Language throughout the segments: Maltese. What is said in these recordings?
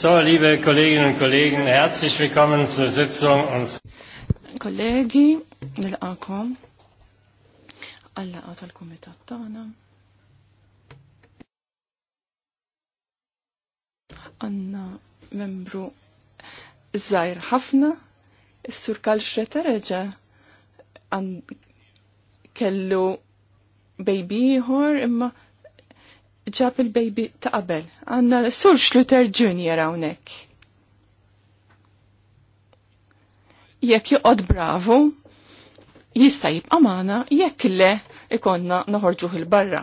So, liebe Kolleginnen und Kollegen, herzlich willkommen zur Sitzung und Kollegi, nil-għakom, għallaqa tal-komitat tagħna. Għanna membru żgħir ħafna, is-sur Kalxre reġa' kellu baby ieħor imma ġab il-baby ta' qabel. Għanna sur Xluter Jr. hawnhekk. Jekk joqgħod bravu, jista' jibqa' magħna jekk le ikonna noħorġu il-barra.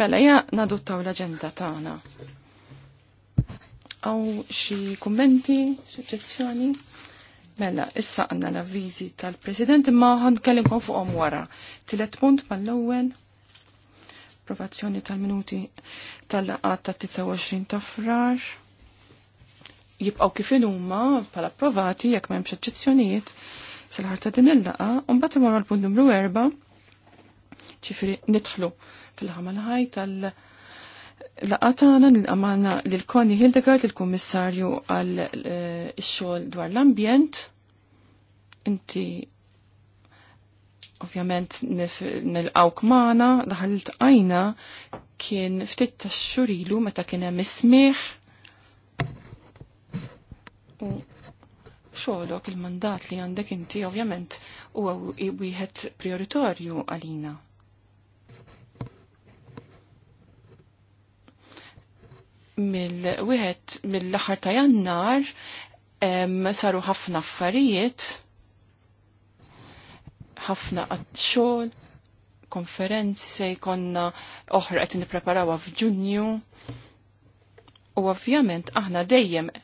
Mela ja nadottaw l-aġenda tagħna. Aw xi kummenti, suġġezzjoni? Mela, issa għanna l viżi tal-President imma ħankellimkom fuqhom wara. Tilet punt mal-ewwel approvazzjoni tal-minuti tal-laqat ta' 23 ta' frar. Jibqaw kif huma bħala approvati jekk m'hemmx eċċezzjonijiet sal ħarta ta' din il-laqa, u mbagħad imorru l-punt numru 4 ċifri nidħlu fil-ħamal ħaj tal- laqatana nil-amana lil koni Hildegard, il-Kommissarju għal eh, xogħol dwar l-ambjent. Inti Ovvjament nil-għawk maħna, daħal l-tqajna kien ftit ta' xurilu meta kien hemm ismiħ. U xogħolok il-mandat li għandek inti ovvjament huwa wieħed prioritorju għalina. Mill-wieħed mill-aħħar ta' jannar saru ħafna affarijiet ħafna għat-xogħol, konferenzi se jkonna oħra qed nippreparawha f'Ġunju. U ovvjament aħna dejjem eh,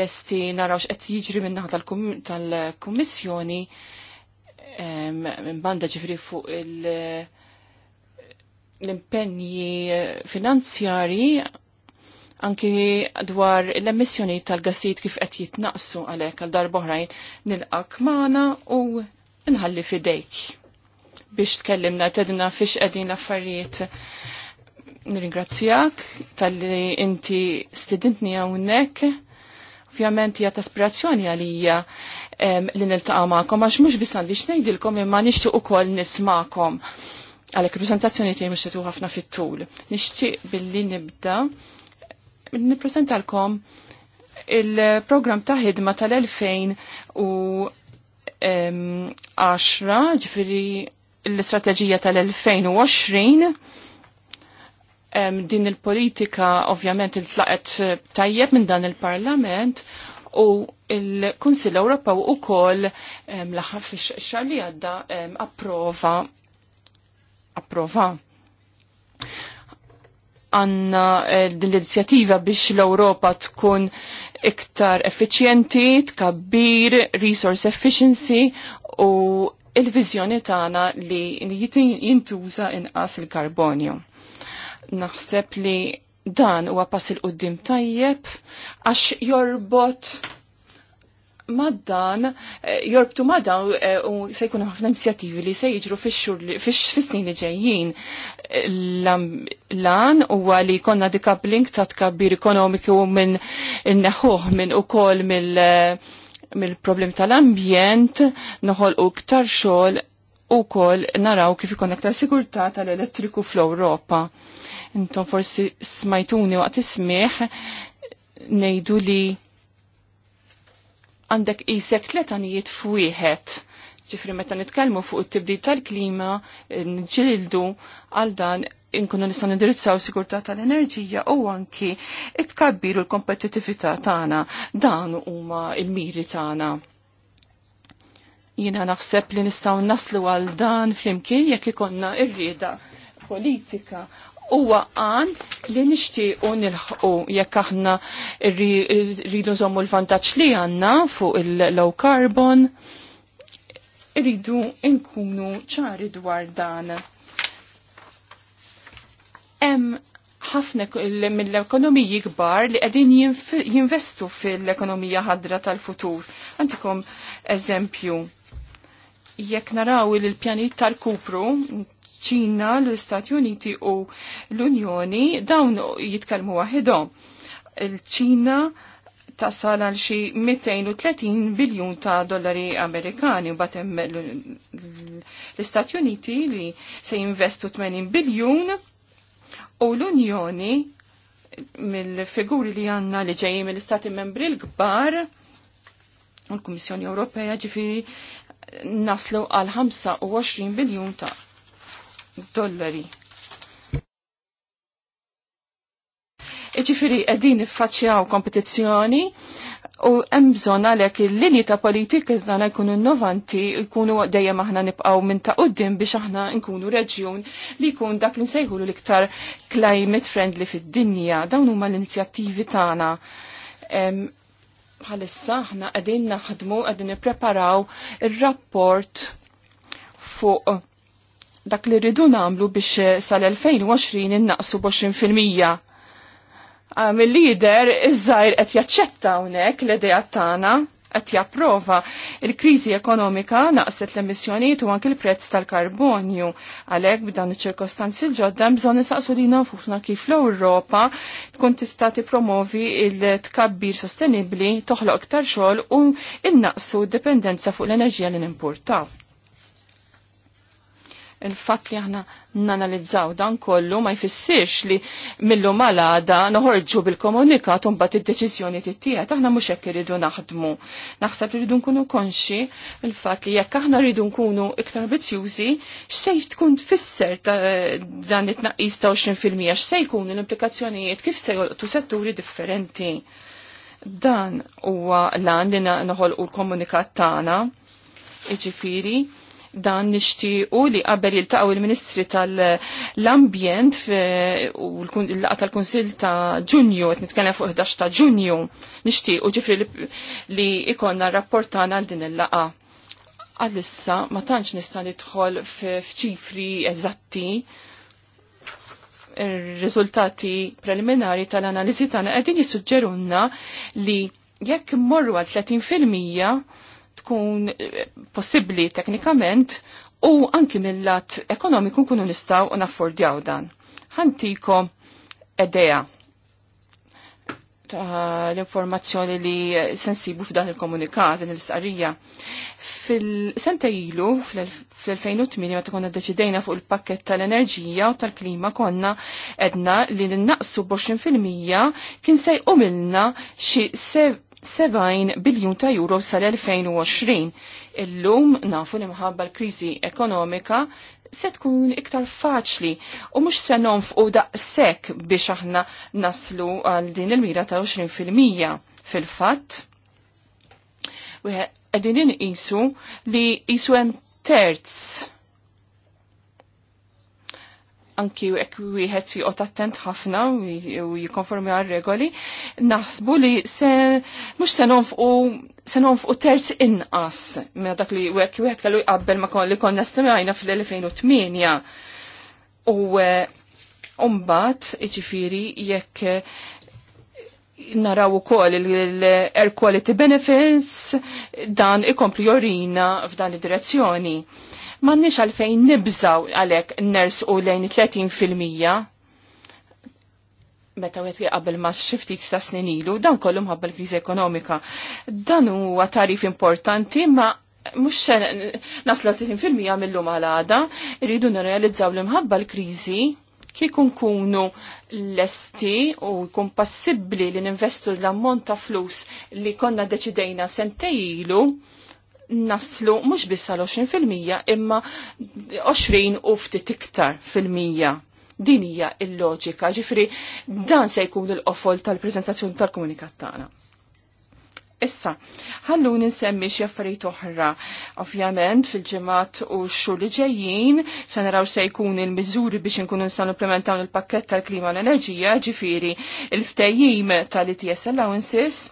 lesti narawx qed jiġri minn naħa tal-Kummissjoni eh, minn banda ġifri fuq l-impenji finanzjari anki dwar l-emissjoni tal-gassijiet kif qed jitnaqsu għalhekk għal darboħrajn nilqa' Kmana u nħalli fidejk biex tkellimna tedna fiex qegħdin l-affarijiet. Nirringrazzjak tal-li inti stidintni hawnhekk. Ovvjament hija taspirazzjoni għalija li niltaqa' magħkom għax mhux biss għandix xnejdilkom imma nixtieq ukoll nismakom għalek il-prezentazzjoni tiegħi mhux setu ħafna fit-tul. Nixtieq billi nibda nippreżentalkom il-programm ta' ħidma tal-2000 u 10, ġifiri l-istrateġija tal-2020, din il-politika ovvjament il-tlaqet eh, tajjeb minn dan il-parlament u il-Kunsill u ukoll l-aħħar fix għadda approva approva għanna eh, l inizjativa biex l-Europa tkun iktar effiċjenti, tkabbir, resource efficiency u il-vizjoni tagħna li jintuża inqas il-karbonju. Naħseb li dan huwa pass il qudiem tajjeb għax jorbot maddan, eh, jorbtu maddan eh, u se jkunu ħafna inizjattivi li se jiġru fix-snin li ġejjin lan u li konna decoupling ta' tkabbir ekonomiku minn neħuħ minn u kol eh, mill-problem tal-ambjent, noħol u ktar xol u kol naraw kif ikon aktar sigurtà tal-elettriku fl-Europa. Intom forsi smajtuni waqt ismiħ nejdu li għandek isek tletanijiet fwieħed Ġifri meta nitkellmu fuq it-tibdil tal-klima, nġildu għal dan inkunu nistgħu nindirizzaw sigurtà tal-enerġija u anki it-kabbiru l-kompetittività tagħna dan huma l-miri tagħna jina naħseb li nistaw naslu għal dan flimkien jekk ikonna irrieda politika huwa għan li nixtiequ nilħqu jekk aħna rridu nżommu l-vantaġġ li għandna fuq il-low carbon irridu nkunu ċari dwar dan. Hemm ħafna mill-ekonomiji kbar li qegħdin jinvestu fil-ekonomija ħadra tal-futur. Antikom eżempju, jekk naraw il pjanit tal-kupru, ċina, l-Istati Uniti u l-Unjoni, dawn jitkellmu waħedhom. Il-ċina tasal għal xi 230 biljun ta' dollari Amerikani u batem l-Istati Uniti li se jinvestu 80 biljun u l-Unjoni mill-figuri li għanna li ġejjin mill-Istati Membri l-kbar u l-Kummissjoni Ewropea ġifiri naslu għal 25 biljun ta' dollari Iġifiri qegħdin iffaċċjaw kompetizzjoni u hemm bżonn għalhekk il-linji ta' politika tagħna jkunu innovanti, jkunu dejjem aħna nibqgħu minn ta' uddim biex aħna nkunu reġjun li jkun dak li nsejħulu l-iktar climate friendly fid-dinja. Dawn huma l-inizjattivi tagħna bħalissa aħna għedin naħdmu għedin nippreparaw il-rapport fuq dak li rridu namlu biex sal-2020 innaqsu b'20%. Ah, il lider iż-żajr qed jaċċetta hawnhekk l-idea tagħna qed japprova il-kriżi ekonomika naqset l-emissjonijiet u anke l-prezz tal-karbonju. Għalhekk b'dan iċ-ċirkostanzi l-ġodda bżonn nisaqsu lilna nfusna kif l-Ewropa tkun tista' tippromovi il-tkabbir sostenibbli, toħloq iktar xogħol u innaqsu d-dipendenza fuq l-enerġija li nimportaw il-fat li aħna nanalizzaw dan kollu ma jfissirx li millu malada noħorġu bil-komunikat un bat id-deċizjoni tittijet, aħna mux jekk irridu naħdmu. Naħseb li rridu nkunu konxi il-fat li jekk aħna rridu nkunu iktar bizzjużi, xsej tkun tfisser dan it-naqis ta' 20%, xsej jkunu l-implikazzjonijiet, kif se tu setturi differenti. Dan huwa lan li u l-komunikat tagħna, iġifieri, dan nixtiequ li qabel jiltaqgħu il-Ministri tal-Ambjent u l-laqa tal-Kunsill ta' Ġunju qed nitkellem fuq 11 ta' Ġunju nixtiequ ġifri li ikonna rapport tagħna għal din il-laqa. Għalissa ma tantx nista' nidħol f'ċifri eżatti ir-riżultati preliminari tal-analiżi tagħna qegħdin jissuġġerunna li jekk morru għal 30 fil-mija tkun eh, possibbli teknikament u anki mill-lat ekonomiku nkunu nistaw u naffordjaw dan. Ħantikom edea l-informazzjoni li sensibu f'dan il-komunikat, din l-istqarrija. Fil-senta ilu, fl-2008, meta konna deċidejna fuq il-pakket tal-enerġija u tal-klima konna edna li n-naqsu 20% kien se jqumilna xi 70 biljun ta' euro sal-2020. Illum nafu li mħabba l-krizi ekonomika se tkun iktar faċli u mux se nonfqu daqsek biex aħna naslu għal din il-mira ta' 20% fil-fatt. Għedin inqisu li jisu hemm terz anki jekk wieħed joqgħod attent ħafna u jikkonformi għal regoli, naħsbu li se mhux se nonfqu se nonfqu terz inqas minn dak li hekk wieħed kellu jqabbel ma li konna stimajna fl-2008. U e, mbagħad iġifieri jekk naraw ukoll l-air quality benefits dan ikompli jorina f'dan id-direzzjoni nix għalfejn nibżaw għalhekk ners u lejn 30 fil-mija meta għet qabel ma xiftit ta' snin ilu, dan kollu mħabbel kriżi ekonomika. Dan huwa tarif importanti ma mux naslu 30% mill-lum għal-għada, rridu nirrealizzaw l-imħabba l-krizi kikun kunu l-esti u jkun passibli li ninvestu l-ammont ta' flus li konna deċidejna sentejilu, ilu naslu mhux bissa l 20% imma 20 u ftit iktar fil-mija. Din hija il-loġika, ġifri dan se jkun l qofol tal-preżentazzjoni tal-komunikat tagħna. Issa, ħallu ninsemmi xi affarijiet oħra. Ovvjament fil-ġimgħat u x-xhur li ġejjin se naraw se jkun il-miżuri biex inkunu nistgħu implementaw il-pakkett tal-klima u l-enerġija, ġifieri il-ftejjim tal-ITS allowances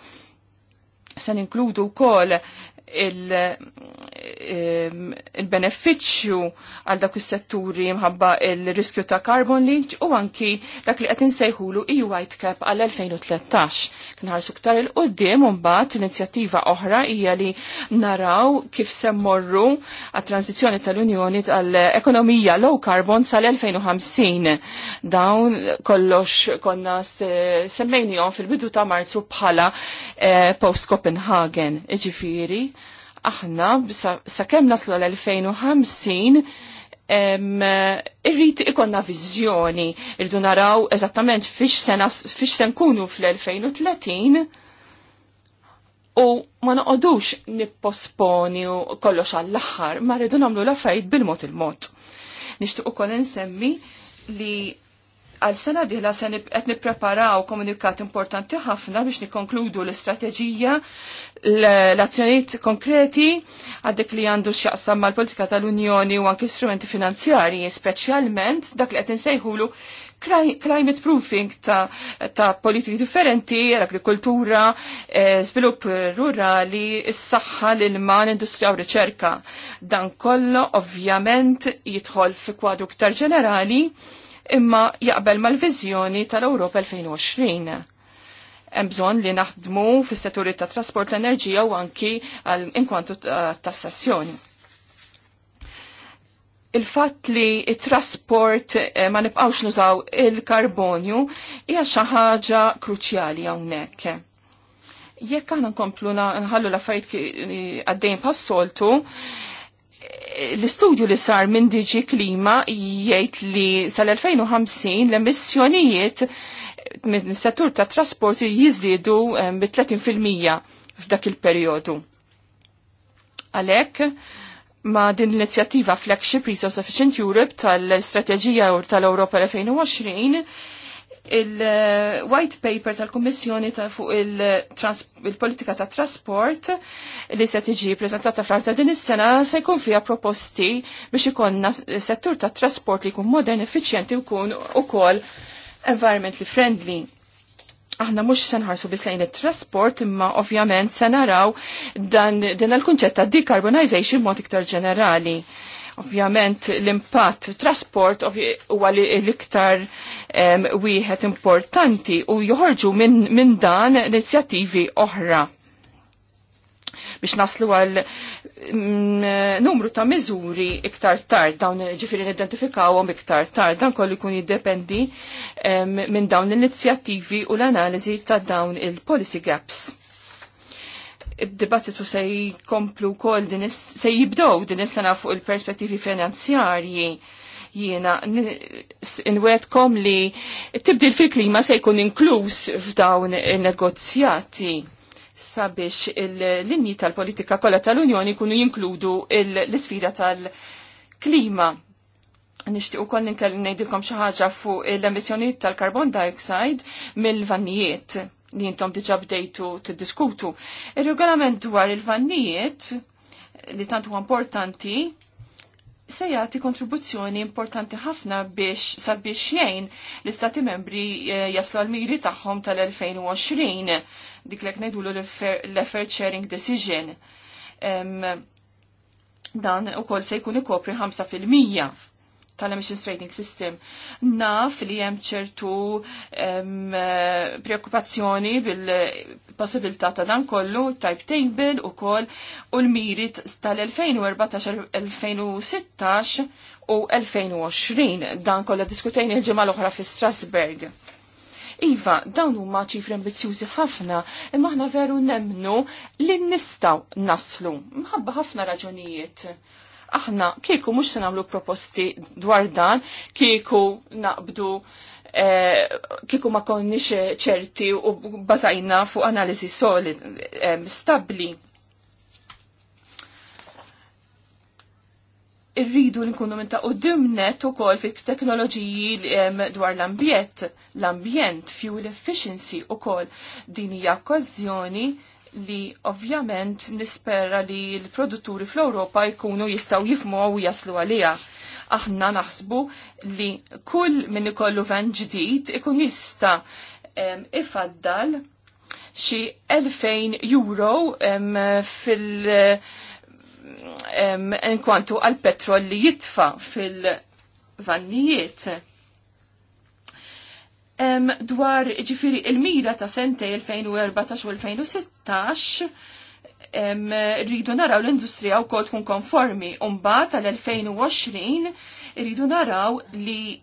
se ninkludu wkoll il il-beneficju għal dak is-setturi mħabba il-riskju ta' carbon leak u anki dak li qed insejħulu EU White Cap għal 2013. Kinħarsu ktar il-qoddim u mbagħad inizjattiva oħra hija li naraw kif se morru għat-tranzizzjoni tal-Unjoni tal-ekonomija low carbon sal-2050. Dawn kollox konna semmejnijom fil-bidu ta' Marzu bħala eh, post Copenhagen. Ġifieri, aħna sakemm naslu l-2050 irrit ikonna viżjoni irridu naraw eżattament fiex se nkunu fl-2030 u ma noqodux nipposponi u kollox għall-aħħar ma rridu nagħmlu l-affarijiet bil-mod il-mod. Nixtieq ukoll insemmi li għal sena diħla se qed nippreparaw komunikat importanti ħafna biex nikkonkludu l-istrateġija l-azzjonijiet konkreti dik li għandu x'jaqsam mal-politika tal-Unjoni u anki strumenti finanzjarji, speċjalment dak li qed insejħulu climate proofing ta', ta politiki differenti, l-agrikoltura, eh, svilupp rurali, s-saxħa, l-ilma, l-industrija u riċerka. Dan kollu ovvjament jidħol fi kwadru ktar ġenerali imma jaqbel mal-viżjoni tal-Ewropa 2020. Hemm bżonn li naħdmu fis-setturi ta' trasport l-enerġija u anki inkwantu tassazzjoni. Il-fatt li t trasport eh, ma nibqgħux nużaw il-karbonju hija xi ħaġa kruċjali hawnhekk. Jekk aħna nkomplu nħallu l-affarijiet għaddejn pas-soltu, l-istudju li sar minn Diġi Klima jgħid li sal-2050 l-emissjonijiet minn settur ta' trasport jizdidu bi 30% f'dak il-perjodu. Għalhekk ma' din l-inizjattiva Flagship Resource Efficient Europe tal-Strateġija tal-Europa 2020 il-white paper tal-Kommissjoni ta fuq il-politika ta' trasport li se tiġi prezentata fl ta' din is-sena se jkun fiha proposti biex ikonna settur ta' trasport li jkun modern, effiċjenti u jkun ukoll environmentally friendly. Aħna mhux se nħarsu biss lejn it-trasport imma ovvjament se naraw dan din il-kunċett ta' decarbonization mod iktar ġenerali Ovvjament l-impatt trasport huwa l-iktar wieħed importanti u joħorġu minn min dan inizjattivi oħra biex naslu għal mm, numru ta' miżuri iktar tard, dawn ġifiri nidentifikawhom iktar tard, dan kollu jkun jiddependi minn dawn l-inizjattivi u l-analiżi ta' dawn il-policy gaps id-dibattitu se jkomplu kol din se jibdow din is-sena fuq il-perspettivi finanzjarji jiena kom li tibdil fil-klima se jkun inkluż f'dawn negozjati sabiex il-linji tal-politika kollha tal-Unjoni kunu jinkludu l-isfida tal-klima. Nixtieq ukoll ninkel ngħidilkom xi ħaġa fuq l-emissjonijiet tal-carbon dioxide mill-vannijiet li jintom diġa bdejtu t-diskutu. Il-regolament dwar il-vannijiet li tant huwa importanti se jagħti kontribuzzjoni importanti ħafna biex sabiex jgħin l-istati membri eh, jaslu għal-miri tagħhom tal-2020 dik lek ngħidulu l-effort sharing decision. Um, dan u kol se jkun ikopri 5% tal-Emissions Trading System. Naf li hemm ċertu eh, preokkupazzjoni bil-possibilità ta' dan kollu, type table u koll, u l mirit tal tal-2014-2016 u 2020 dan kollha diskutejn il-ġimgħa l-oħra fi Strasburg. Iva, dawn huma ċifri ambizzjużi ħafna, imma aħna veru nemnu li nistgħu naslu. Mħabba ħafna raġunijiet Aħna kieku mhux se nagħmlu proposti dwar dan, kieku naqbdu e, kieku ma konniex ċerti u bazajna fuq analiżi solid stabli. E, stabbli. irridu li nkunu minn ta' dimnet u kol fit teknoloġiji dwar l-ambjent, l-ambjent, fuel efficiency u kol din kozzjoni li ovvjament nispera li l-produtturi fl-Europa jkunu jistaw jifmu u jaslu għalija. Aħna naħsbu li kull min ikollu van ġdid ikun jista ifaddal xi 2000 euro fil- em, kwantu għal petrol li jitfa fil-vannijiet um, dwar ġifiri il-mira ta' sente 2014 u 2016 rridu naraw l-industrija u kol tkun konformi. Umba tal-2020 rridu naraw li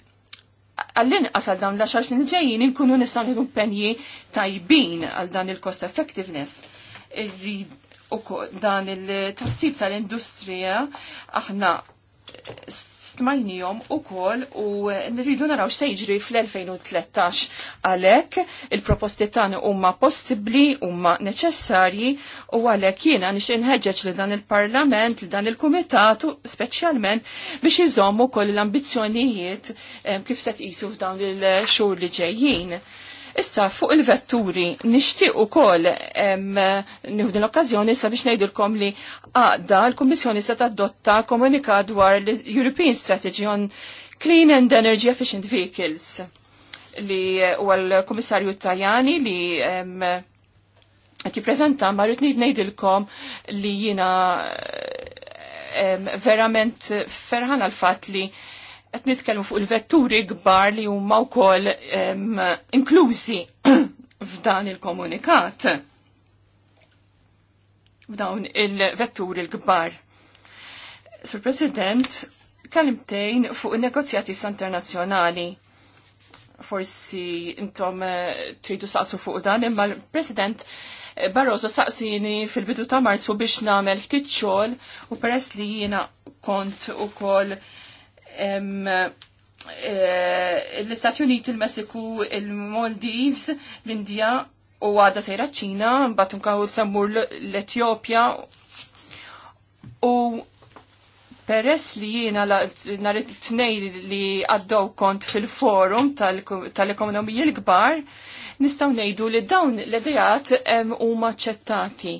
għall-inqas għal dawn l xarsin ġejjin inkunu nistgħu nieħdu penji tajbin għal dan il-cost effectiveness. Dan il-tassib tal-industrija aħna smajnijom u kol u nirridu naraw xsejġri fl-2013 għalek il-proposti tan umma possibli, umma neċessarji u għalek jina nix inħeġeċ li dan il-parlament, li dan il-komitatu specialment biex jizommu kol l-ambizjonijiet eh, kif set jisuf f'dawn il-xur li ġejjin Issa fuq il-vetturi nixtieq ukoll din l-okkażjoni sa biex ngħidilkom li għadda l-Kummissjoni se tadotta komunika dwar l-European Strategy on Clean and Energy Efficient Vehicles li huwa l-Kummissarju Tajani li qed jippreżenta ma rrid ngħidilkom li jiena verament ferħan għal fatt li qed nitkellmu fuq il-vetturi kbar li huma wkoll inklużi f'dan il-komunikat. F'dawn il-vetturi l-kbar. Sur President, kalimtejn fuq il-negozjati internazzjonali. Forsi intom eh, tridu saqsu fuq dan, imma l-President eh, Barroso saqsini fil-bidu ta' marzu biex namel ftit xogħol u peress li jiena kont ukoll Eh, l-Istati Uniti, il-Messiku, il-Maldives, l-Indija u għada sejra ċina, batun nkaw sammur l-Etjopja. U peress li jiena nhar it-tnej li għaddew kont fil-forum tal-ekonomija l-kbar, nistgħu ngħidu li dawn l edijat huma maċċettati.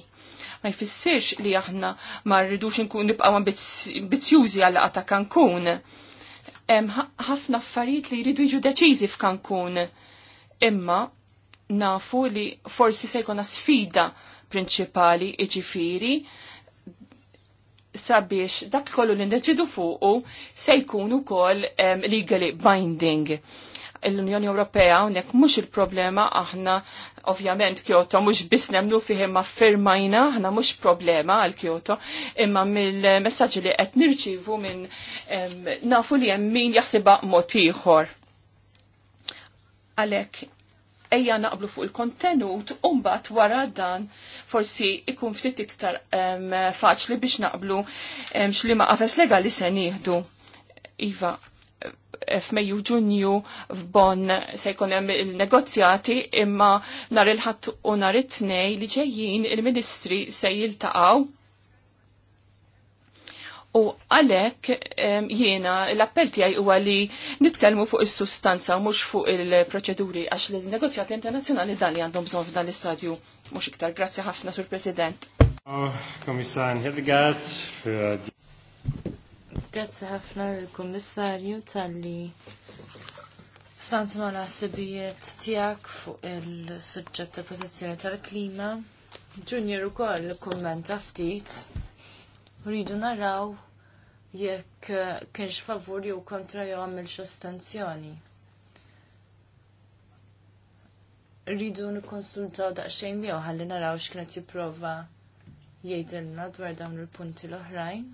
ma jfissirx li aħna ma rridux nkun nibqgħu ambizzjużi għal ta' Cancun ħafna affarijiet li jridu jiġu deċiżi f'Kankun. Imma nafu li forsi se jkun sfida prinċipali iġifiri sabiex dak kollu li ndeċidu fuqu se jkun ukoll legally binding l-Unjoni Ewropea hawnhekk mhux il-problema aħna Ovvjament Kyoto mhux biss nemlu fih imma firmajna, aħna mhux problema għal Kyoto, imma mill-messaġġi li qed nirċivu minn nafu li hemm min jaħsibha mod ieħor. Għalhekk ejja naqblu fuq il-kontenut umbat wara dan forsi ikun ftit iktar faċli biex naqblu x'liema qafes legali se nieħdu. Iva, f'Mejju Ġunju f'Bonn se jkun hemm il-negozjati imma nhar il-ħadd u nhar it-tnej li ġejjin il-Ministri se jiltaqgħu U għalek jiena l-appell tiegħi huwa li nitkellmu fuq is-sustanza mhux fuq il-proċeduri għax l-negozjati internazzjonali dan li għandhom bżonn f'dan l-istadju mhux iktar. Grazzi ħafna sur President. Uh, Kommissar Hedgard Grazzi ħafna l-Kummissarju tal-li sant ma naħsibijiet tijak fuq il-sujġet ta' protezzjoni tal-klima. Junior u koll kommenta ftit. Rridu naraw jekk kienx favur jew kontra jew għamil xostenzjoni. rridu nikkonsultaw daqsxejn miegħu ħalli naraw x'kienet jipprova jgħidilna dwar dawn il-punti l-oħrajn.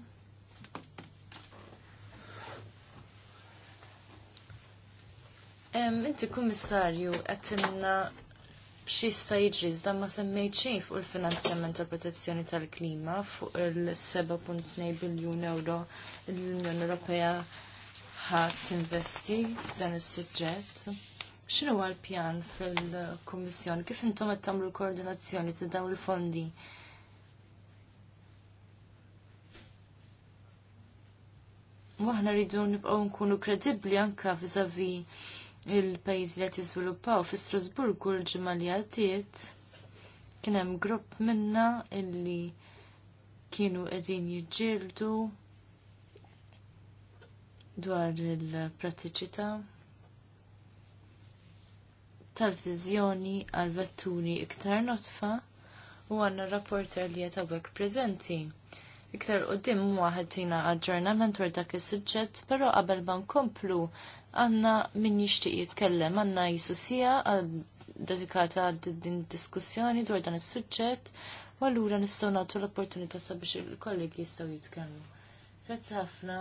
Inti kummissarju għattinna xista jiġri iżda ma semmejt xejn fuq il-finanzjament tal protezzjoni tal-klima fuq il-7.2 biljun euro l-Unjoni Ewropea ħadd investi f'dan is-suġġett. X'inhu l-pjan fil-Kummissjoni kif intom qed tagħmlu koordinazzjoni ta' dawn il-fondi? aħna rridu nibqgħu nkunu kredibbli anke vis il pajiz li qed jiżviluppaw fi Strasburgu l-ġimgħa li għaddiet kien hemm grupp minna illi kienu qegħdin jiġġieldu dwar il pratiċita tal-viżjoni għal vetturi iktar notfa u għanna rapporter li jatawek prezenti iktar qoddim huwa tina aġġornament dwar dak is-suġġett, però qabel ma nkomplu għandna min jixtieq jitkellem, għandna jisusija dedikata għad din diskussjoni dwar dan is-suġġett, u allura nistgħu nagħtu l-opportunità sabiex il-kollegi jistgħu jitkellmu. Grazzi ħafna.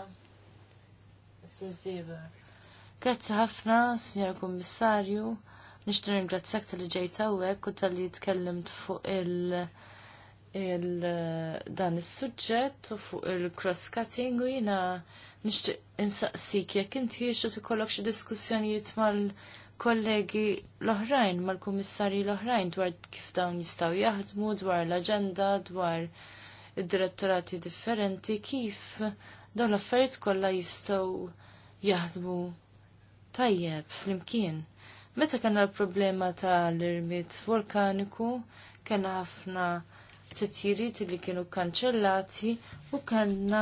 Sur Zeber. Grazzi ħafna, Signor Kommissarju. Nishtu ringrazzjak tal-li ġejta u u tal-li tkellimt fuq il- dan is-suġġett u fuq il-cross-cutting u jina nixtieq insaqsik jekk inti xi ikollok xi diskussjonijiet mal-kollegi l-oħrajn, mal-kummissarji l-oħrajn dwar kif dawn jistgħu jaħdmu, dwar l-aġenda, dwar id-direttorati differenti, kif dawn l-affarijiet kollha jistgħu jaħdmu tajjeb flimkien. Meta kellna l-problema tal-irmit vulkaniku, kellna ħafna titjiriet li kienu kanċellati u kellna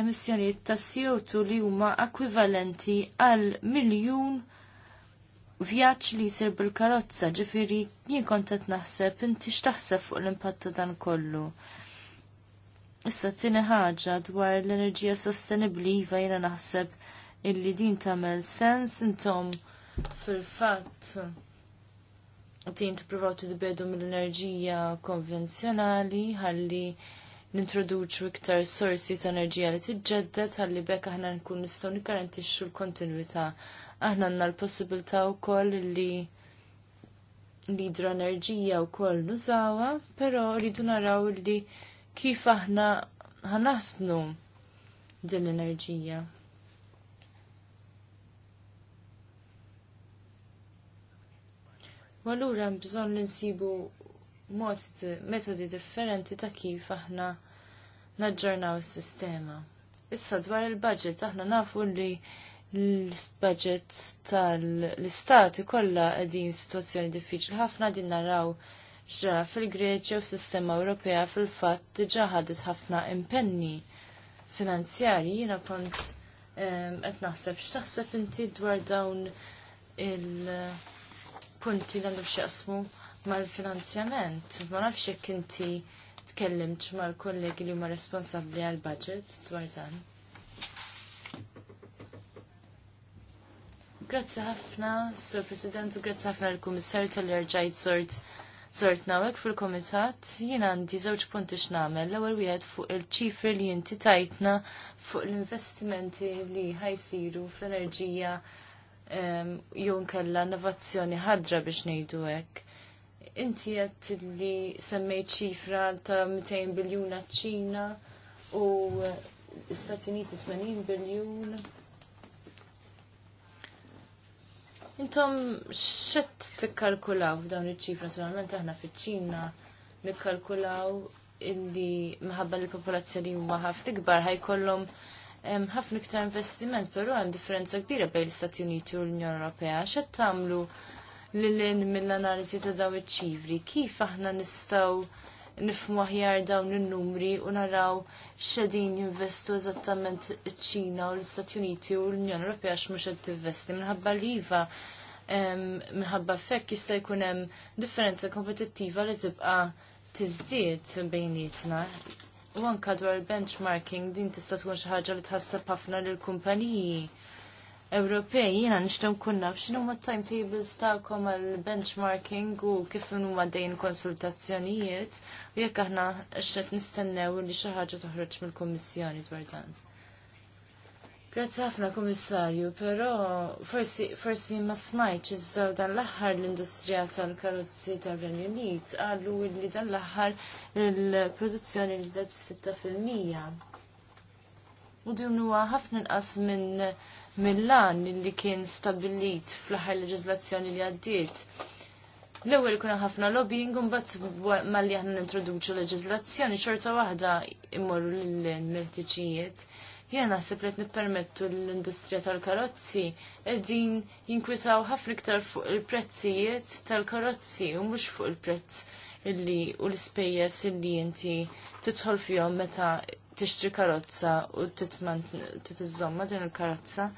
emissjonijiet ta' CO2 li huma ekwivalenti għal miljun vjaġġ li jsir bil-karozza, ġifiri jien kont qed naħseb inti x'taħseb fuq l-impatt ta' dan kollu. Issa tieni ħaġa dwar l-enerġija sostenibbli iva jiena naħseb illi din tagħmel sens intom fil-fatt provaw tippruvaw tidbedu mill-enerġija konvenzjonali għalli nintroduċu iktar sorsi ta' enerġija li t-ġeddet, għalli bekk aħna nkun nistgħu nikarantiċu l-kontinwità. Aħna għandna l-possibilità wkoll li l-idroenerġija wkoll nużawha, però rridu naraw li kif aħna ħanaħsnu din l-enerġija. Ma allura hemm bżonn li nsibu mod metodi differenti ta' kif aħna naġġornaw s sistema Issa dwar il-budget aħna nafu li l-budget tal-istati kollha qegħdin situazzjoni diffiċli ħafna din naraw ġra fil-Greċja u s-sistema Ewropea fil-fatt diġà ħadet ħafna impenni finanzjarji jiena kont ehm, qed naħseb x'taħseb inti dwar dawn il- punti li għandhom xjaqsmu mal-finanzjament. Ma nafx jekk inti tkellimt mal-kollegi li huma responsabbli għal-budget dwar dan. Grazzi ħafna, Sur President, u grazzi ħafna l-Kummissarju tal rġajt Zort Zort nawek fil-Komitat. Jien għandi żewġ punti x'namel. L-ewwel wieħed fuq il-ċifri li inti tajtna fuq l-investimenti li ħajsiru fl-enerġija jew nkella innovazzjoni ħadra biex ngħidu hekk. Inti qed li semmejt ċifra ta' 200 biljun ċ-Ċina u l-Istati Uniti 80 biljun. Intom xett tikkalkulaw f'dawn iċ-ċifra naturalment aħna fiċ-Ċina nikkalkulaw illi minħabba li l-popolazzjoni huma ħafna ikbar ħajkollhom kollom ħafna iktar investiment, però hemm differenza kbira bejn l-Istati Uniti u l-Unjoni Ewropea. X'qed tagħmlu lil mill-analiżi ta' daw iċ-ċifri? Kif aħna nistgħu nifmu aħjar dawn in-numri u naraw x'edin jinvestu eżattament iċ-Ċina u l-Istati Uniti u l-Unjoni Ewropea x'mhux qed tinvesti minħabba l-iva minħabba fekk jista' jkun hemm differenza kompetittiva li tibqa' tiżdied bejnietna. U anka dwar benchmarking din tista' tkun xi ħaġa li tħassab ħafna lil kumpaniji Ewropej jiena nixtieq nkun naf x'inhu timetables tagħkom għal benchmarking u kif huma dejn konsultazzjonijiet u jekk aħna x'qed nistennew li xi ħaġa toħroġ mill-Kummissjoni dwar dan. Grazzi ħafna komissarju, però forsi ma smajċ iżda dan l-aħħar l-industrija tal-karozzi tal-Renju Unit għallu li dan l-aħħar l-produzzjoni li ġdeb 6%. U din huwa ħafna nqas minn li kien stabilit fl-aħħar leġiżlazzjoni li għaddiet. L-ewwel kuna ħafna lobbying mbagħad malli aħna nintroduċu leġiżlazzjoni xorta waħda immorru lil-mertiċijiet. Jena naħseb li nippermettu l-industrija tal-karozzi qegħdin jinkwitaw ħafna iktar fuq il-prezzijiet tal-karozzi u mhux fuq il-prezz illi u l-ispejjeż illi inti tidħol fihom meta tixtri karozza u titman din il-karozza.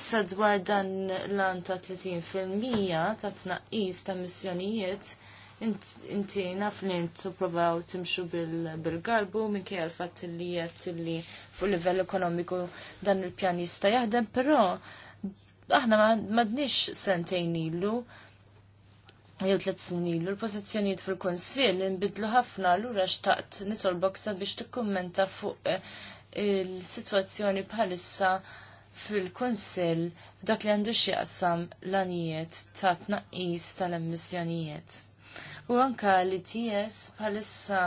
Issa dwar dan l anta 30% ta' tnaqqis ta' missjonijiet inti naf li intu provaw timxu bil-galbu minn kija l li jett li fuq livell ekonomiku dan il-pjan jista jaħdem, pero aħna madnix sentejn ilu jew tliet snin ilu l-pożizzjonijiet fil-Kunsill nbidlu ħafna lura xtaqt biex t tikkummenta fuq eh, il-sitwazzjoni bħalissa fil-Kunsill f'dak li għandu xieqsam l-anijiet ta' tnaqqis tal-emissjonijiet. U anka li TS bħalissa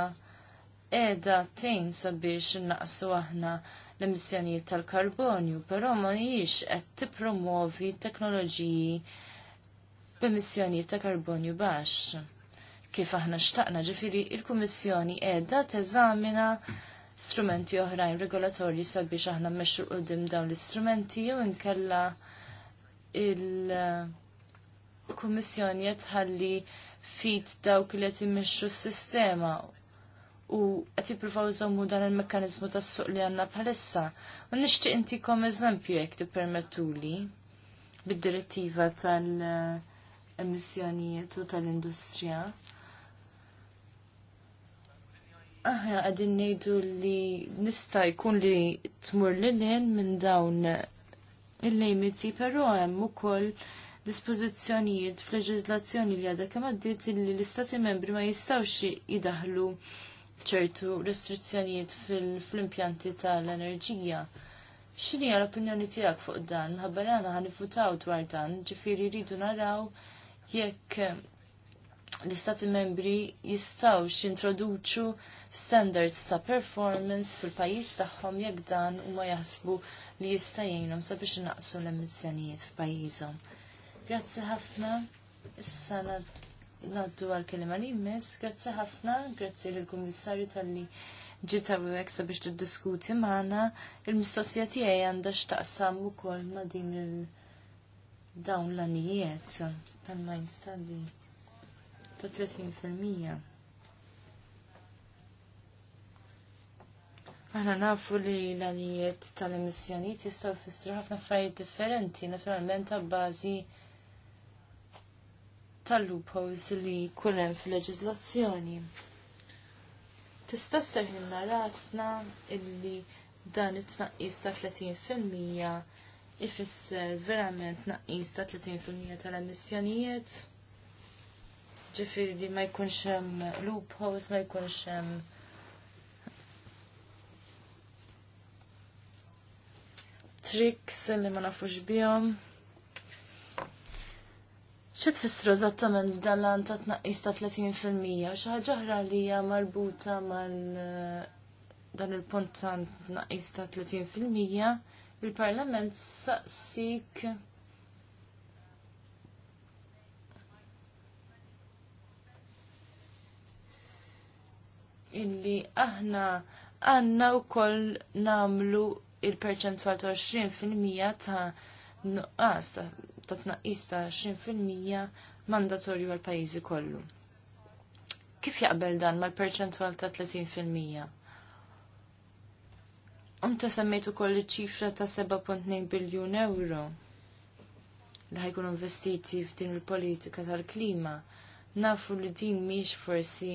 edha tejn sabiex naqsu aħna l-emissjonijiet tal-karbonju, però ma jiex qed tippromovi teknoloġiji b'emissjonijiet ta' karbonju baxx. Kif aħna xtaqna ġifiri il-Kummissjoni qiegħda teżamina strumenti oħrajn regolatorji sabiex aħna mmexxu qudiem dawn l-istrumenti jew inkella il-Kummissjoni qed tħalli fit dawk li qed immexxu s-sistema u qed jippruvaw jżommu dan il-mekkaniżmu tas-suq li għandna bħalissa. U nixtieq intikom eżempju jekk tippermettuli bid-direttiva tal-emissjonijiet u tal-industrija. Aħna qegħdin ngħidu li nista' jkun li tmur lil minn dawn il-limiti, għem hemm ukoll dispożizzjonijiet fl-leġiżlazzjoni li għadha kemm għaddiet li l-istati membri ma jistgħux jidaħlu ċertu restrizzjonijiet fl impjanti tal-enerġija. X'inhi l-opinjoni tiegħek fuq dan? Ħabba li għandna ħanifutaw dwar dan, ġifieri rridu naraw jekk l-istati membri jistgħux jintroduċu standards ta' performance fil-pajjiż tagħhom jekk dan huma jaħsbu li jista' jgħinhom sabiex inaqsu l-emissjonijiet f'pajjiżhom. Grazzi ħafna. Issa naddu għal-kelima li jmiss. Grazzi ħafna. Grazzi l-Kummissarju tal-li ġita u eksa biex t-diskuti maħna. Il-mistoqsija tiegħi għandha x'taqsam ukoll ma' din il-dawn l-anijiet tal-mind study ta' 30%. Aħna nafu li l-anijiet tal-emissjonijiet jistgħu jfissru ħafna affarijiet differenti, naturalment ta' bażi tal-loopholes li kunem fil-leġizlazzjoni. Tista' serħilna mela rasna illi dan it-tnaqqis ta' 30% ifisser verament tnaqqis ta' 30% tal-emissjonijiet. Ġifiri ma jkunx hemm loopholes, ma jkunx hemm tricks li ma nafux bihom. Xa tfissru eżattament f'dan l-għan ta' tnaqqis ta' 30% xaħġa ħra li hija marbuta mal eh, dan il-punt ta' tnaqqis ta' 30% il-Parlament saqsik illi aħna għanna u koll namlu il ta' 20% ta' nuqqas ta' ta' tnaqqis ta' 20% mandatorju għal pajjiżi kollu. Kif jaqbel dan mal-perċentwal ta' 30%? Umta semmejtu koll ċifra ta' 7.9 biljun euro li ħajkunu investiti f'din il-politika tal-klima. Nafu li din miex forsi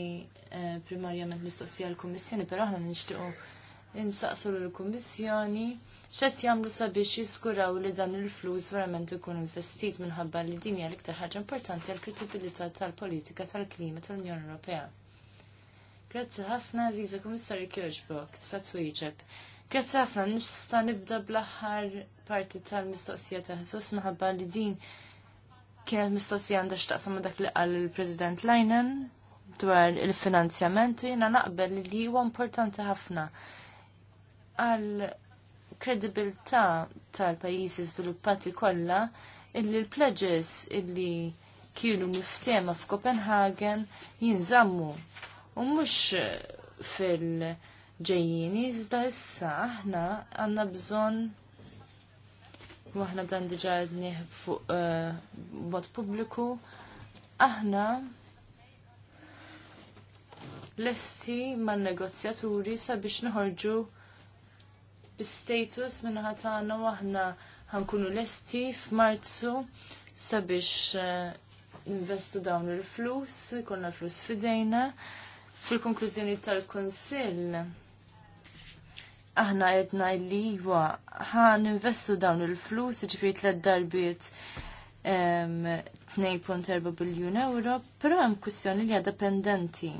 eh, primarjament l-istoqsija l-Kummissjoni, però aħna nixtiequ insaqsu l-Kummissjoni xed jamlu sabiex jiskuraw li dan il-flus verament ikun investit minħabba li din hija l-iktar importanti għal kredibilità tal-politika tal-klima tal-Unjoni Ewropea. Grazzi ħafna Liza Kummissarju Kirchbok, sa twieġeb. Grazzi ħafna nista' nibda bl-aħħar parti tal-mistoqsija ta' ħsus, minħabba li din kienet mistoqsija għandha x'taqsam dak li qal il-President Leinen dwar il-finanzjament u jena naqbel li huwa importanti ħafna għal kredibilità tal-pajjiżi żviluppati kollha illi l-pledges illi kienu miftema f'Kopenhagen jinżammu u mhux fil-ġejjini iżda issa aħna għandna bżonn u aħna dan diġà għednieh fuq eh, mod pubbliku, aħna lesti man negozjaturi sabiex noħorġu bi-status minna tagħna u aħna ħankunu lesti f'Marzu sabiex eh, investu dawn il-flus, konna flus fidejna. Fil-konklużjoni tal konsil aħna għedna li huwa ħan investu dawn il-flus, ġifiri tlet darbiet 2.4 biljun euro, pero hemm kwistjoni li għada pendenti.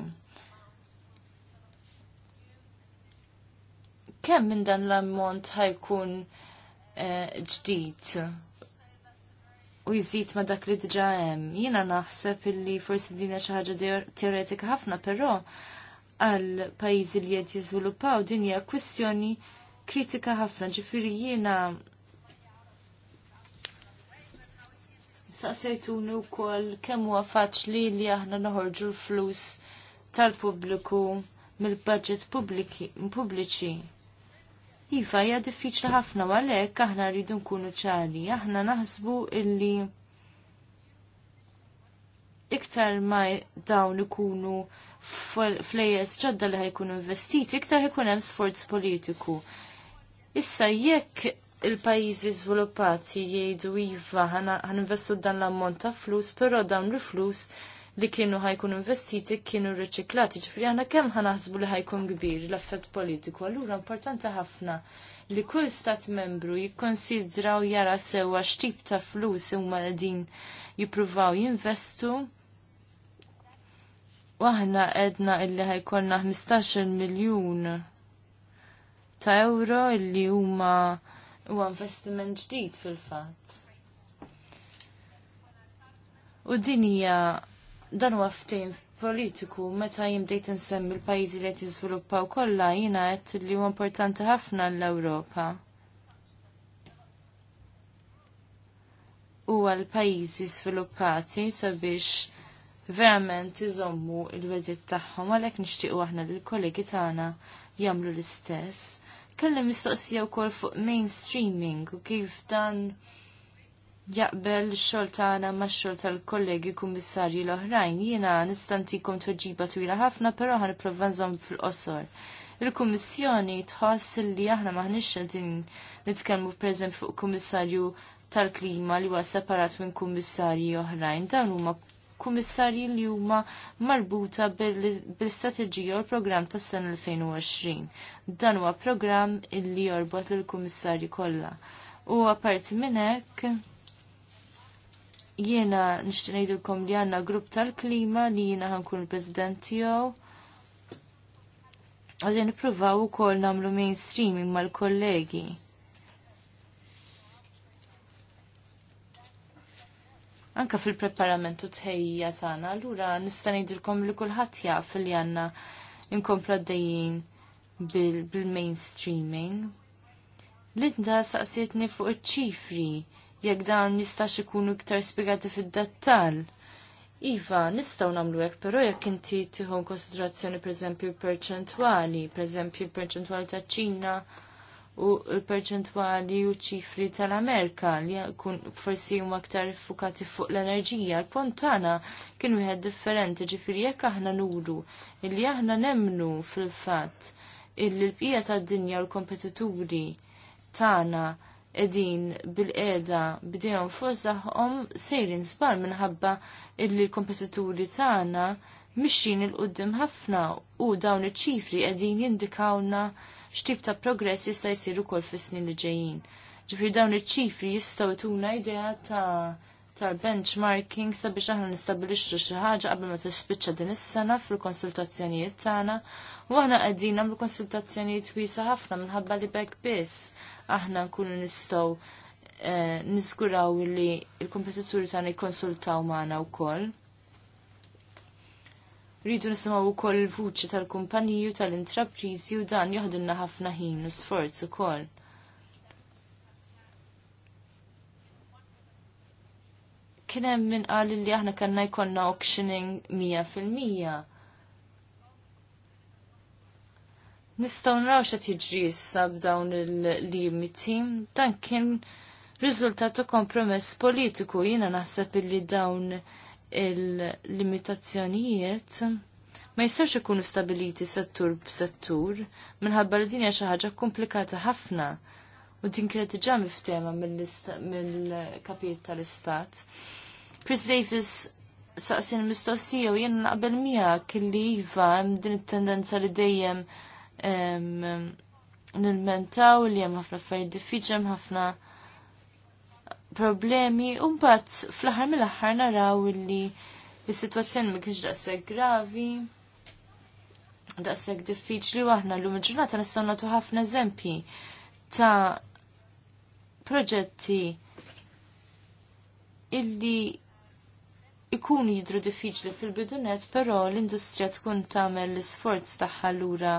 kemm minn dan l-ammont ħajkun eh, ġdid u jżid ma dak li diġa hemm. Jiena naħseb illi forsi dinja xi ħaġa teoretika ħafna, però għal pajjiżi li qed jiżviluppaw din hija kwistjoni kritika ħafna, ġifieri jiena saqsejtuni u kemm huwa faċli li aħna noħorġu l-flus tal-pubbliku mill-budget pubbliċi. Iva, hija diffiċli ħafna u għalhekk aħna rridu nkunu ċari, aħna naħsbu illi iktar ma dawn ikunu flejes ġodda li ħajkunu investiti, iktar ħajkun hemm sforz politiku. Issa jekk il-pajjiżi żviluppati jgħidu iva ħaninvestu dan l-ammont ta' flus, però dawn il-flus li kienu ħajkun investiti kienu riċiklati. Ġifri aħna kemm ħanaħsbu li ħajkun kbir l-affett politiku. Allura importanti ħafna li kull stat membru jikkonsidraw jara sewa x'tip ta' flus huma din jippruvaw jinvestu waħna edna illi ħajkonna 15 miljun ta' euro illi huma u investiment ġdid fil-fatt. U din hija dan huwa ftehim politiku meta jimdejt insemmi l-pajjiżi li qed jiżviluppaw kollha jiena qed li huwa importanti ħafna l-Ewropa. U għal pajjiżi sviluppati sabiex verament iżommu l-wedit tagħhom għalhekk nixtiequ aħna l kollegi tagħna jagħmlu l-istess. Kellem mistoqsija wkoll fuq mainstreaming u kif dan jaqbel xol tagħna ma' xol tal-kollegi kummissarji l-oħrajn. Jiena nistantikom tweġiba twila ħafna, però ħan nżomm fil-qosor. Il-Kummissjoni tħoss li aħna maħniex qegħdin nitkellmu preżent fuq kummissarju tal-klima li huwa separat minn kummissarji oħrajn. Dan huma kummissarji li huma marbuta bil-istrateġija u l-programm tas-sena 2020. Dan huwa programm li jorbot lill-kummissarji kollha. U apparti minn hekk, Jiena nixtieq ngħidulkom li għandna grupp tal-klima li jiena ħankun il-president tiegħu. u nippruvaw ukoll nagħmlu mainstreaming mal-kollegi. anka fil-preparamentu tħejja tagħna, allura nista' ngħidilkom li kulħadd jaf li għanna inkomplu għaddejjin bil-mainstreaming. Linda saqsietni fuq iċ-ċifri jekk dan jistax ikunu iktar spiegati fid-dettal. Iva, nistaw namlu jekk, pero jekk inti tiħon konsiderazzjoni per eżempju perċentwali, per eżempju perċentwali ta' ċina u l-perċentwali u ċifri tal-Amerika li kun forsi huma aktar fukati fuq l-enerġija. L-pontana kien wieħed differenti, ġifiri jekk aħna nuru, illi aħna nemnu fil-fatt illi l-bqija tad-dinja u l-kompetituri tagħna edin bil-qeda bidejhom fuq saħħhom sejrin żbar minħabba illi l-kompetituri tagħna mixin il-qudiem ħafna u dawn iċ-ċifri qegħdin jindikawna x'tip ta' progress jista' jsir ukoll fis-snin li ġejjin. Ġifri dawn iċ-ċifri jistgħu jtuna idea ta' tal-benchmarking sabiex aħna nistabilixxu xi ħaġa qabel ma tispiċċa din is-sena fil-konsultazzjonijiet tagħna u aħna qegħdin nagħmlu konsultazzjonijiet wiesa ħafna minħabba li bekk biss aħna nkunu nistgħu eh, niskuraw li l-kompetituri tagħna jikkonsultaw magħna wkoll. Rridu nisimgħu wkoll il-vuċi tal-kumpaniji u tal-intrapriżi u dan joħdilna ħafna ħin u sforz ukoll. Kien hemm min qal li aħna kellna jkollna auctioning 100%. Nistgħu naraw x'qed jiġri sab b'dawn il-limiti, dan kien rizultatu kompromess politiku jiena naħseb li dawn il-limitazzjonijiet ma jistawx ikunu stabiliti settur b'settur minħabba li din hija xi ħaġa komplikata ħafna u din kienet diġà miftema mill-kapijiet tal-istat. Chris Davis saqsin mistoqsija u jien naqbel miegħek kelli iva hemm din it-tendenza li dejjem nilmentaw li hemm ħafna affarijiet diffiċli hemm ħafna problemi u mbagħad fl-aħħar mill-aħħar naraw li is-sitwazzjoni ma kienx daqshekk gravi daqshekk diffiċli u aħna llum il-ġurnata nistgħu nagħtu ħafna eżempji ta' proġetti illi ikunu jidru diffiċli fil-bidunet, però l-industrija tkun tagħmel l-isforz tagħha lura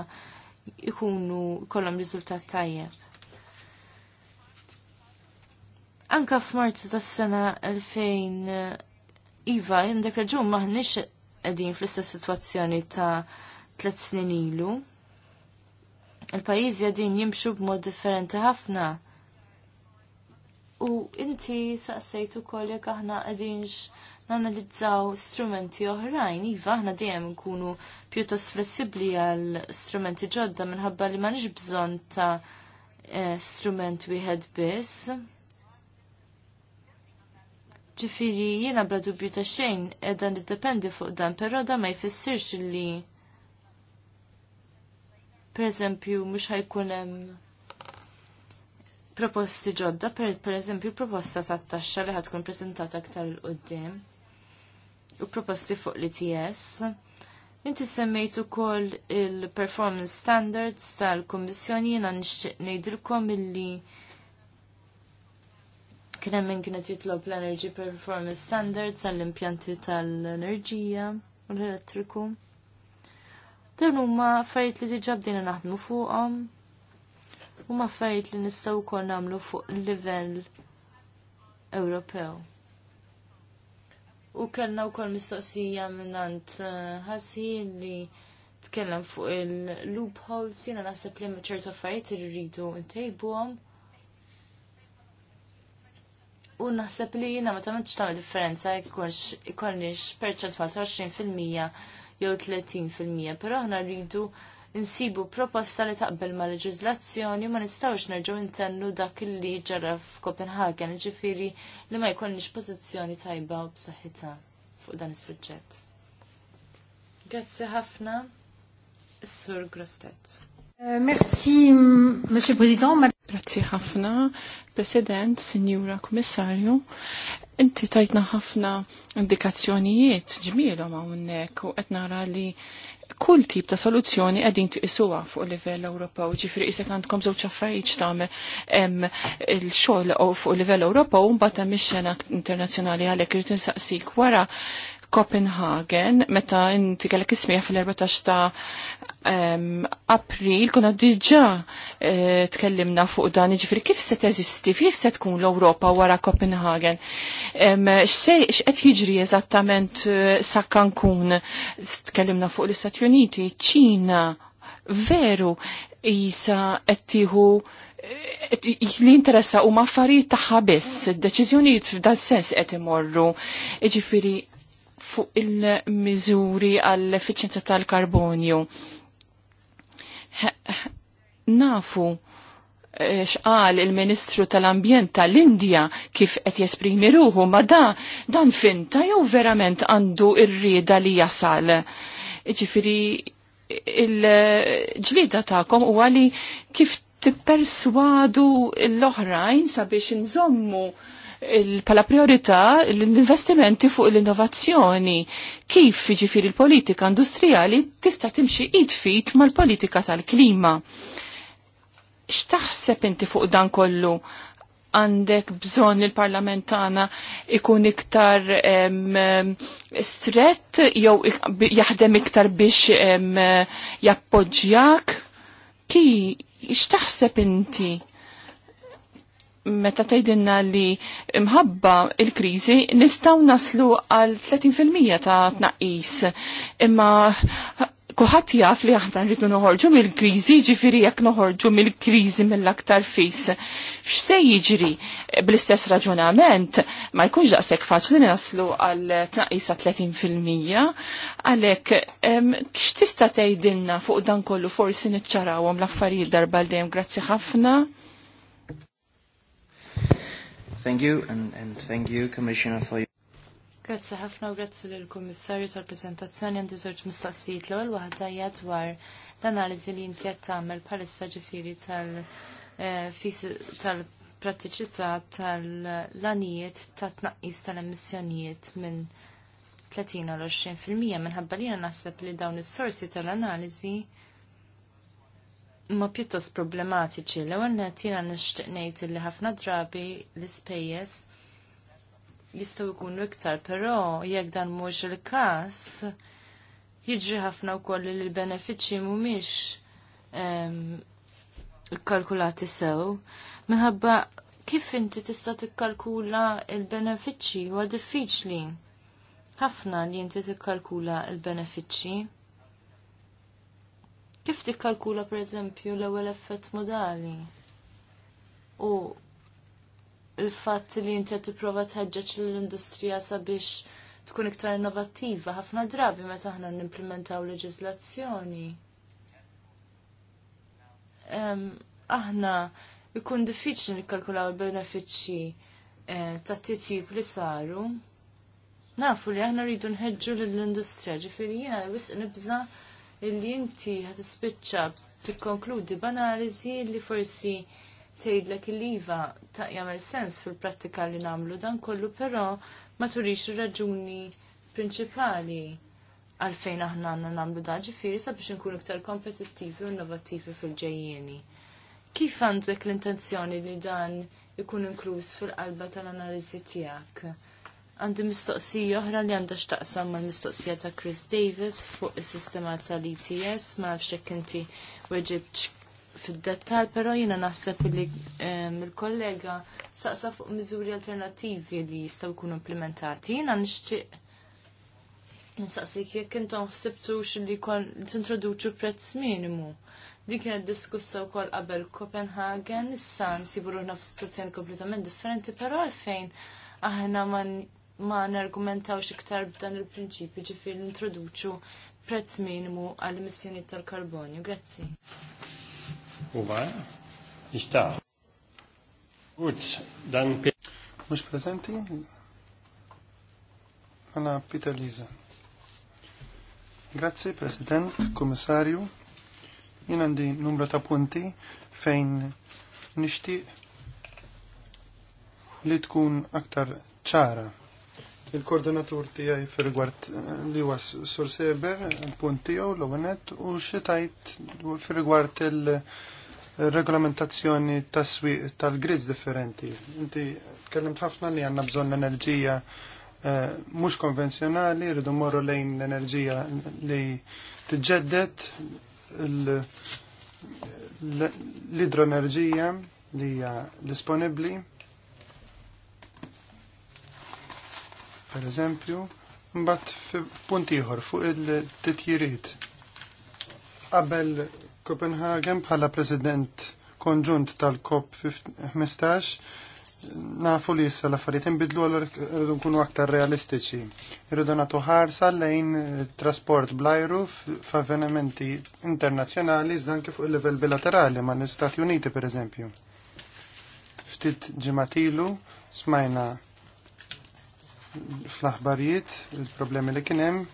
ikunu kollhom riżultat tajjeb. Anka f'Marzu tas-sena 2000 Iva, jendek raġun maħnix edin fl-istess situazzjoni ta' tlet snin ilu. il pajjiżi għadin jimxu b'mod differenti ħafna. U inti saqsejtu kol jekk aħna għadinx nanalizzaw strumenti oħrajn. Iva, aħna dejjem nkunu pjuttost flessibbli għal strumenti ġodda minħabba li nix bżonn ta' eh, strument wieħed biss. Ġifiri, jiena bla dubju ta' xejn, edha niddependi fuq dan, però da ma jfissirx li per eżempju mhux ħajkun hemm proposti ġodda, per, per eżempju proposta tat taxxa li ħatkun prezentata aktar il qudiem u proposti fuq l-ITS. Inti semmejt ukoll il-performance standards tal-Kummissjoni jina nixtieq ngħidilkom illi kien hemm min kienet jitlob l-Energy Performance Standards għall-impjanti tal-enerġija u l-elettriku. Dan huma affarijiet li diġà bdejna naħdmu fuqhom u ma affarijiet li nistgħu wkoll nagħmlu fuq il livell Ewropew. U kellna wkoll mistoqsija minnant eh, ħassi li tkellem fuq il-loopholes, jiena naħseb li hemm ċertu affarijiet irridu ntejbuhom. U naħseb li jina ma tagħmilx tagħmel differenza jkunx ikolniex perċentwal ta' 20% jew 30%, però aħna rridu insibu proposta li taqbel ma' leġizlazzjoni ma nistawx nerġgħu intennu dak li ġara f'Kopenhagen, ġifiri li ma jkollniex pożizzjoni tajba u b'saħħitha fuq dan is-suġġett. Grazzi ħafna, Sur Grostet. Euh, merci, Monsieur President. Grazzi ħafna, President, Signora Kommissarju. Inti tajtna ħafna indikazzjonijiet ġmielhom hawnhekk u qed nara li kull tip ta' soluzzjoni qegħdin tiqisuha fuq livell Ewropew. Ġifri, isek għandkom żewġ affarijiet tagħmel hemm il-xogħol fuq livell Ewropew u mbagħad hemm ix-xena internazzjonali għalhekk irid insaqsik wara Copenhagen, meta inti kellek ismija fil-14 ta' April, kuna diġa e, tkellimna fuq dan Iġifieri kif se teżisti, kif se tkun l-Ewropa wara Copenhagen. X'qed jiġri eżattament e, sa' Cancun, tkellimna fuq l-Istati Uniti, ċina, veru jisa għettiħu e, li interessa u maffari taħħa biss, deċizjoniet f'dal sens qed imorru. Iġifiri, fuq il-miżuri għall efficienza tal-karbonju. Nafu eh, xqal il-Ministru tal-Ambjent tal-Indja kif qed jesprimi ruħu ma da dan finta jew verament għandu ir-rieda li jasal. Ġifiri il-ġlida tagħkom u għali kif tipperswadu l-oħrajn sabiex nżommu pala priorità l-investimenti fuq l-innovazzjoni. Kif jiġifieri l-politika industrijali tista' timxi id-fit mal-politika tal-klima. X'taħseb inti fuq dan kollu? għandek bżon il-parlamentana ikun iktar stret jew jaħdem iktar biex jappoġġjak? Ki, x'taħseb inti? meta tgħidilna li mħabba il-kriżi nistgħu naslu għal 30% ta' tnaqqis. Imma kuħat jaf li aħna rridu noħorġu mill-kriżi, ġifiri jekk noħorġu mill-kriżi mill-aktar fis. X'se jiġri bl-istess raġunament ma jkunx daqshekk faċli naslu għal tnaqqis ta' 30% għalhekk x'tista' tgħidilna fuq dan kollu forsi niċċarawhom l-affarijiet darba l dejjem grazzi ħafna. Thank you and, and thank you, Commissioner, for your... Grazzi ħafna u grazzi lill kummissarju tal-prezentazzjoni għandi żewġ mistoqsijiet l-ewwel waħda hija dwar l-analiżi li inti qed tagħmel bħalissa ġifieri eh, tal-prattiċità tal-lanijiet ta' tnaqqis tal-emissjonijiet minn 30 għal 20 fil-mija minħabba li naħseb li dawn is-sorsi tal-analiżi ma pjuttost problematiċi. L-ewwel net jiena nixtieq ngħid li ħafna drabi l-ispejjeż jistgħu jkunu iktar, però jekk dan mhux il-każ, jiġri ħafna wkoll li l-benefiċċji mhumiex ehm, kalkulati sew. Minħabba kif inti tista' tikkalkula l-benefiċċji huwa diffiċli. Ħafna li inti tikkalkula l-benefiċċji. Kif tikkalkula pereżempju l-ewwel effett modali? U il-fatt li inti qed tipprova tħeġġeġ l-industrija sabiex tkun iktar innovattiva ħafna drabi meta aħna nimplementaw leġiżlazzjoni. Aħna jkun diffiċli nikkalkulaw il-benefiċċji eh, ta' titjib li saru. Nafu li aħna rridu nħeġġu lill-industrija ġifieri jiena wisq nibża' illi inti ħat ispiċċa tikkonkludi b'analiżi li forsi tgħidlek il-liva ta' jagħmel sens fil-prattika li nagħmlu dan kollu, però ma turix raġuni prinċipali għalfejn aħna għandna nagħmlu dan ġifieri sabiex inkunu iktar kompetittivi u innovattivi fil-ġejjieni. Kif għandek l-intenzjoni li dan ikun inkluż fil-qalba tal-analiżi tiegħek? għandi mistoqsija oħra li għandha x'taqsam mal-mistoqsija ta' Chris Davis fuq is-sistema tal-ETS ma nafx hekk inti weġibx fid dettall però jiena naħseb li ehm, il-kollega saqsa fuq miżuri alternattivi li jistgħu jkunu implementati. Jiena nixtieq Nsaqsik jekk intom ħsibtux li kon tintroduċu prezz minimu. Dik kienet diskussa wkoll qabel Copenhagen, issa nsibu ruħna f'sitwazzjoni kompletament differenti, però għalfejn aħna ma ma nargumentawx iktar b'dan il-prinċipju ġifir introduċu prezz minimu għall emissjoni tal-karbonju. Grazzi. Uwa, ixta. Uts, dan Mux prezenti? Għana Peter Liza. Grazzi, President, Komissarju. Jien għandi numru ta' punti fejn nixtieq li tkun aktar ċara il-koordinatur tiegħi fir-rigward eh, li huwa Sur Seber, il-punt tiegħu l ovenet u xi tajt fir-rigward il- regolamentazzjoni tas-swieq tal-grids differenti. Inti tkellimt ħafna li għandna bżonn enerġija eh, mhux konvenzjonali, rridu morru lejn l-enerġija li tġeddet l-idroenerġija li hija disponibbli per eżempju, mbagħad fi punti ieħor fuq il-titjiriet. Qabel Copenhagen bħala President konġunt tal-COP 15 nafu li issa l-affarijiet inbidlu għal rridu nkunu aktar realistiċi. Irridu nagħtu ħarsa lejn trasport blajru f'avvenimenti internazzjonali iżda anke fuq il-livell bilaterali ma' l-Istati Uniti pereżempju. Ftit ġimatilu smajna fl-aħbarijiet il-problemi li kien hemm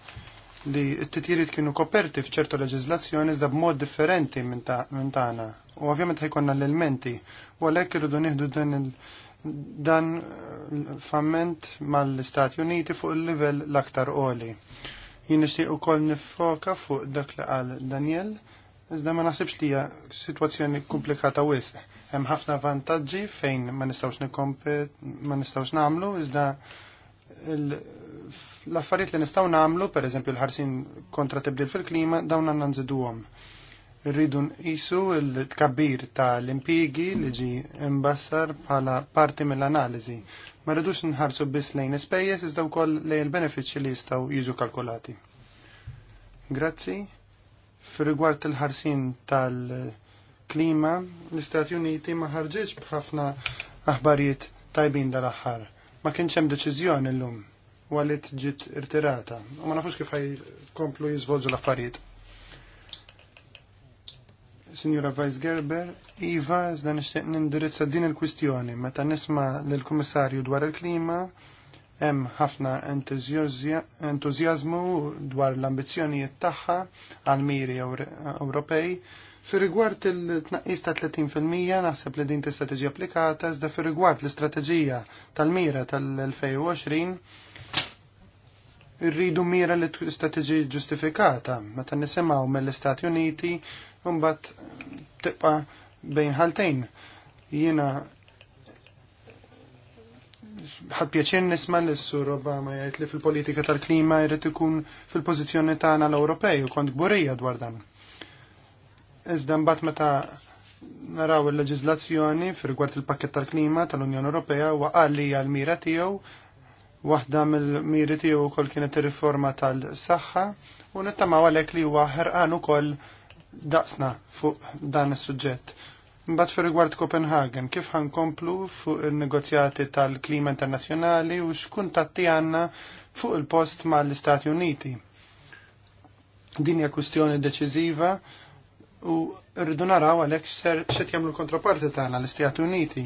li t-titjiriet kienu koperti f'ċertu leġizlazzjoni iżda b'mod differenti minn tagħna. U ovvjament ħajkonna l-elementi, u għalhekk irridu nieħdu dan dan eh, famment mal-Istati Uniti fuq il-livell l-aktar qoli. Jien nixtieq ukoll nifoka fuq dak li qal Daniel, iżda ma naħsibx li hija sitwazzjoni komplikata wisq. Hemm ħafna vantaġġi fejn ma nistgħux nikkompet ma nistgħux nagħmlu iżda l-affarijiet li nistgħu nagħmlu, eżempju l-ħarsin kontra tibdil fil-klima, dawn għandna nżiduhom. Irridu nqisu l-kabbir tal impigi li ġi imbassar bħala parti mill-analiżi. Ma rridux nħarsu biss lejn ispejjeż iżda wkoll lejn il-benefiċċji li jistgħu jiġu kalkolati. Grazzi. Fir-rigward il-ħarsin tal-klima, l-Istati Uniti ma ħarġitx b'ħafna aħbarijiet tajbin dal-aħħar ma kienx hemm deċiżjoni llum u għalit ġiet irtirata u ma nafux kif ħajkomplu jiżvolġu l-affarijiet. Signora Vice Gerber, Iva, zda nishtiq nindirizza din il-kwistjoni. Meta nisma l-Kummissarju dwar il-klima, hemm ħafna entużjażmu dwar l-ambizzjonijiet tagħha għal miri Ewropej Fi rigward il-tnaqqis ta' 30% naħseb li din t tiġi applikata, iżda fi rigward l-istrateġija tal-mira tal-2020 irridu mira li tista' istrateġija ġustifikata meta nisimgħu mill-Istati Uniti mbagħad tibqa' bejn ħaltejn. Jiena ħad pjaċir nisma l sur Obama jgħid li fil-politika tal-klima jrid ikun fil-pożizzjoni tagħna l-Ewropej u kont gburija dwar dan. Iżda mbagħad meta naraw il-leġiżlazzjoni fir-rigward il-pakket tal-klima tal-Unjoni Ewropea waqal li hija l-mira tiegħu waħda mill-miri tiegħu wkoll kienet ir-riforma tal-saħħa u nittama' għalhekk li huwa ħerqan ukoll daqsna fuq dan is-suġġett. Mbagħad fi rigward Copenhagen, kif ħankomplu fuq il-negozjati tal-klima internazzjonali u x'kun tatti għandna fuq il-post mal-Istati Uniti. Din hija kwistjoni deċiżiva u rridu naraw għalhekk ser xet jamlu l-kontraparti tagħna l-Istati Uniti.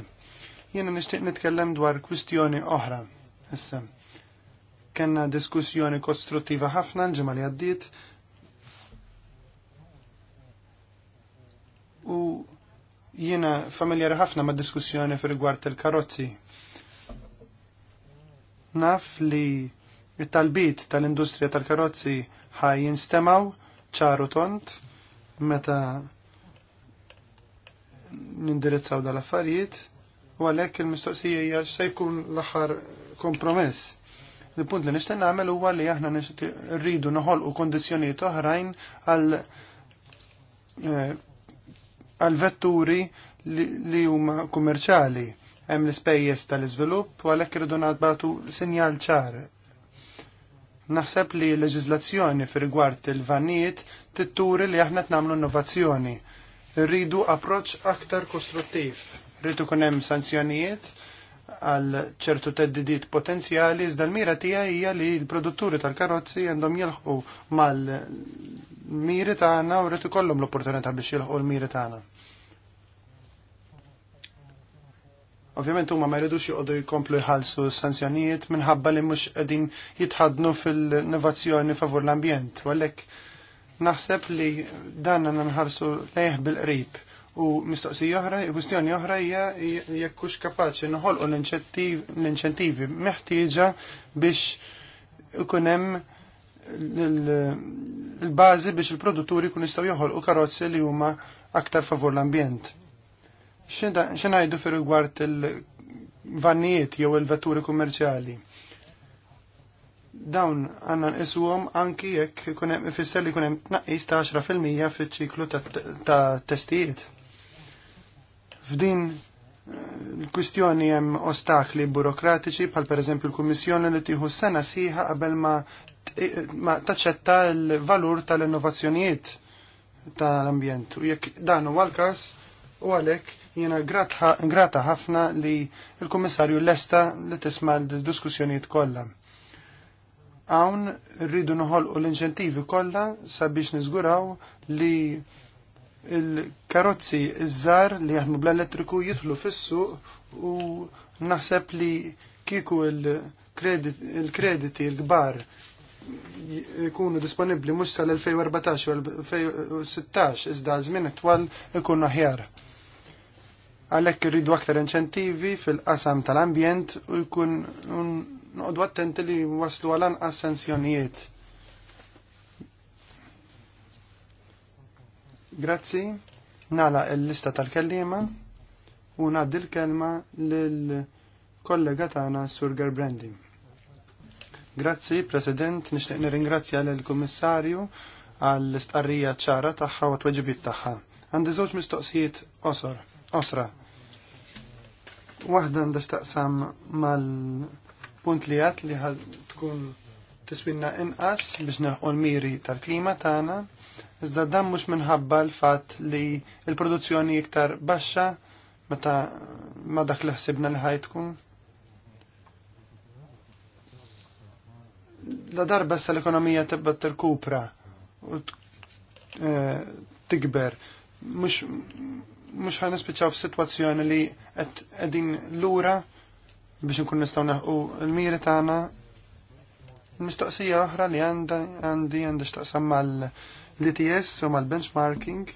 Jiena nixtieq nitkellem dwar kwistjoni oħra. Issa, kena diskussjoni kostruttiva ħafna l-ġimgħa li għaddiet u jiena familjari ħafna ma' diskussjoni fir rigward il-karozzi. Naf li it-talbit tal-industrija tal-karozzi ħaj jinstemaw ċaru tont meta nindirizzaw dal-affarijiet u għalhekk il-mistoqsija hija x'se jkun l-aħħar kompromess. Il-punt li nixtieq nagħmel huwa li aħna rridu noħolqu kondizzjonijiet oħrajn għal eh, għal vetturi li huma kummerċali hemm l-ispejjeż tal-iżvilupp u għalhekk irridu nagħbatu sinjal ċar Naħseb li l-leġizlazzjoni fi rigward il-vanijiet titturi li aħna tnamlu innovazzjoni. Rridu approċ aktar kostruttiv. Rridu kunem sanzjonijiet għal ċertu teddidiet potenzjali, iżda l-mira tija hija li l-produtturi tal-karozzi għandhom jilħu mal-miri tagħna u rrid ikollhom l-opportunità biex jilħu l-miri tagħna. Ovvjament huma ma jridux joqogħdu jkomplu jħallsu sanzjonijiet minħabba li mhux qegħdin jitħadnu fil-innovazzjoni favur l-ambjent. Għalhekk naħseb li dan għandna nħarsu lejh bil-qrib. U mistoqsija oħra, kwistjoni oħra hija jekk hux kapaċi noħolqu l-inċentivi meħtieġa biex ikun hemm l-bażi biex il-produtturi jkun jistgħu joħolqu karozzi li huma aktar favur l-ambjent jiddu fir rigward il-vannijiet jew il-vetturi kummerċjali? Dawn għanna nqisuhom anki jekk ikun hemm ifisser li jkun hemm tnaqqis ta' 10% fiċ-ċiklu ta' testijiet. F'din l-kwistjoni eh, hemm ostakli burokratiċi bħal pereżempju l-Kummissjoni li tieħu sena sħiħa qabel ma ma taċċetta l-valur tal-innovazzjonijiet tal-ambjent. U jekk dan huwa l-każ u għalhekk Jena grata ħafna li il-Kummissarju lesta li tisma' l-diskussjonijiet kollha. Hawn rridu noħolqu l-inċentivi kollha sabiex niżguraw li il-karozzi iż-żar li jaħdmu bl-elettriku jidħlu fis-suq u naħseb li kieku il-krediti l-kbar ikunu disponibli mux sal-2014 u 2016 iżda żmien twal ikunu ħjar għalhekk irridu aktar inċentivi fil-qasam tal-ambjent u jkun nuqdu attenti li waslu għal assenzjonijiet. Grazzi, nala il lista tal-kellima u ngħaddi l-kelma lill-kollega tagħna Sur Brandi. Grazzi, President, nixtieq nirringrazzja lill-Kummissarju għall-istqarrija ċara tagħha u t-weġibiet tagħha. Għandi żewġ mistoqsijiet osra. Waħda għandha x'taqsam mal-punt li għat li ħal tkun tiswinna inqas biex neħu l-miri tal-klima tagħna, iżda dan mhux minħabba l-fatt li l-produzzjoni iktar baxxa meta ma dak li ħsibna li ħajtkun. La darba sa l-ekonomija tibba tirkupra u eh, tikber, mhux mhux ħan f f'sitwazzjoni li qed qegħdin lura biex nkun nistgħu naħqu l-miri tagħna. Mistoqsija oħra li għandi għandi x'taqsam mal-LTS u mal-benchmarking.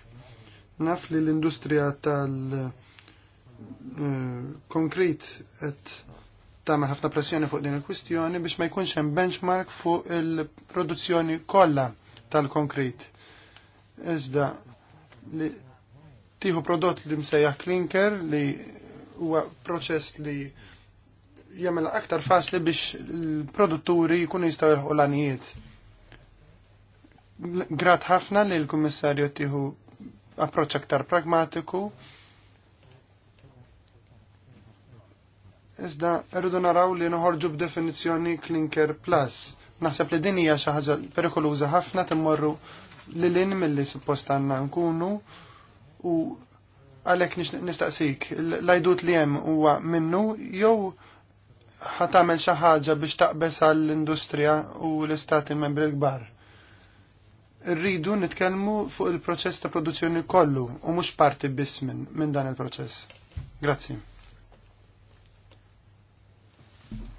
Naf li l-industrija tal-konkrit eh, qed tagħmel ħafna pressjoni fuq din il-kwistjoni biex ma jkunx hemm benchmark fuq il-produzzjoni kollha tal-konkrit. Iżda tieħu prodott li msejjaħ klinker li huwa proċess li jagħmel aktar faċli biex l-produtturi jkunu jistgħu jilħu l-anijiet. Grat ħafna li l-Kummissarju tieħu approċċ aktar pragmatiku. Iżda rridu naraw li noħorġu b'definizzjoni Klinker Plus. Naħseb li din hija xi ħaġa perikoluża ħafna timmorru lil lin milli suppost għandna nkunu u għalek nistaqsik, l għajdut li jem huwa minnu jew ħatamel xi ħaġa biex taqbes għall-industrija u l-istati membri l-kbar. Rridu nitkellmu fuq il-proċess ta' produzzjoni kollu u mhux parti biss minn dan il-proċess. Grazzi.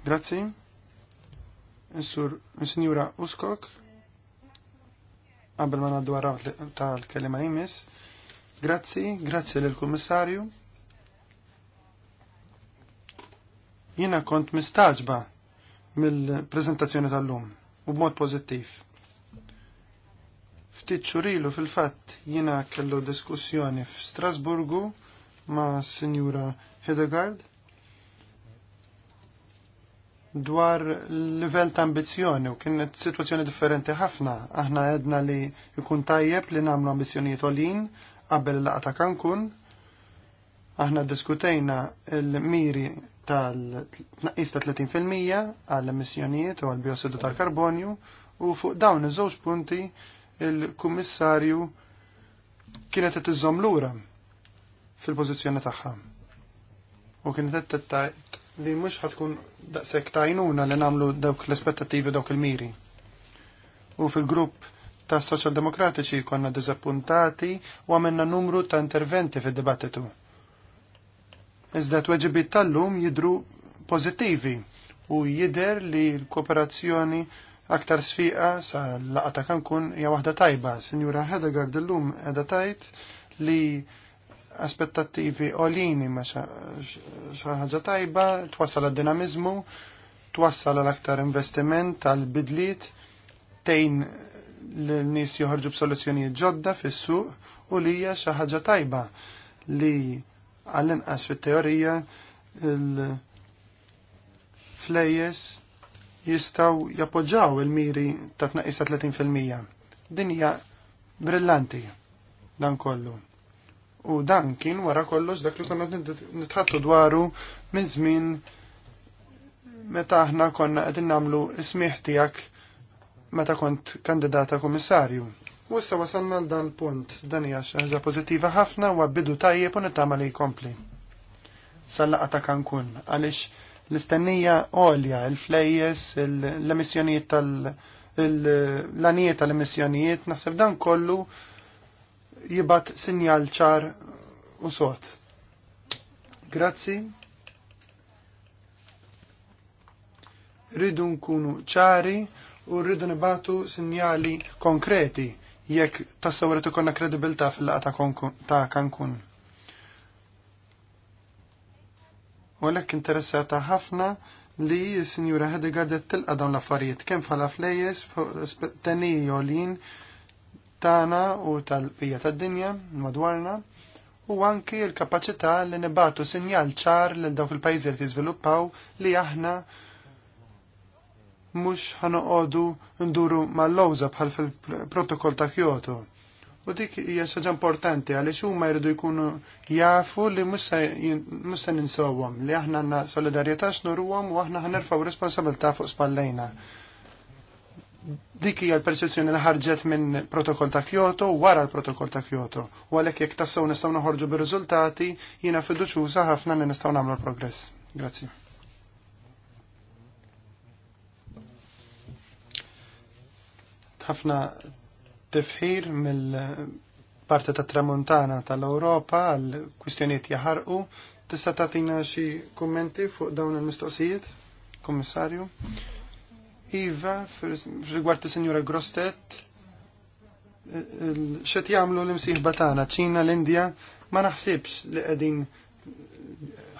Grazzi. Is-sur Sinjura Uskok qabel ma ngħaddu għarraw tal-kelima jmiss Grazzi, grazzi lill-Kummissarju. Jiena kont mistaġba mill-prezentazzjoni tal-lum u b'mod pożittiv. Ftit xurilu fil-fatt jiena kellu diskussjoni f'Strasburgu ma' Sinjura Hedegard dwar livell ta' ambizjoni u kienet situazzjoni differenti ħafna. Aħna edna li jkun tajjeb li namlu ambizjoni tolin qabel l laqa ta' Cancun aħna diskutejna l-miri tal-tnaqqis ta' 30% għall-emissjonijiet u għall-biossidu tal-karbonju u fuq dawn iż-żewġ punti il-kummissarju kienet qed iżżomm lura fil-pożizzjoni tagħha. U kienet qed tajt li mhux ħadkun daqshekk tajnuna li nagħmlu dawk l-aspettattivi dawk il-miri. U fil-grupp ta' soċjaldemokratiċi konna dizappuntati u għamilna numru ta' interventi fid dibattitu Iżda t-weġibit tal-lum jidru pozittivi u jider li l-kooperazzjoni aktar sfiqa sa laqata kankun hija waħda tajba. Sinjura Hedegard l-lum edha tajt li aspettativi olini ma xaħġa tajba, twassal għad-dinamizmu, twassal għal aktar investiment għal bidliet tejn l nis nies joħorġu b'soluzzjonijiet ġodda fis-suq u li hija xi ħaġa tajba li għall-inqas fit-teorija l flejjes jistaw jappoġġaw il-miri ta' tnaqisa 30%. Din hija brillanti dan kollu. U dan kien wara kollox dak li konna nitħattu dwaru minn żmien meta aħna konna qegħdin nagħmlu ismieħ tiegħek meta kont kandidata komissarju. U issa wasalna dan punt dan hija ħaġa pożittiva ħafna u bidu tajjeb u nittama li jkompli. Sallaqa ta' Cancun għaliex l-istennija għolja, il-flejjes, l-emissjonijiet tal- l-anijiet tal-emissjonijiet, naħseb dan kollu jibat sinjal ċar u sot. Grazzi. Ridu nkunu ċari u rridu nibatu sinjali konkreti jekk tassawret ikonna kredibilta fil-laqa ta' Cancun. U għalhekk interessata ħafna li s-Sinjura Hedegaard qed tilqa' dawn l-affarijiet kemm fala flejjes tenija jolin tagħna u tal-bqija tad-dinja madwarna u anki l-kapaċità li nibatu sinjal ċar lil dawk il-pajjiżi li jizviluppaw li aħna mhux ħanoqogħdu nduru mal lawza bħal fil-protokoll ta' Kyoto. U dik hija xaġa importanti għaliex huma jridu jkunu jafu li mhux se ninsewhom li aħna għandna solidarjetà x'nurhom u aħna ħanerfgħu responsabilità fuq spallejna dik hija l-perċezzjoni li ħarġet minn protokoll ta' Kyoto wara l-protokoll ta' Kyoto. U għalhekk jekk tassew nistgħu noħorġu bir-riżultati, jiena fiduċjuża ħafna li nistgħu nagħmlu progress. Grazzi. ħafna tifħir mill-parti ta' tramuntana tal-Ewropa għal kwistjoniet jaħarqu. Tista' tagħtina xi kummenti fuq dawn il-mistoqsijiet, Kummissarju? Iva, rigward is-Sinjura Grostet, xet jagħmlu l imsieħba tagħna ċina l-Indja ma naħsibx li qegħdin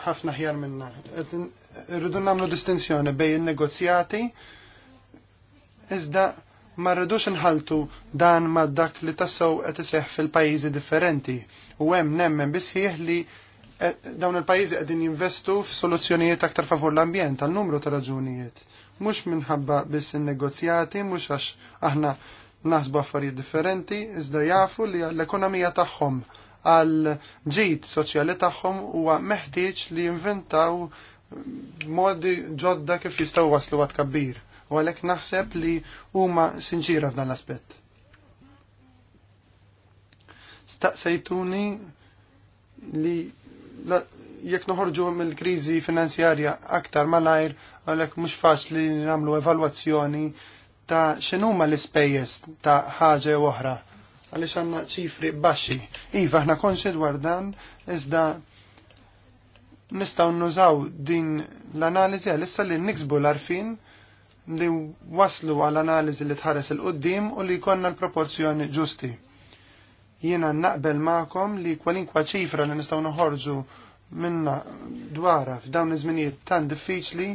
ħafna ħjar minna. Irridu nagħmlu distinzjoni bejn in-negozjati iżda ma rridux nħaltu dan ma dak li tassew qed iseħħ fil-pajjiżi differenti u hemm nemmen bisħieħ li eh, dawn il-pajjiżi qegħdin jinvestu f'soluzzjonijiet aktar favur l-ambjent għal numru ta' raġunijiet. Mhux minħabba biss in-negozjati, mhux għax aħna naħsbu affarijiet differenti, iżda jafu li l-ekonomija tagħhom għal ġid soċjali tagħhom huwa meħtieġ li jinventaw modi ġodda kif jistgħu waslu għad kabbir u għalhekk naħseb li huma sinċira f'dan l-aspett. Staqsejtuni li jekk noħorġu mill-kriżi finanzjarja aktar malajr għalhekk mhux faċli li nagħmlu evalwazzjoni ta' x'inhuma l-ispejjeż ta' ħaġa oħra għaliex għandna ċifri baxxi. Iva aħna konxi dwar dan iżda nistaw nużaw din l-analizi għalissa li niksbu l-arfin li waslu għal analiżi li tħares il-qoddim u li jkollna l-proporzjoni ġusti. Jiena naqbel ma'kom li kwalinkwa ċifra li nistgħu noħorġu minna dwara f'dawn iż-żminijiet tan diffiċli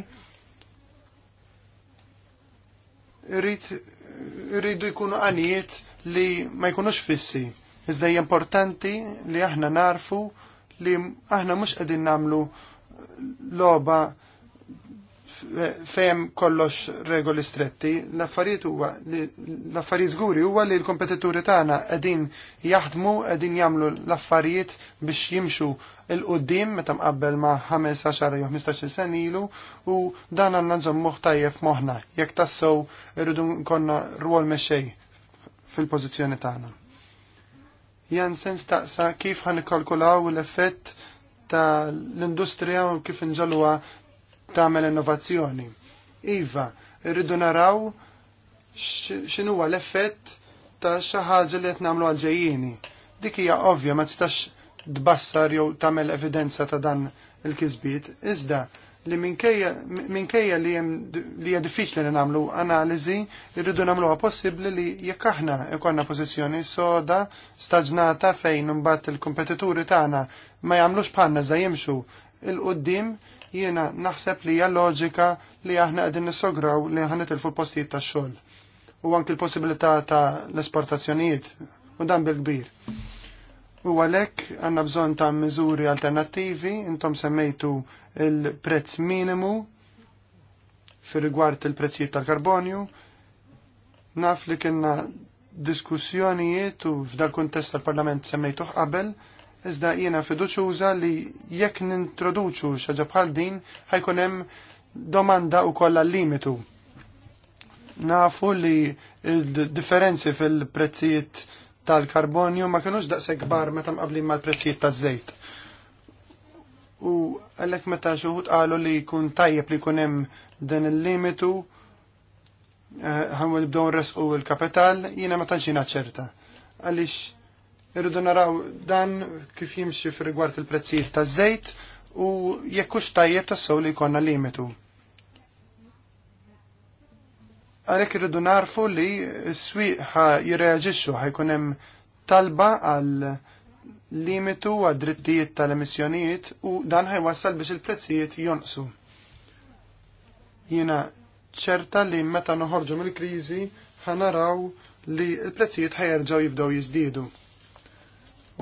rridu jkunu għanijiet li ma jkunux fissi. Iżda hija importanti li aħna narfu li aħna mhux qegħdin nagħmlu loba fejem kollox regoli stretti, l-affarijiet huwa l-affarijiet żguri huwa li l-kompetituri tagħna qegħdin jaħdmu, qegħdin jagħmlu l-affarijiet biex jimxu il-qoddim meta mqabbel ma' 15 jew 15 sen ilu u dan għandna nżommuh tajjeb moħħna jekk tassew irridu nkollna rwol mexej fil-pożizzjoni tagħna. Jansen staqsa kif ħanikalkulaw l-effett ta' l-industrija u kif nġalwa tagħmel innovazzjoni. Iva, rridu naraw x'inhuwa l-effett ta' xi ħaġa li qed nagħmlu għal-ġejjieni. Dik hija ovvja ma tistax tbassar jew tagħmel evidenza ta' dan il-kisbiet, iżda li minkejja li hija diffiċli li nagħmlu analiżi, irridu nagħmluha possibbli li jekk aħna jkollna pożizzjoni soda staġnata fejn imbagħad il-kompetituri tagħna ma jagħmlux bħalna iżda jimxu il-qudiem jiena naħseb li hija loġika li aħna qegħdin nissograw li aħna tilfu l-postijiet tax-xogħol. U anki l-possibilità ta' l-esportazzjonijiet u dan bil-kbir. U għalhekk għandna bżonn ta' miżuri alternattivi, intom semmejtu il-prezz minimu fir rigward il-prezzijiet tal-karbonju. Naf li kienna diskussjonijiet u f'dal kuntest tal-Parlament semmejtuh qabel iżda jiena fiduċuża li jekk nintroduċu xaġa bħal din ħajkun hemm domanda u kolla limitu. Nafu li il-differenzi fil-prezzijiet tal-karbonju ma kienux daqshekk kbar meta mqablin mal-prezzijiet taż-żejt. U għalhekk meta xi wħud qalu li jkun tajjeb li jkun hemm il-limitu eh, ħanwil bdew resqu l-kapital, jiena ma tantx ċerta. Għaliex Irridu naraw dan kif jimxi rigward il-prezzijiet taż-żejt u jekk hux tajjeb tassew li jkollna limitu. Għalhekk irridu narfu li s-swieq ħa jirreaġixxu ħajkun hemm talba għal limitu għad drittijiet tal-emissjonijiet u dan ħajwassal biex il-prezzijiet jonqsu. Jiena ċerta li meta noħorġu mill-kriżi ħanaraw li l-prezzijiet ħajerġaw jibdew jiżdiedu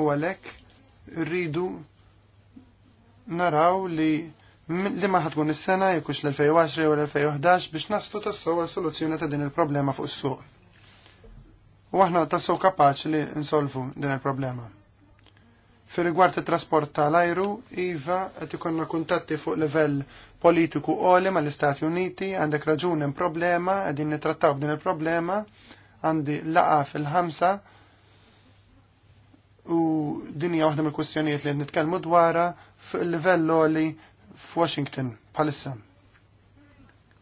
u għalhekk rridu naraw li li ma ħatkun is-sena jekkux l-2010 u l-2011 biex naslu tassew għal soluzzjoni ta' din il-problema fuq is-suq. U aħna tassew kapaċi li nsolvu din il-problema. Fir rigward it-trasport tal-ajru, iva qed ikonna kuntatti fuq livell politiku qoli mal-Istati Uniti, għandek raġuni problema, qegħdin nittrattaw din il-problema, għandi laqa fil-ħamsa u dinja waħda mill-kwistjonijiet li qed nitkellmu dwarha fuq il-livell li f'Washington bħalissa.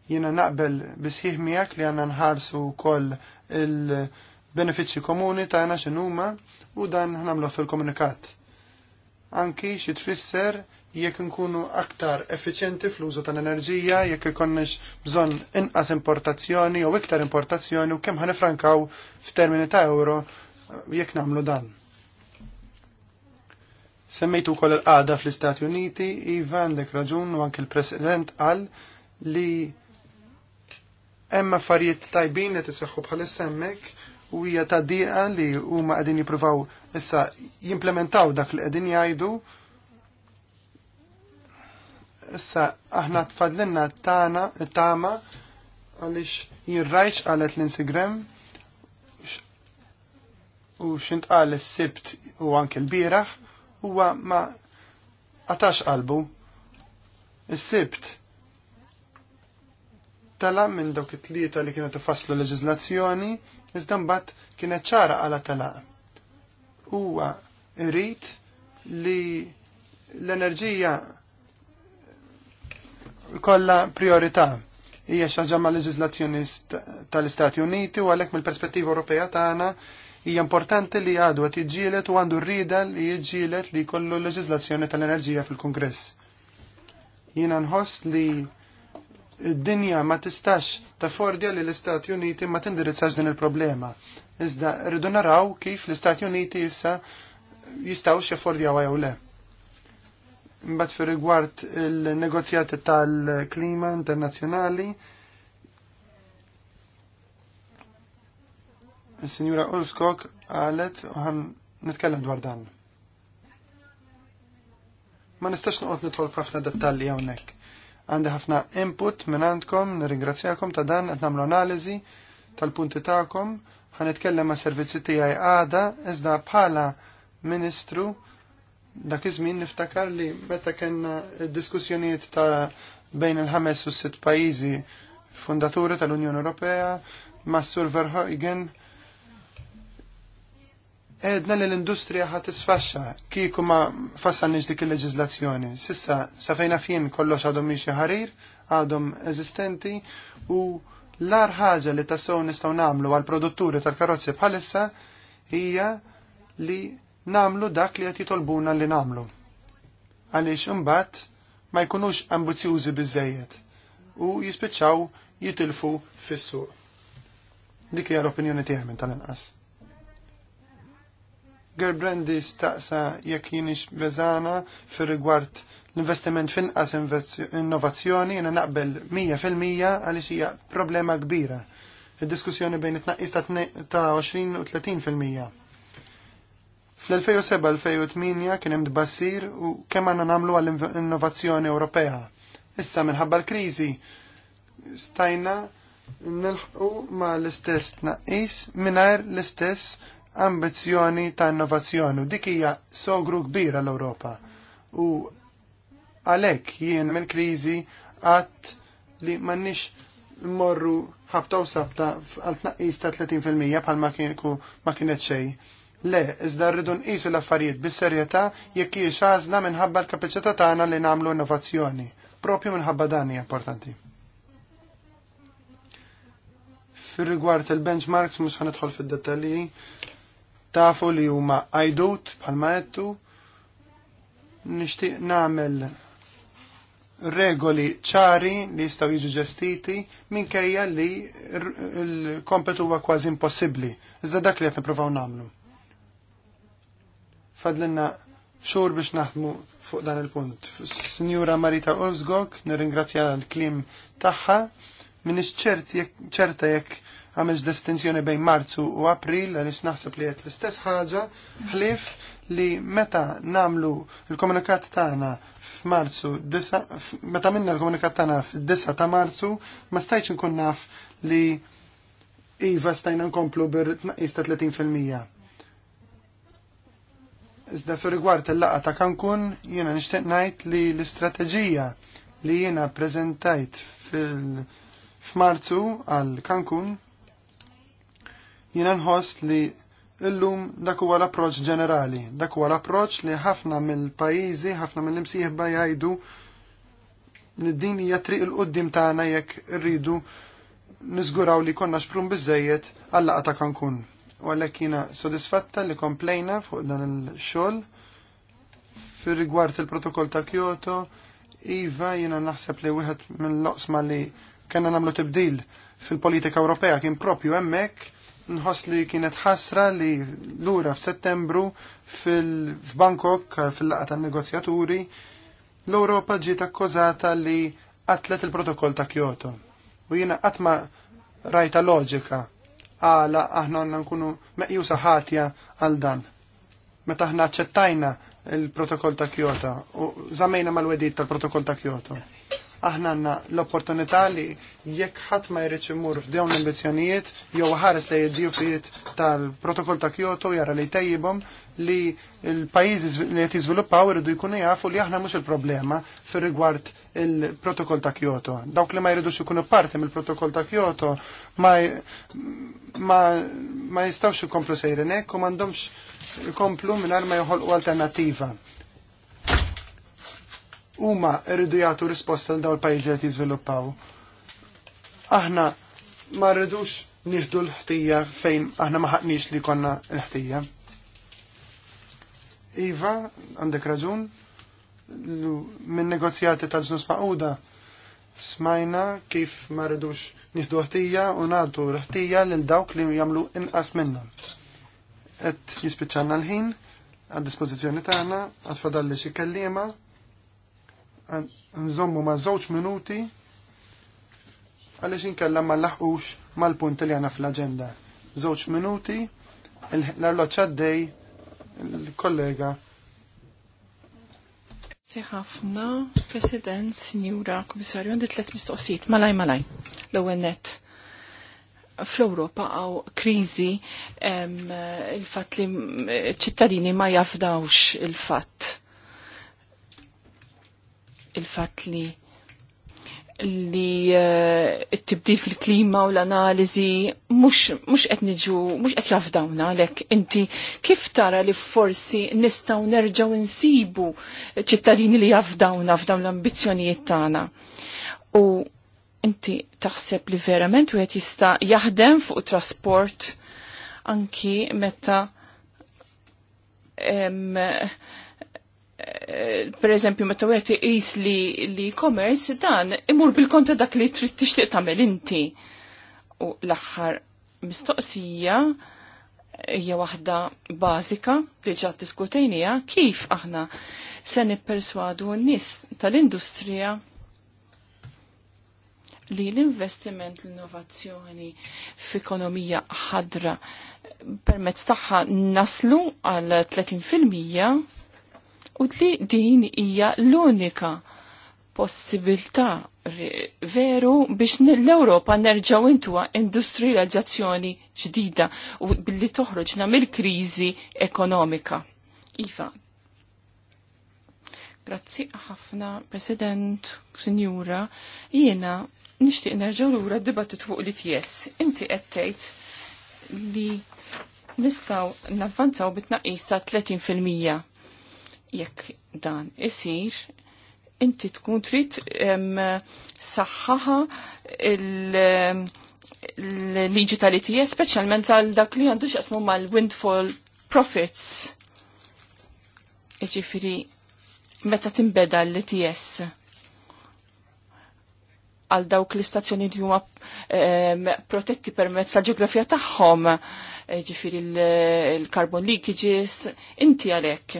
Jiena naqbel bisħiħ miegħek li għandna nħarsu wkoll il-benefiċċji komuni tagħna x'inhuma u dan nagħmlu fil-komunikat. Anki xi tfisser jekk nkunu aktar effiċjenti fl-użu tal-enerġija, jekk ikonnex bżonn inqas importazzjoni jew iktar importazzjoni u kemm ħanifrankaw f'termini ta' euro eh, jekk nagħmlu dan Semmejtu kol il-qada fl-Istati Uniti, Ivan dek raġun u anke l-President qal li hemm affarijiet tajbin li tiseħħu bħal semmek u hija ta' diqa li huma qegħdin jippruvaw issa jimplementaw dak li qegħdin jgħidu issa aħna tfadlinna tana tama għalix jirrajċ għalet l-Instagram u xint għal s-sibt u anke l-biraħ huwa ma għatax qalbu. Is-sibt tala minn dawk it-tlieta li kienu tifasslu leġiżlazzjoni, iżda mbagħad kienet ċara għala tala. Huwa rrit li l-enerġija kollha priorità hija xi ħaġa mal leġiżlazzjoni tal-Istati Uniti u għalhekk mill-perspettiva Ewropea tagħna hija importanti li għadu għat jġielet u għandu rrida li jġielet li kollu leġizlazzjoni tal-enerġija fil-kongress. Jina nħoss li id-dinja ma tistax taffordja li l-Istati Uniti ma tindirizzax din il-problema. Iżda rridu naraw kif l-Istati Uniti issa jistaw xeffordjaw għaw le. Mbatt fir rigward il-negozjati tal-klima internazzjonali, il-Sinjura Ulskok għalet uħan nitkellem dwar dan. Ma nistax noqgħod nitħol ħafna dettalji hawnhekk. Għandi ħafna input minn għandkom, nirringrazzjakom ta' dan qed nagħmlu analiżi tal-punti tagħkom, ħan nitkellem ma' servizzi tiegħi għada iżda bħala Ministru dak iż-żmien niftakar li meta kellna diskussjonijiet ta' bejn il-ħames u s-sitt pajjiżi fundaturi tal-Unjoni Ewropea, ma' Sur Verhoeven edna li l-industrija ħat isfaxxa kieku ma fassalniex dik il-leġizlazzjoni. Sissa, sa fejna fien kollox għadhom miexi ħarir, għadhom eżistenti u l-ar ħaġa li tassew nistgħu nagħmlu għal produtturi tal-karozzi bħalissa hija li namlu dak li qed jitolbuna li namlu. Għaliex imbagħad ma jkunux ambizjużi bizzejiet u jispiċċaw jitilfu fis-suq. Dik hija l-opinjoni tiegħi tal-inqas. Gerbrandi staqsa jekk jienix bezana fir rigward l-investiment finqas innovazzjoni jiena naqbel 100% għaliex hija problema kbira. Id-diskussjoni bejn it naqis ta' 20 u 30%. Fl-2007-2008 kien hemm tbassir u kemm għandna nagħmlu għall-innovazzjoni Ewropea. Issa minħabba l-kriżi stajna nilħqu ma l-istess tnaqqis mingħajr l-istess ambizzjoni ta' innovazzjoni u dik hija sogru kbir għall europa U għalhekk jien mill-kriżi għat li m'għandniex morru ħabta u sabta għal tnaqqis ta' 30% bħal ma kienet xejn. Le, iżda rridu nqisu l-affarijiet bis-serjetà jekk hiex għażla minħabba l-kapaċità tagħna li nagħmlu innovazzjoni. Propju minħabba dan hija importanti. Fir rigward il-benchmarks mhux ħanidħol fid-dettalji, tafu li huma għajdut bħalma għettu nixtieq nagħmel regoli ċari li jistgħu jiġu ġestiti minkejja li l-kompetu huwa kważi impossibbli. Iżda dak li qed nippruvaw nagħmlu. Fadlinna xhur biex naħdmu fuq dan il-punt. Sinjura Marita Ulzgok nirringrazzja l-klim tagħha, minix ċerta jekk għamilx distinzjoni bejn Marzu u April għaliex naħseb li għet l-istess ħaġa ħlif li meta namlu il-komunikat tagħna marzu meta minna l-komunikat tagħna f 9 ta' Marzu ma stajtx inkun naf li iva stajna nkomplu bir tnaqqis ta' 30%. Iżda fir rigward il-laqa ta' Cancun jiena nixtieq ngħid li l-istrateġija li jiena prezentajt fil- f'Marzu għal Cancun jiena nħoss li illum dak huwa l-approċ ġenerali, dak huwa l-approċ li ħafna mill-pajjiżi, ħafna mill-imsieħba jgħidu li din hija triq il-qoddim tagħna jekk irridu niżguraw li konna xprum biżejjed għallaqa ta' kankun. U għalhekk jiena sodisfatta li komplejna fuq dan il-xogħol fir rigward il-protokoll ta' Kyoto, iva jiena naħseb li wieħed mill-loqsma li kellna nagħmlu tibdil fil-politika Ewropea kien propju hemmhekk nħoss li kienet ħasra li lura f'Settembru f'Bangkok fil-laqa tan negozjaturi l-Ewropa ġiet akkużata li qatlet il-protokoll ta' Kyoto. U jiena qatt ma rajta loġika għala aħna għandna nkunu meqjusa ħatja għal dan. Meta aħna aċċettajna il-protokoll ta' Kyoto u żamejna mal wedit tal-protokoll ta' Kyoto aħna għandna l-opportunità li jekk ħadd ma jridx imur f'dew l-ambizzjonijiet jew ħares li jiddjufijiet tal-protokoll ta' Kyoto jara li tajjibhom li l-pajjiżi li qed jiżviluppaw iridu jkunu jafu li aħna mhux il-problema fir-rigward il-protokoll ta' Kyoto. Dawk li ma jridux ikunu parti mill-protokoll ta' Kyoto ma ma, ma jistawx ikomplu sejrinek u mandomx ikomplu mingħajr ma joħolqu alternativa huma rridu jagħtu risposta l dawn il-pajjiżi li jiżviluppaw. Aħna ma rridux nieħdu l-ħtija fejn aħna ma ħaqniex li konna l-ħtija. Iva, għandek raġun, minn negozjati tal-ġnus maquda smajna kif ma rridux nieħdu ħtija u nagħtu l-ħtija lil dawk li jagħmlu inqas minnhom. Qed jispiċċana l-ħin għad dispożizzjoni tagħna għad fadalli xi kelliema nżommu ma' żewġ minuti għaliex inkella ma laħqux mal-punt li għana fl-agenda. Żewġ minuti, l-arloċ għaddej, l-kollega. ħafna, President, Signora, Komissarju, għandi tlet mistoqsijiet, malaj, malaj, l-ewwel fl-Europa għaw krizi il-fat li ċittadini ma jafdawx il-fat il-fat li li eh, t-tibdil fil-klima u l-analizi mux qed niġu, mux qed jafdawna lek inti kif tara li forsi nistaw nerġaw nsibu ċittadini li jafdawna f'dawn l-ambizjonijiet tagħna. U inti taħseb li verament u qed jista' jaħdem fuq trasport anki meta Eh, per eżempju meta wieħed iqis li l-e-commerce dan imur bil-konta dak li trid tixtieq tagħmel inti. U l-aħħar mistoqsija hija waħda bażika ġat diskutejnija kif aħna se nipperswadu n-nies tal-industrija li l-investiment l-innovazzjoni f'ekonomija ħadra permezz tagħha naslu għal 30% u li din hija l-unika possibilità veru biex l-Europa nerġaw intuwa industrializzazzjoni ġdida u billi toħroġna mill-kriżi ekonomika. Iva. Grazzi ħafna, President, Sinjura, jiena nixtieq nerġaw lura d-dibattit fuq li tjess. Inti qed tgħid li nistgħu navvanzaw bit-tnaqqis ta' 30 jekk dan isir, inti tkun trid saħħaħa l-liġi tal-ITS, specialment għal dak li għandu xasmu mal-windfall profits. Iġifiri, meta timbeda l-ITS għal dawk l-istazzjoni li huma protetti permezz tal ġeografija tagħhom, ġifiri l-carbon leakages, inti għalhekk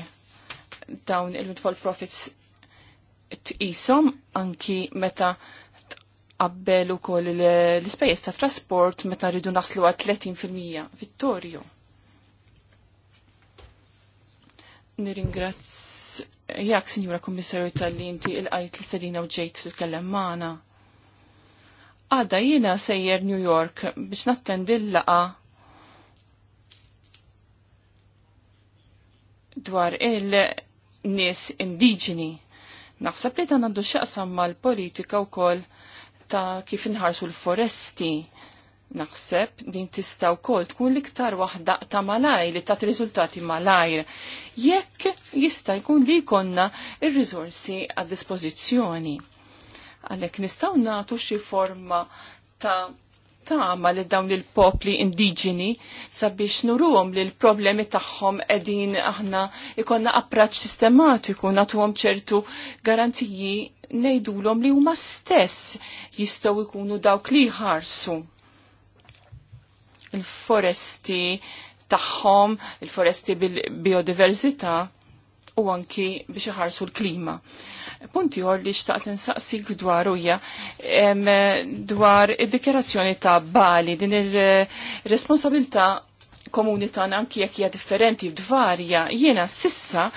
dawn il midfall profits t-isom anki meta tqabbel ukoll l-ispejjeż ta' trasport meta rridu naslu għal 30% Vittorio. Niringrazz jak, Sinjura Kommissarju tal linti inti il għajt l-istadina u ġejt titkellem magħna. Għada jiena sejjer New York biex nattendi l-laqa dwar il- nies indiġeni. Naħseb li dan għandu xaqsam mal-politika wkoll ta' kif inħarsu l-foresti. Naħseb din tista' wkoll tkun l-iktar waħda ta' malajr li t-rizultati malajr. Jekk jista' jkun li jkollna ir rizorsi għad dispożizzjoni. Għalhekk nistgħu natu xi forma ta' Tama li dawn il-popli indiġeni sabiex nuruhom li l-problemi tagħhom qegħdin aħna ikonna approċċ sistematiku nagħtuhom ċertu garanziji ngħidulhom li huma stess jistgħu jkunu dawk li jħarsu il-foresti tagħhom, il-foresti bil-biodiversità u anki biex iħarsu l-klima. Punti għor li xtaqt nsaqsik dwar uja dwar id-dikjerazzjoni ta' Bali din ir-responsabilta komuni tagħna anki jekk hija differenti dvarja, jiena sissa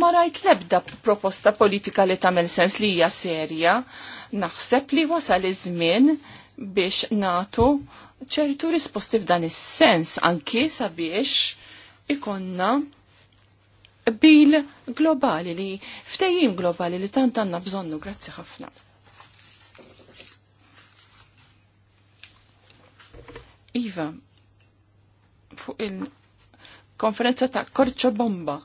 ma rajt lebda proposta politika li tagħmel sens li hija serja. Naħseb li wasal iż-żmien biex natu ċertu risposti f'dan is-sens anki sabiex ikonna bil globali li ftejim globali li tant għandna bżonnu. Grazzi ħafna. Iva, fuq il-konferenza ta' Korċa Bomba.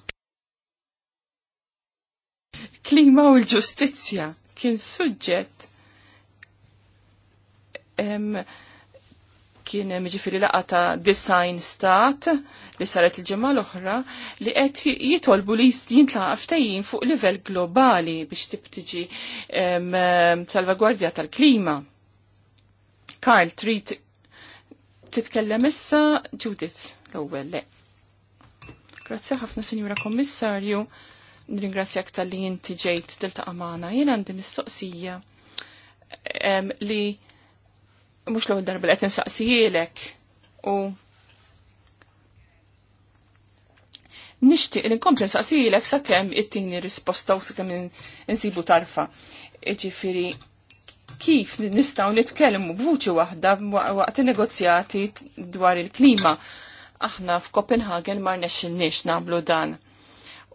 Klima u l-ġustizja kien suġġett kien ġifiri laqa ta' Design Stat li saret il-ġemma l-oħra li qed jitolbu li jintlaqa ftejjin fuq livell globali biex tibtiġi salvagwardja tal-klima. Karl, trid titkellem issa Judith l-ewwel le. Grazzi ħafna Sinjura Kommissarju, nringrazzjak tal-li inti ġejt tiltaqa' magħna. Jien għandi mistoqsija li mux l darba li insaqsijilek u nixtieq li nkompli nsaqsijilek sakemm it-tini risposta u sakemm insibu tarfa. Ġifiri, kif nistaw nitkellmu b'vuċi waħda waqt negozjati dwar il-klima. Aħna f'Kopenhagen ma rnexxinniex nagħmlu dan.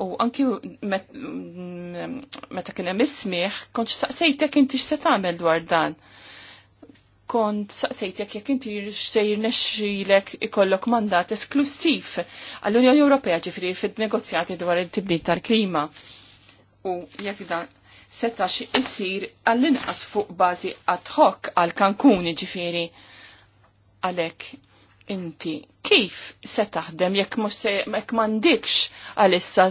U anki meta kien hemm ismieħ kontx saqsejtek inti x'se tagħmel dwar dan kont saqsejtek jekk inti sejr nexxilek ikollok mandat esklusiv għall-Unjoni Ewropea ġifri fid-negozjati dwar il-tibdil tal-klima. U jekk dan setax isir għall-inqas fuq bażi ad hoc għal kankuni ġifiri għalhekk inti kif se taħdem jekk mhux mandikx m'għandikx għalissa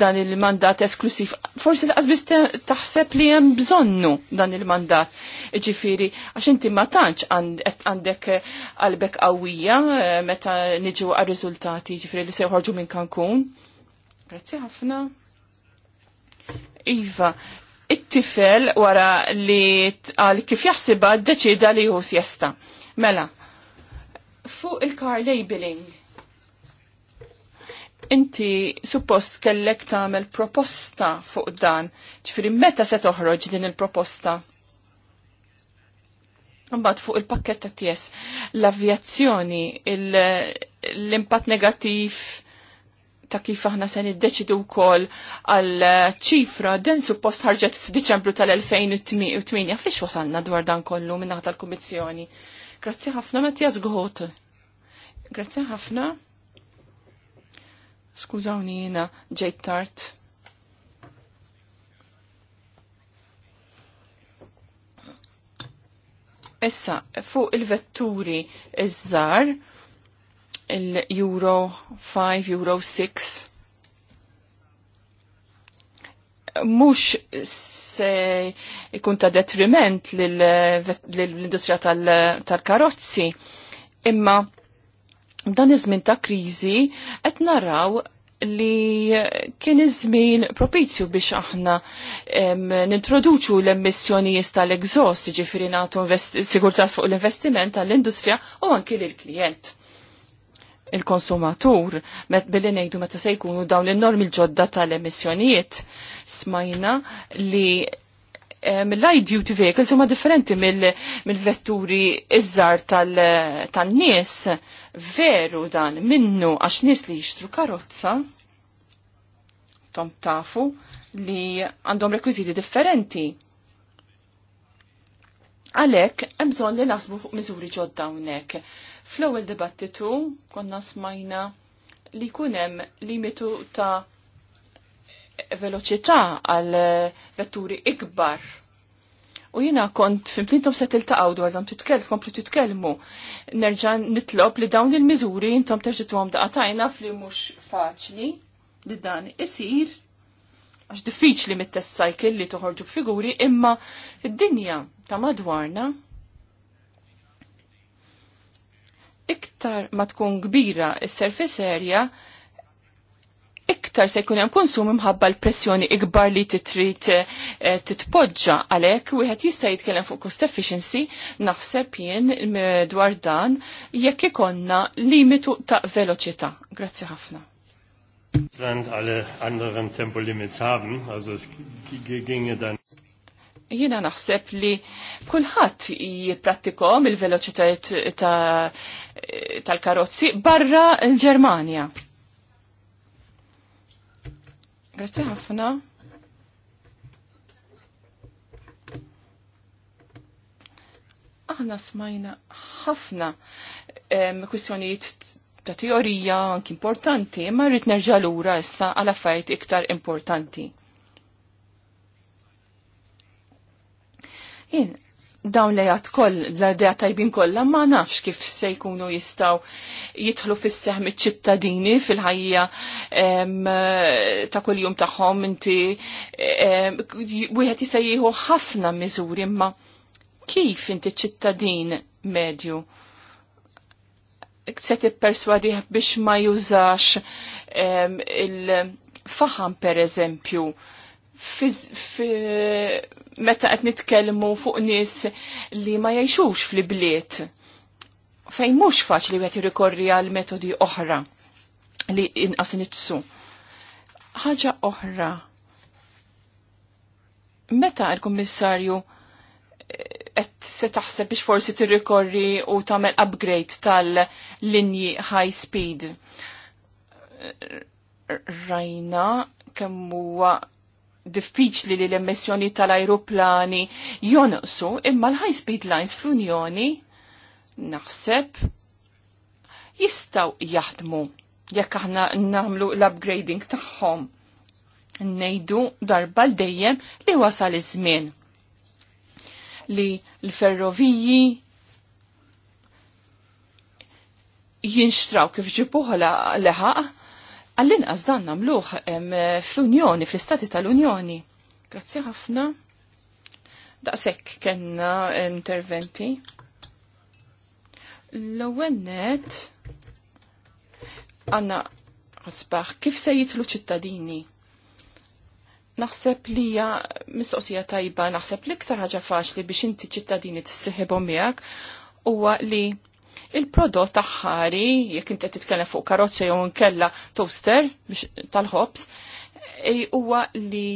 dan il-mandat esklusiv. Forsi l laqas taħseb li hemm bżonnu dan il-mandat. Ġifiri, għax inti ma tantx għandek eh, qalbek qawwija eh, meta niġu għar-riżultati ġifieri li se jħorġu minn Cancun. Grazzi ħafna. Iva, it-tifel wara li tqal kif jaħsibha ddeċida li hu sjesta. Mela, fuq il-car labeling. Inti suppost kellek tagħmel proposta fuq dan, ċifri meta se toħroġ din il-proposta? Mbagħad fuq il-pakket ta' Ties, l-avjazzjoni, l-impatt negattiv ta' kif aħna se niddeċidu wkoll għal ċifra din suppost ħarġet f'Diċembru tal-2008 fiex wasalna dwar dan kollu min-naħa tal-Kummissjoni. kummissjoni Grazzi ħafna Mattias Gohot. Grazzi ħafna. Skużawni jina Jake tart. Issa, fuq il-vetturi iż-żar, il-Euro 5, Euro 6, mux se ikun ta' detriment l-industrija tal-karozzi. Imma dan iż-żmien ta' kriżi qed naraw li kien iż-żmien propizju biex aħna nintroduċu l-emissjonijiet tal-egżost, ġifieri nagħtu sigurtat fuq l-investiment tal-industrija u anki lill-klijent il-konsumatur met billi ngħidu meta se jkunu dawn in-normi l-ġodda tal-emissjonijiet smajna li eh, mill-light duty vehicles huma differenti mill-vetturi iż-żar tan-nies veru dan minnu għax nies li jixtru karozza tom tafu li għandhom rekwiżiti differenti. Għalhekk hemm bżonn li nasbu miżuri ġodda hawnhekk Fl-ewwel dibattitu konna smajna li kunem limitu ta' veloċità għal vetturi ikbar. U jina kont fimtintom se tiltaqaw dwar dan titkellmu, komplu titkellmu. Nerġa' nitlob li dawn il-miżuri intom terġituhom daqatajna fli mhux faċli li dan isir għax diffiċli mit-test cycle li toħorġu figuri imma id-dinja ta' madwarna iktar ma tkun kbira is-surface area, iktar se jkun hemm konsum imħabba l-pressjoni ikbar li titrid eh, titpoġġa għalhekk wieħed jista' jitkellem fuq cost efficiency naħseb jien dwar dan jekk ikonna limitu ta' veloċità. Grazzi ħafna. Land alle anderen Tempolimits haben, also es ginge dann Jiena naħseb li kulħadd jipprattikom il-veloċitajiet tal-karozzi barra l-Ġermanja. Grazzi ħafna. Aħna smajna ħafna kwistjonijiet ta' teorija anki importanti, ma rrid nerġa' lura issa għal affarijiet iktar importanti. In, dawn li għat koll, l għat tajbin kollha ma nafx kif se jkunu jistaw jitħlu fis seħmi ċittadini fil-ħajja ta' kuljum tagħhom inti wieħed jisajjiħu ħafna miżuri imma kif inti ċittadin medju se tipperswadih biex ma jużax il-faħam per eżempju meta qed nitkellmu fuq nies li ma jgħixux fl-bliet fejn mhux faċli wieħed jirrikorri għal metodi oħra li inqas nitsu. Ħaġa oħra. Meta l-Kummissarju eh, qed se taħseb biex forsi tirrikorri u tagħmel upgrade tal-linji high speed. Rajna kemm huwa diffiċli li l-emissjoni tal-ajruplani jonqsu, imma l-high speed lines fl-Unjoni naħseb jistaw jaħdmu jekk aħna namlu l-upgrading tagħhom. Nejdu darba l-dejjem li wasal iż-żmien li l-ferroviji jinxtraw kif ġibuħ leħaq Għall-inqas dan namluħ fl-Unjoni, fl-Istati tal-Unjoni. Grazzi ħafna. Daqsek kenna interventi. L-ewwelnet għandna ħosbaħ kif se jitlu ċittadini naħseb li hija mistoqsija tajba, naħseb li iktar ħaġa faċli biex inti ċittadini tissieħibhom miegħek huwa li il-prodott taħħari, jekk inti titkellem fuq karozza jew nkella toaster biex tal-ħobs, eh, huwa li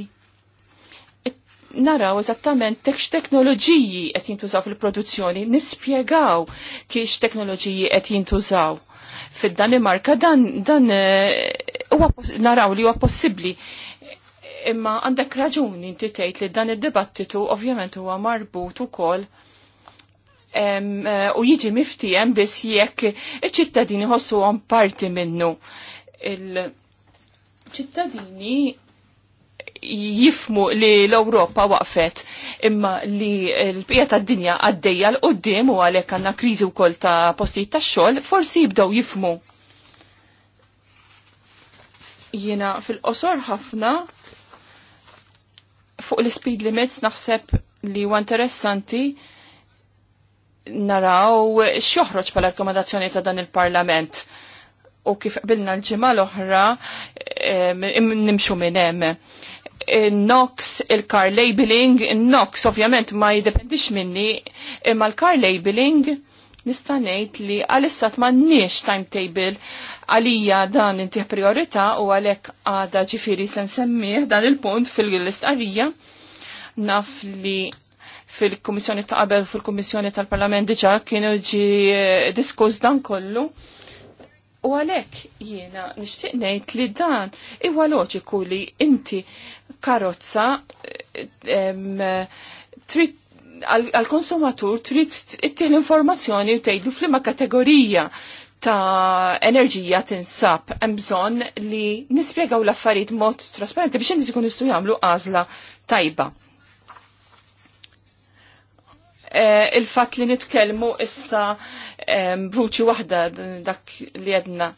naraw eżattament tek teknoloġiji qed jintużaw fil-produzzjoni, nispjegaw kiex teknoloġiji qed jintużaw. Fid-Danimarka dan dan eh, huwa naraw li huwa possibbli imma għandek raġuni inti tgħid li dan id-dibattitu ovvjament huwa marbut ukoll Eh, u jiġi miftijem biss jekk iċ-ċittadini ħossu għom parti minnu. Il-ċittadini jifmu li l-Europa waqfet imma li l-bqija tad dinja għaddejja l-qoddim u għalek għanna krizi u kol ta' postijiet ta' xol, forsi jibdaw jifmu. Jena fil-qosor ħafna fuq l-speed limits naħseb li huwa interessanti naraw x'joħroġ pala rekomendazzjoni ta' dan il-Parlament u kif bilna l-ġimgħa l-oħra nimxu minn hemm. Nox, il-car labeling, Nox ovvjament ma jidependix minni, imma l-car labeling nista' ngħid li għalissa m'għandniex timetable għalija dan intih priorita u għalhekk għada ġifieri se nsemmih dan il-punt fil għalija naf li fil-Kummissjoni ta' qabel fil-Kummissjoni tal-Parlament diġa kienu ġi eh, diskuss dan kollu. U għalek jiena nixtieq ngħid li dan huwa loġiku li inti karozza eh, trid għal-konsumatur trid ittieħ l-informazzjoni u tgħidlu f'liema kategorija ta' enerġija tinsab hemm bżonn li nispjegaw l-affarijiet mod trasparenti biex inti tkun jistgħu jagħmlu għażla tajba. Eh, il-fat li nitkelmu issa b'vuċi waħda dak li għedna.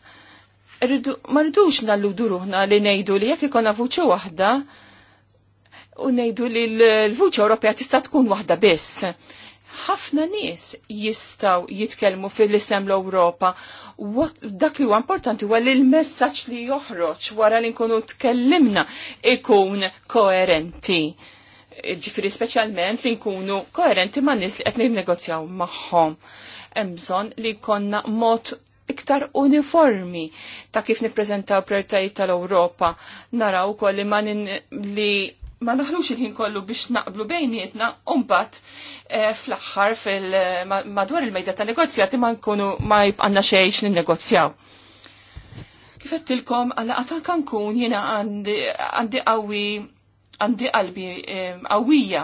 Ma rridux nalludu ruħna li nejdu li jekk ikona vuċi waħda u nejdu li l-vuċi Ewropea tista' tkun waħda biss. Ħafna nies jistaw jitkellmu fil-isem l-Ewropa. Dak li huwa importanti huwa li l-messaġġ li joħroġ wara li nkunu tkellimna ikun koerenti ġifiri specialment li nkunu koerenti ma' nis li qed negozjaw magħhom. Hemm bżonn li konna mod iktar uniformi ta' kif nippreżentaw prioritajiet tal-Ewropa. Naraw kol li ma' li ma naħlux il-ħin kollu biex naqblu bejnietna umbat eh, fl-axħar madwar il-mejda ta' negozjati ma nkunu ma jibqanna xejx nin-negozjaw. Kifettilkom għalla għatan kankun jena għandi għawi għandi qalbi qawwija.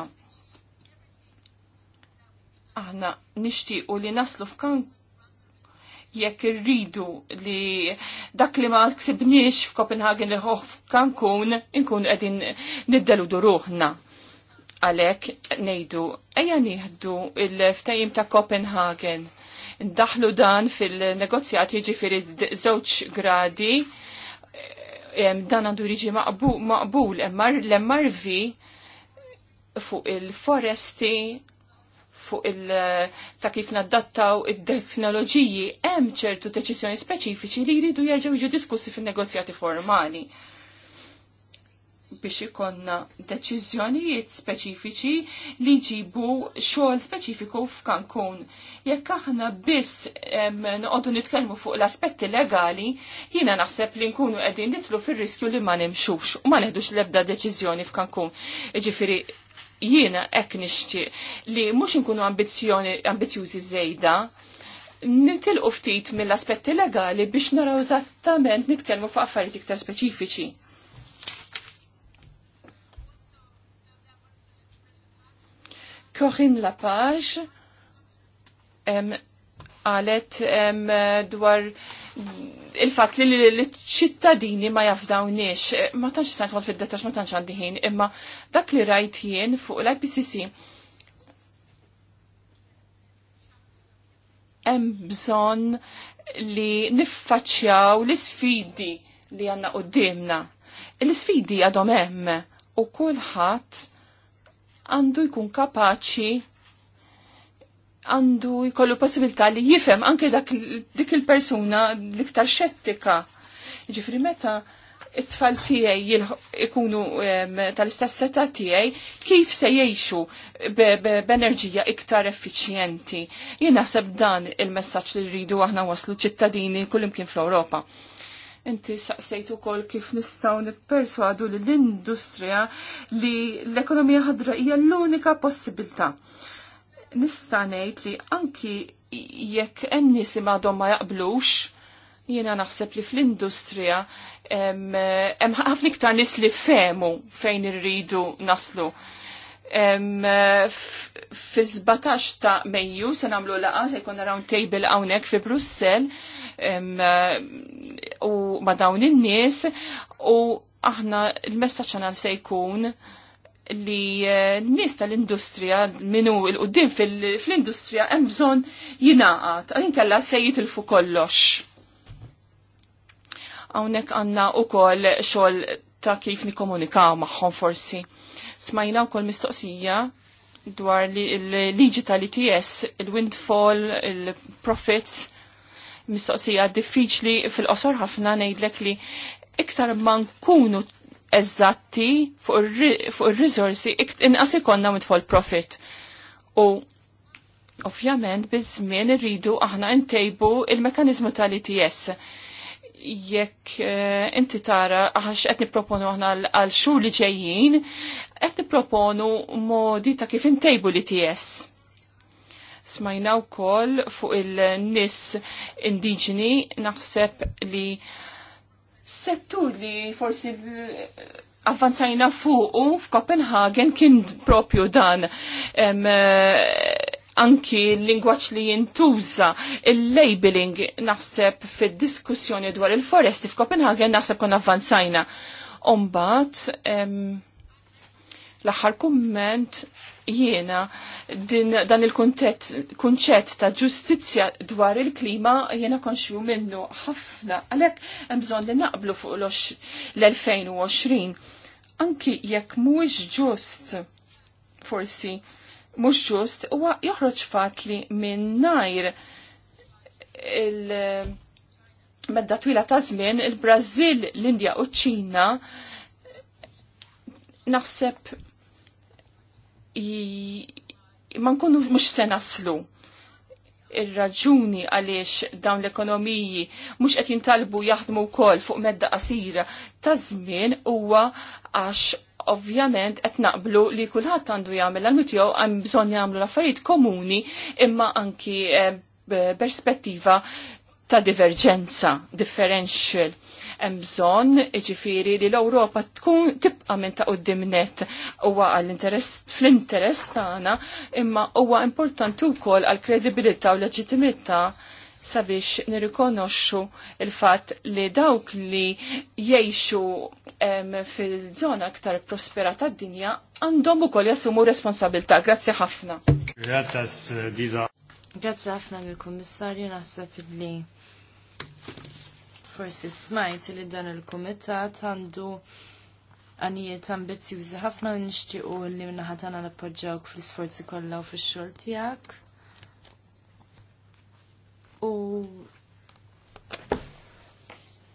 Aħna nixtiequ li naslu f'kan jekk irridu li dak li ma ksibniex f'Kopenhagen li ħoħ f'Kankun inkun qegħdin niddalu duruħna. Għalhekk ngħidu ejja nieħdu il-ftajim ta' Kopenhagen. Ndaħlu dan fil-negozjati ġifiri żewġ gradi dan għandu jiġi maqbul l marvi fuq il-foresti fuq il- eh, ta' kif naddattaw id-teknoloġiji hemm ċertu deċiżjoni speċifiċi li jridu jerġgħu jiġu diskussi fin-negozjati formali biex ikonna deċiżjonijiet speċifiċi li jġibu xogħol speċifiku f'Kankun. Jekk aħna biss noqogħdu nitkellmu fuq l-aspetti legali, jiena naħseb li nkunu qegħdin nitlu fir-riskju li ma nimxux u ma neħdux l-ebda deċiżjoni f'Kankun. Ġifieri jiena hekk nixtieq li mhux inkunu ambizjużi żejda, nitilqu ftit mill-aspetti legali biex naraw eżattament nitkellmu fuq affarijiet iktar speċifiċi. Corinne Lapage għalet dwar il-fat li l-ċittadini ma jafdawniex, eh, ma tanċ sant għal fil-detax ma tanċ ħin, imma dak li rajt jien fuq l-IPCC hemm bżonn li niffaċċjaw l-isfidi li għanna qoddimna. L-isfidi għadhom hemm u kulħadd għandu jkun kapaċi għandu jkollu possibilità li jifem anke dak dik il-persuna l-iktar xettika. Ġifri meta it-tfal tiegħi jikunu tal-istess seta tiegħi kif se jgħixu b'enerġija iktar effiċjenti. Jien naħseb dan il-messaġġ li rridu aħna waslu ċittadini kullimkien fl-Ewropa. Inti saqsejt ukoll kif nistgħu nipperswadu lill industrija li l-ekonomija ħadra hija l-unika possibilità. Nista' ngħid li anki jekk hemm nies li m'għadhom ma jaqblux, jiena naħseb li fl-industrija hemm ħafna iktar nies li femu fejn irridu naslu fi 17 ta' Mejju se nagħmlu laqa' se jkun round table hawnhekk fi Brussell u ma' dawn in-nies u aħna l-messaġġ għal se jkun li eh, n nies tal-industrija minu il-qoddim fil-industrija hemm bżonn jingħaqad, għalin kellha se jitilfu kollox. Hawnhekk għandna wkoll xogħol ta' kif nikkomunikaw magħhom forsi. Smajna wkoll mistoqsija dwar li l-liġi tal-ITS, il-windfall, il-profits, mistoqsija diffiċli fil-qosor ħafna ngħidlek li iktar ma nkunu eżatti fuq ir-riżorsi inqas ikonna windfall profit. U ovvjament biż-żmien irridu aħna ntejbu il-mekanizmu tal-ITS jekk eh, inti tara għax qed nipproponu aħna għal xhur li ġejjin, qed nipproponu modi ta' kif intejbu li ties. Smajna wkoll fuq il-nis indiġeni naħseb li settur li forsi avvanzajna fuqu f'Kopenhagen kien propju dan eh, anki l-lingwaċ li jintuża il-labeling naħseb fid-diskussjoni dwar il-foresti f'Kopenhagen naħseb kon avvanzajna. Ombat, l-aħħar kumment jiena din, dan il-kunċett ta' ġustizzja dwar il-klima jiena konxju minnu ħafna. Għalek, bżon li naqblu fuq l-2020. Anki jekk mhuwiex ġust forsi mhux ġust huwa joħroġ fatli minn najr il medda twila ta' żmien il-Brażil, l-Indja u ċina naħseb ma nkunu mhux se naslu ir-raġuni għaliex dawn l-ekonomiji mhux qed jintalbu jaħdmu wkoll fuq medda qasira ta' żmien huwa għax ovvjament qed naqblu li kulħadd għandu jagħmel għal mutjow hemm bżonn jagħmlu l-affarijiet komuni imma anki eh, perspettiva ta' diverġenza, differential. Hemm bżonn jiġifieri li l-Ewropa tkun tibqa' minn ta' qudiem net huwa għall-interess fl-interess tagħna imma huwa importanti wkoll għall kredibilità u leġittimità sabiex nirrikonoxxu il-fatt li dawk li jgħixu fil-żona aktar prospera tad-dinja għandhom ukoll jassumu responsabilità. Grazzi ħafna. Eh, Grazzi ħafna lill-Kummissarju naħseb li forsi smajt li dan il-kumitat għandu għanijiet ambizjużi ħafna nixtiequ li minnaħat għana l-appoġġawk fl-sforzi kollha u fix-xogħol tiegħek. U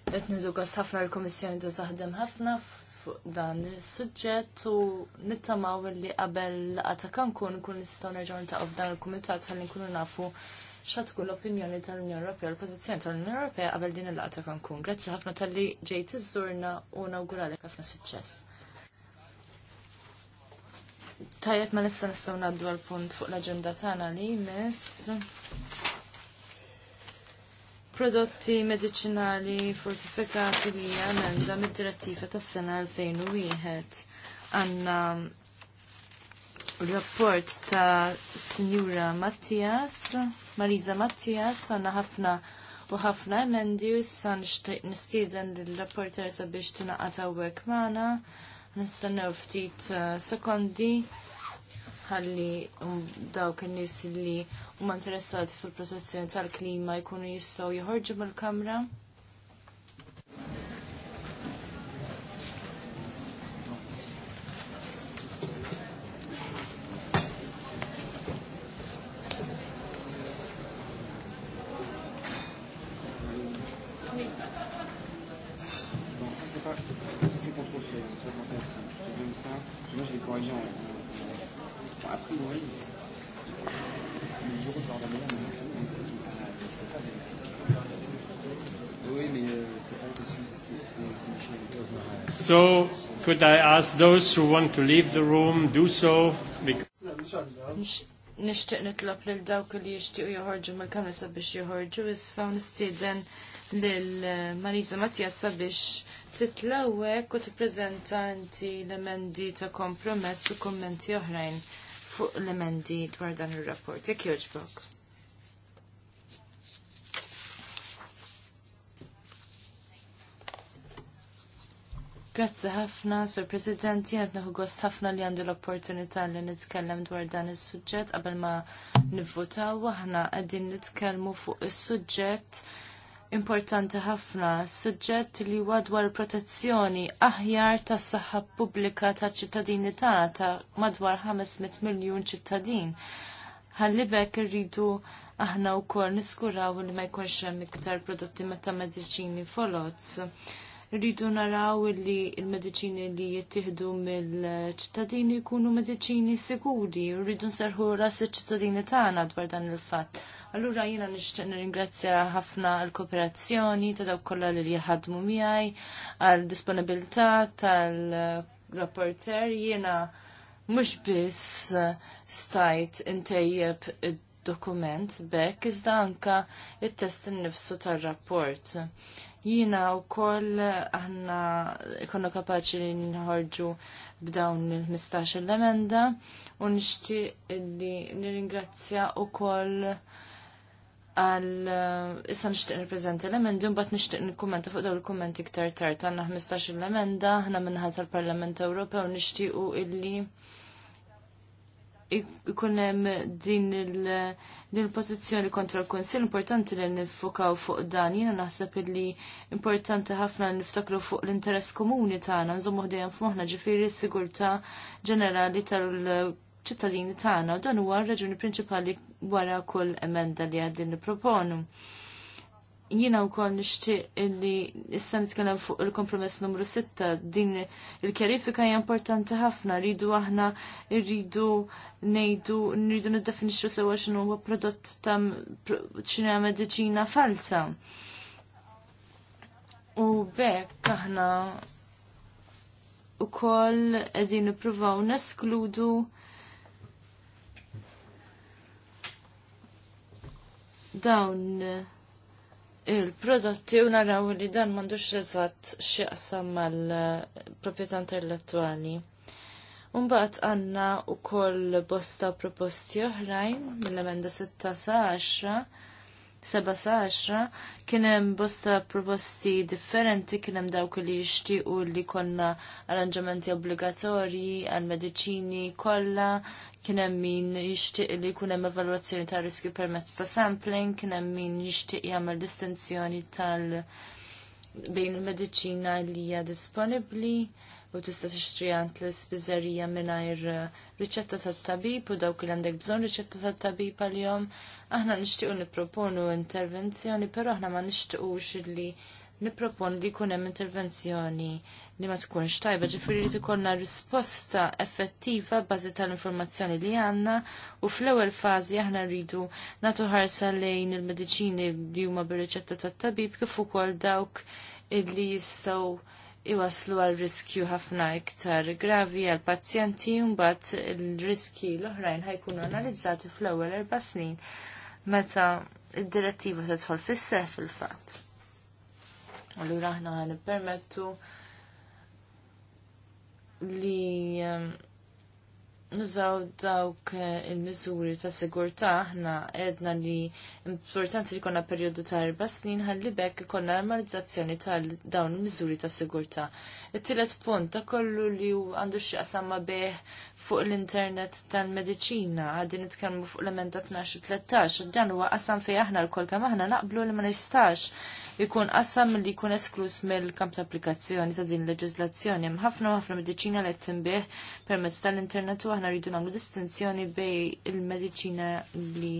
qed nidugas ħafna l-Kummissjoni ta' taħdem ħafna fuq dan is-suġġett u nittamaw li qabel laqgħa ta' Cancun nkun nistgħu nerġgħu ntaqgħu f'dan il-kumitat ħalli nkunu nafu xa tkun l-opinjoni tal-Unjoni Ewropea, l-pożizzjoni tal-Unjoni Ewropea qabel din il-laqgħa ta' Cancun. Grazzi ħafna talli ġejt iżżurna u nawguralek ħafna suċċess. Tajjeb ma nista' nistgħu ngħaddu għall punt fuq l-aġenda tagħna li miss prodotti medicinali fortifikati li għamenda mid-direttiva tas sena 2001 għanna rapport ta' Signora Mattias, Marisa Mattias, għanna ħafna u ħafna emendi u issa nixtieq nistieden lill-rapporter sabiex tingħaqad għek maħna. Nistennew ftit uh, sekondi ħalli um, dawk in-nies li huma interessati fil-protezzjoni tal-klima jkunu jistgħu joħorġu mill-kamra? Moi, je So, could I ask those who want to leave the room, do so? Nishtiq nitlob lil dawk li jixtiequ joħorġu mal-kamisa biex joħorġu, issa nistieden lil eh, Marisa Mattias sabiex titlawek u tippreżenta inti l-emendi ta' kompromess u kummenti oħrajn fuq l-emendi dwar dan il-rapport. Jek joġbok? Grazzi ħafna, Sur President, jien qed naħu gost ħafna li għandi l-opportunità li nitkellem dwar dan is-suġġett qabel ma nivvotaw aħna qegħdin nitkellmu fuq is-suġġett importanti ħafna, suġġett li huwa protezzjoni aħjar tas saħħa pubblika taċ ċittadini tagħna ta' madwar 500 miljun ċittadin. Ħallibek irridu aħna wkoll niskuraw li ma jkunx hemm iktar prodotti meta mediċini folots. Rridu naraw li l-mediċini li jittieħdu mill-ċittadini jkunu medicini siguri, rridu nserħu ras iċ-ċittadini tagħna dwar dan il-fatt. Allura jina nishtiq nirringrazzja ħafna għal kooperazzjoni ta' dawk kollha li jħadmu miegħi, għal disponibilità tal-rapporter jiena mhux biss stajt intejjeb id-dokument bekk iżda anka it-test innifsu tar-rapport jina u koll aħna konna kapaċi li nħorġu b'dawn il-15 l-emenda u nixtieq li nirringrazzja wkoll u koll għal eh, issa nixtieq nirprezenti l-emendi u mbagħad nixtieq nikkumenta fuq dawn il-kummenti iktar tard għandna 15 l-emenda aħna minħat tal-Parlament Ewropew nixtiequ illi ikun hemm din il-pożizzjoni kontra l-Kunsill importanti li nifukaw fuq dan jiena naħseb illi importanti ħafna niftakru fuq l-interess komuni tagħna nżommu ħdejjem f'moħħna ġifieri s-sigurtà ġenerali tal- ċittadini tagħna u dan huwa r-raġuni prinċipali wara kull emenda li għaddin nipproponu. Jiena wkoll nixtieq illi issa nitkellem fuq il-kompromess numru 6 din il-kjarifika hija importanti ħafna rridu aħna rridu ngħidu nridu niddefinixxu sewa x'inhu huwa prodott ta' x'inha mediċina falsa. U bekk aħna u koll edin nipruvaw neskludu dawn eh, il-prodotti u naraw li dan mandux eżatt xieqsam mal-propieta intellettuali. Unbaqt għanna u koll bosta proposti oħrajn mill-emenda 6 sa 10 seba sa kien hemm bosta proposti differenti kien hemm dawk li jixtiequ li konna arranġamenti obbligatorji għal mediċini kollha kien hemm min jixtieq li jkun hemm evalwazzjoni ta' riskju permezz ta' sampling, kien hemm min jixtieq jagħmel distinzjoni tal bejn il-mediċina li hija disponibbli, u tista tixtri l-ispiżerija mingħajr eh, riċetta tat-tabib u dawk li għandek bżonn riċetta tat-tabib għal-jom. Aħna nixtiequ nipproponu intervenzjoni, però aħna ma nixtiequx li nippropon li jkun hemm intervenzjoni li ma tkunx tajba, ġifieri li tkollna risposta effettiva bbażi tal-informazzjoni li għandna u fl-ewwel fażi aħna rridu nagħtu ħarsa lejn il-mediċini li huma bir-riċetta tat-tabib kif ukoll dawk illi jistgħu iwaslu għal riskju ħafna iktar gravi għal pazjenti mbagħad il-riski l-oħrajn ħajkunu analizzati fl-ewwel erba' snin meta id-direttiva tidħol fis-seħ fil-fatt. Allura aħna ħanippermettu li ehm, nużaw dawk eh, il-miżuri ta' sigurtà aħna edna li importanti li konna perjodu ta' erba snin ħalli bekk konna normalizzazzjoni ta' dawn il-miżuri ta' sigurtà. it tielet punt ta' kollu li għandu x'jaqsam ma' beħ fuq l-internet tal-medicina, għadin nitkellmu fuq l-emenda 12-13, dan huwa qasam fej aħna l-kol kemm aħna naqblu li ma nistax ikun qasam li jkun esklus mill-kamp ta' applikazzjoni ta' din l l-leġizlazzjoni. Mħafna ħafna ħafna mediċina li tinbih permezz tal-internet u aħna rridu nagħmlu distinzjoni bej il-mediċina li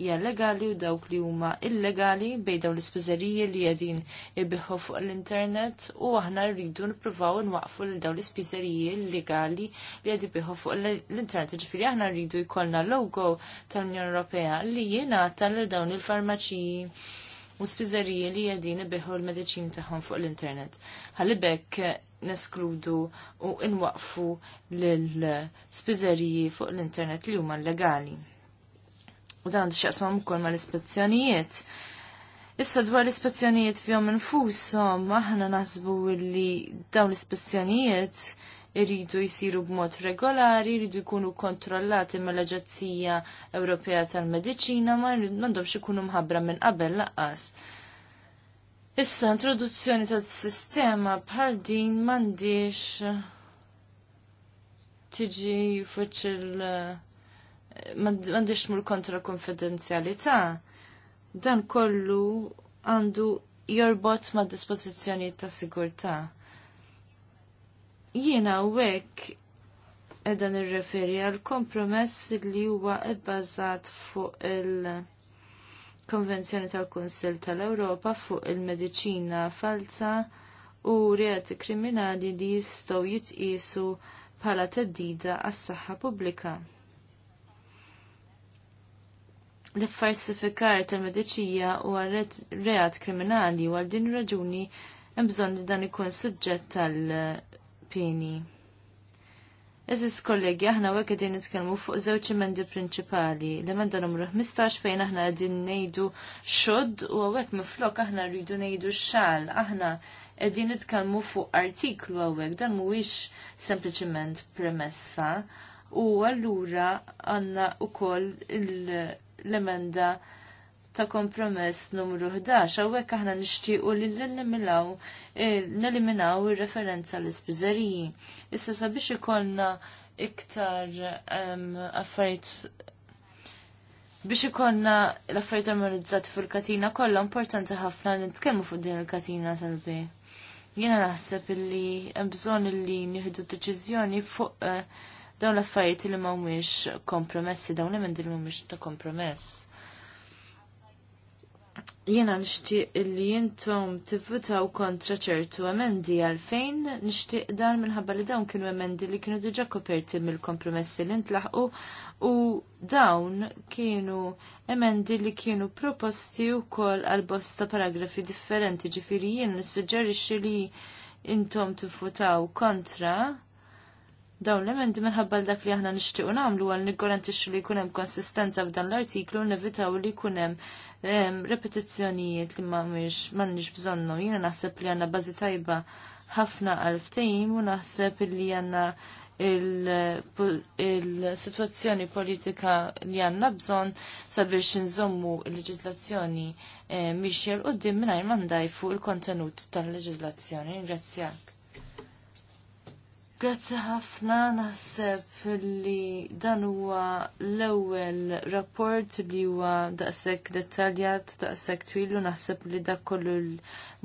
hija legali u dawk li huma illegali bej dawn l-ispiżeriji li qegħdin ibiħħu fuq l-internet u aħna rridu nippruvaw nwaqfu lil dawn l-ispiżeriji illegali li qed ibiħħu fuq l-internet. Ġifieri aħna rridu jkollna logo tal-Unjoni Ewropea li jingħata lil dawn il-farmaċiji u spiżeriji li qegħdin ibiħħu l-mediċin tagħhom fuq l-internet. Ħalibek neskludu u inwaqfu lil spiżeriji fuq l-internet li huma legali u dan għandu xaqsam ukoll mal-ispezzjonijiet. Issa dwar l-ispezzjonijiet fjom nfusom, aħna nasbu li dawn l-ispezzjonijiet irridu jisiru b'mod regolari, irridu jkunu kontrollati mal-Aġazzija Ewropea tal-Mediċina, ma mandomx ikunu mħabbra minn qabel laqqas. Issa, introduzzjoni ta' sistema bħal din mandiġ tiġi fuċ il- m'għandix mur kontra konfidenzjalità. Dan kollu għandu jorbot ma' dispożizzjonijiet ta' sigurtà. Jiena hawnhekk edha nirreferi għal kompromess li huwa bbażat fuq il-Konvenzjoni tal konsil tal-Ewropa fuq il-mediċina falsa u reati kriminali li jistgħu jitqisu bħala teddida għas-saħħa pubblika l-falsifikar tal-mediċija u għal-reat kriminali u għal din raġuni hemm bżonn li dan ikun suġġett tal-pieni. Eżis kollegi, aħna għek għedin nitkellmu fuq żewġ emendi prinċipali. L-emenda numru 15 fejn aħna għedin nejdu xod u għek miflok aħna rridu nejdu xal. Aħna għedin nitkellmu fuq artiklu għek, dan mhuwiex sempliċement premessa. U għallura għanna u koll il- l-emenda ta' kompromess numru 11, għawek aħna nishtiqu li l-eliminaw, l-eliminaw eh, il-referenza l spizzeriji Issa sabiex ikonna iktar affarijiet biex ikonna l-affarijiet armonizzati fil-katina kollha importanti ħafna nitkellmu fuq din il-katina tal-bej. Jiena naħseb illi hemm bżonn illi nieħdu deċiżjoni fuq eh, dawn l-affarijiet li mhumiex kompromessi, dawn l li mhumiex ta' kompromess. Jiena nixtieq li jintom tivvutaw kontra ċertu emendi għalfejn nixtieq dan minħabba li dawn kienu emendi li kienu diġà koperti mill-kompromessi li ntlaħqu u dawn kienu emendi li kienu proposti wkoll għal bosta paragrafi differenti ġifieri jien nissuġġerixxi li intom tivvutaw kontra dawn l-emendi minħabba dak li aħna nixtiequ nagħmlu għal niggarantixxu li jkun hemm konsistenza f'dan l-artiklu nevitaw li jkun hemm repetizzjonijiet li m'għandix m'għandniex bżonnhom. Jiena naħseb li għandna bażi tajba ħafna għal-ftehim u naħseb li għandna il-situazzjoni politika li għanna bżon sabiex nżommu il-leġizlazzjoni miexja l-qoddim minnaj mandaj fuq il-kontenut tal-leġizlazzjoni. Ringrazzjak. Grazzi ħafna naħseb li dan huwa l-ewwel rapport li huwa daqshekk dettaljat, daqshekk twilu naħseb li dak kollu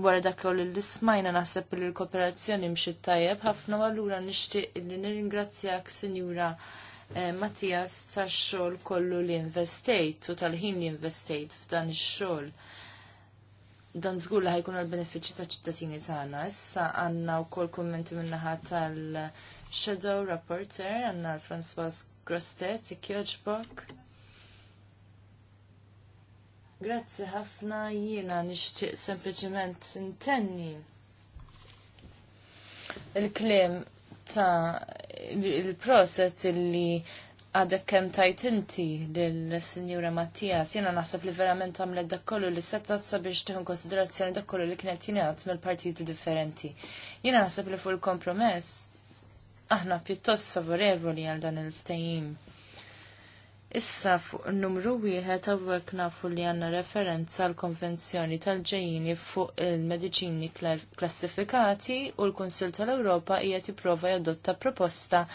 wara dak kollu li smajna naħseb li l-kooperazzjoni mxiet tajjeb ħafna allura nixtieq li nirringrazzjak Sinjura eh, Mattias tax-xogħol kollu li investejt u tal-ħin li investejt f'dan ix-xogħol dan zgur li ħajkun għal-benefiċċji taċ-ċittadini tagħna. Issa għandna wkoll kummenti min-naħa tal-Shadow Reporter, għandna l-François Grostet, Kjoġbok. Grazzi ħafna jiena nixtieq sempliċement intenni il-klem ta' il-proset li għadek kem tajt inti l-Sinjura Mattias, jena naħseb li verament għamlet dak kollu li setat sabiex tiħun konsiderazzjoni dakollu li li kienet jingħad mill-partiti differenti. Jena naħseb li fuq il-kompromess aħna pjuttost favorevoli għal dan il-ftajim. Issa fuq numru wieħed hawnhekk nafu li għandna referenza l konvenzjoni tal-ġejjini fuq il-mediċini klassifikati u l-Kunsil tal-Ewropa hija tipprova jadotta proposta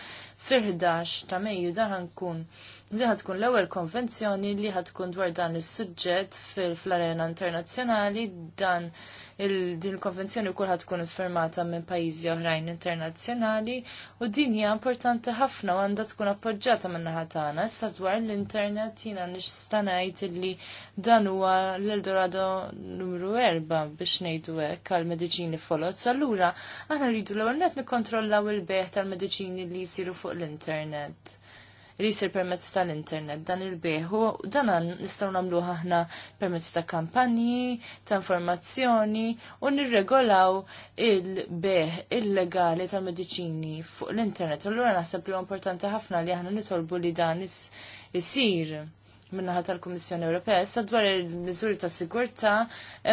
fir-11 ta' Mejju daħan kun li ħatkun l-ewwel konvenzjoni li ħatkun dwar dan is-suġġett fil-arena internazzjonali dan din il-konvenzjoni wkoll ħatkun iffirmata minn pajjiżi oħrajn internazzjonali u din hija importanti ħafna u għandha tkun appoġġjata minn naħa tagħna. Issa dwar l-internet jiena nixta' ngħid li dan huwa l-Eldorado numru 4 biex ngħidu hekk għal mediċini folot. Allura aħna rridu l-ewwel nett nikkontrollaw il-beħ tal-mediċini li jsiru fuq fuq l-internet jisir permezz tal-internet dan il-beħu, dan nistaw namlu ħahna permezz ta' kampanji, ta' informazzjoni u nirregolaw il-beħ illegali ta' mediċini fuq l-internet. Allura naħseb li importanti ħafna li aħna nitolbu li dan isir minnaħat tal-Komissjoni Ewropea. sa' dwar il-miżuri ta' sigurta,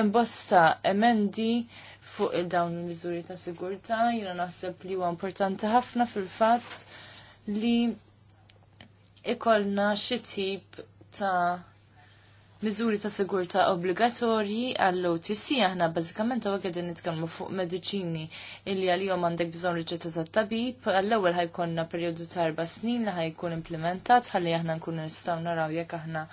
imbosta emendi fuq il-dawn il-miżuri ta' sigurta, jina naħseb li huwa importanti ħafna fil-fatt li ikollna xi tip ta' miżuri ta' sigurta obbligatorji għall-OTC aħna bażikament hawn qegħdin nitkellmu fuq mediċini illi għalihom għandek bżonn riċetta tat-tabib, għall-ewwel ħajkonna perjodu ta' erba' snin li ħajkun implementat ħalli aħna nkunu nistgħu naraw jekk aħna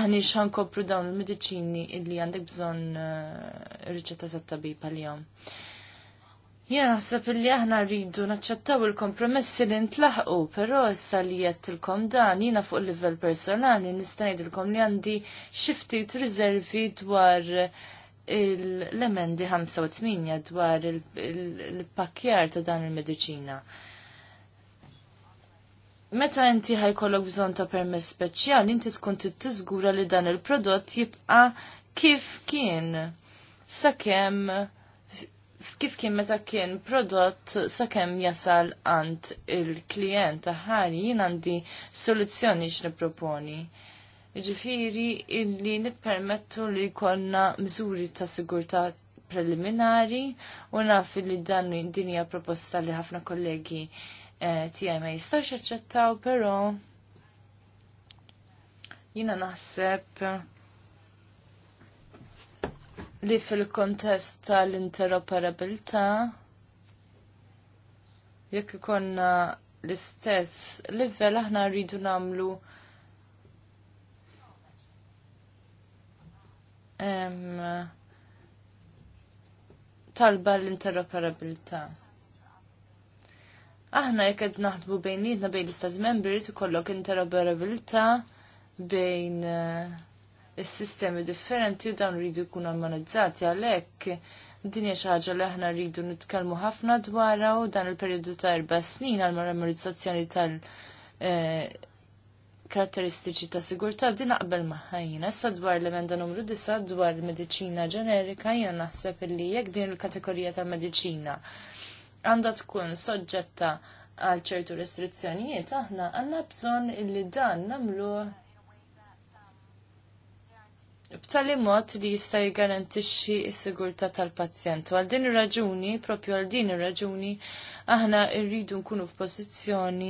aħni xan kopru dawn il-mediċini illi għandek bżonn eh, riċetta tat-tabib għalihom. jom Jena naħseb li aħna rridu naċċettaw il-kompromessi li ntlaħqu, però issa li jettilkom dan jiena fuq livell personali nista' ngħidilkom li għandi xi ftit riservi dwar l-emendi 85 dwar il-pakjar ta' dan il-mediċina. Meta inti ħajkollok bżonn ta' permess speċjali, inti tkun tiżgura li dan il-prodott jibqa' kif kien sakemm kif kien meta kien prodott sakemm jasal għand il-klient aħari jien għandi soluzzjoni x'nipproponi. Ġifiri illi nippermettu li jkollna miżuri ta' sigurtà preliminari u naf li dan din hija proposta li ħafna kollegi eh, tiegħi ma jistgħux jaċċettaw, però jiena naħseb li fil-kontest tal-interoperabilità jekk ikonna l-istess livell aħna rridu namlu talba l-interoperabilità. Aħna jekk qed naħdmu bejnietna bejn l-Istati Membri jrid ikollok interoperabilità bejn uh, il sistemi differenti u dan rridu jkunu ammonizzati għalhekk din hija xi ħaġa li aħna rridu nitkellmu ħafna dwarha u dan il-perjodu ta' erba' snin għal memorizzazzjoni tal- eh, karatteristiċi ta' sigurtà din naqbel maħħajna. Issa dwar l-emenda numru 9 dwar mediċina ġenerika jiena naħseb li jekk din il-kategorija ta' mediċina għandha tkun soġġetta għal ċertu restrizzjonijiet aħna għandna bżonn illi dan nagħmluh b'tali mod li jista' jgarantixxi s-sigurtà tal-pazjent. Għal din ir-raġuni, propju għal din ir-raġuni, aħna rridu nkunu f'pożizzjoni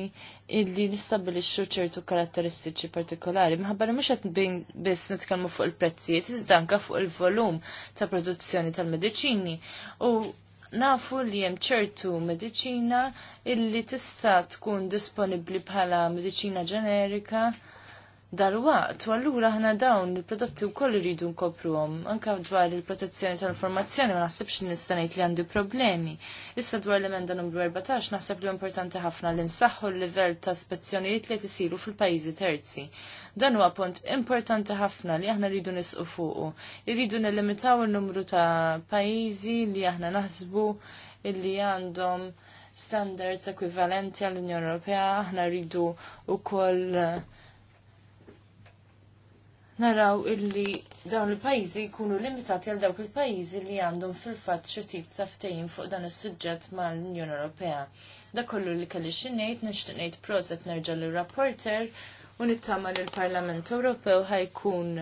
illi nistabilixxu ċertu karatteristiċi partikolari. Minħabba li mhux qed biss nitkellmu fuq il-prezzijiet, iżda anke fuq il-volum ta' produzzjoni tal-mediċini. U nafu li hemm ċertu mediċina illi tista' tkun disponibbli bħala mediċina ġenerika dal-waqt, u allura ħna dawn il-prodotti wkoll iridu għom, anke dwar il-protezzjoni tal-informazzjoni ma naħsibx nista' ngħid li għandi problemi. Issa dwar l-emenda numru 14 naħseb li importanti ħafna li nsaħħu l-livell ta' spezzjonijiet li isiru fil-pajjiżi terzi. Dan huwa punt importanti ħafna li aħna rridu nisqu fuqu. Irridu nelimitaw il-numru ta' pajjiżi li aħna naħsbu illi għandhom standards ekwivalenti għall-Unjoni Ewropea, aħna rridu wkoll naraw illi dawn il-pajjiżi jkunu limitati għal dawk il-pajjiżi li għandhom fil-fatt xi tip ta' ftehim fuq dan is-suġġett mal-Unjoni Ewropea. Da kollu li kelli xi ngħid nixtieq ngħid proset nerġa' lir-rapporter u nittama li l-Parlament Ewropew ħajkun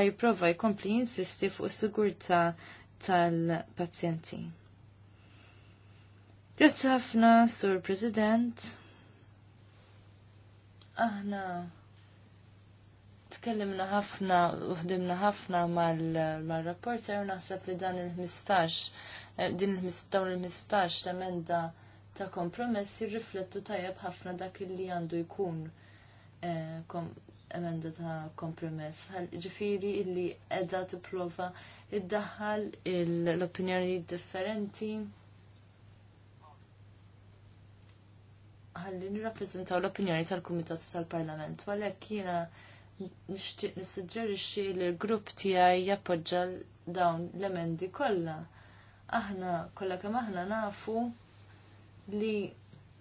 ħajprova jkompli jinsisti fuq sigurtà tal-pazjenti. Grazzi ħafna, Sur President. Aħna tkellimna ħafna u ħdimna ħafna mal-rapporter u naħseb li dan il-15 eh, din il-15 l-emenda ta' kompromess jirriflettu tajjeb ħafna dak li għandu jkun eh, emenda ta' kompromess. Ġifiri illi edha tipprova iddaħħal l-opinjoni differenti ħalli nirrappreżentaw l-opinjoni tal-Kumitat tal-Parlament. Għalhekk jiena nixtieq nissuġġerixxi li l-grupp tiegħi jappoġġa dawn l-emendi kollha. Aħna kollha kemm aħna nafu li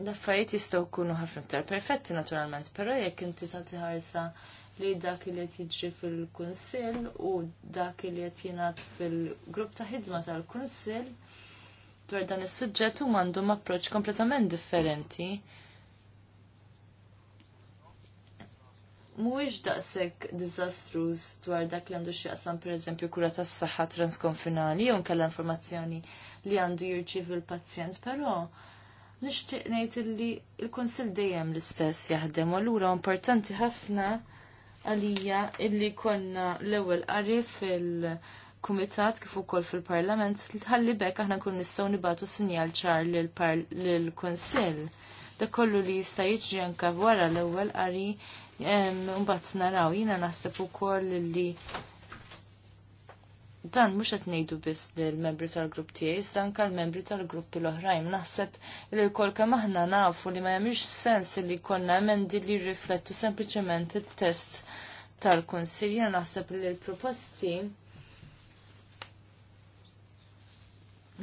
l-affarijiet jistgħu jkunu ħafna aktar perfetti naturalment, però jekk inti tagħti ħarsa li dak li qed jiġri fil-kunsill u dak li qed jingħad fil-grupp ta' ħidma tal-kunsill dwar dan is-suġġett huma għandhom approċċ kompletament differenti. mhuwiex daqshekk diżastruż dwar dak li għandu x'jaqsam pereżempju kura tas-saħħa transkonfinali jew nkella informazzjoni li għandu jirċievi l-pazjent, però nixtieq ngħid li l-Kunsill dejjem l-istess jaħdem, u allura importanti ħafna għalija illi konna l-ewwel qari fil- kumitat kif ukoll fil-Parlament ħalli tħalli bekk aħna nkun nistgħu nibatu sinjal ċar lill-Kunsill. Da kollu li jista' jiġri anke wara l-ewwel qari Mbatt naraw jiena naħseb ukoll li dan mhux qed ngħidu biss lill-membri tal-grupp tijaj, iżda anke l-membri tal grupp l-oħrajn. Naħseb li l-kol kemm aħna nafu li ma jagħmilx sens li jkollna emendi li jirriflettu sempliċement it-test tal konsil Jina naħseb li l-proposti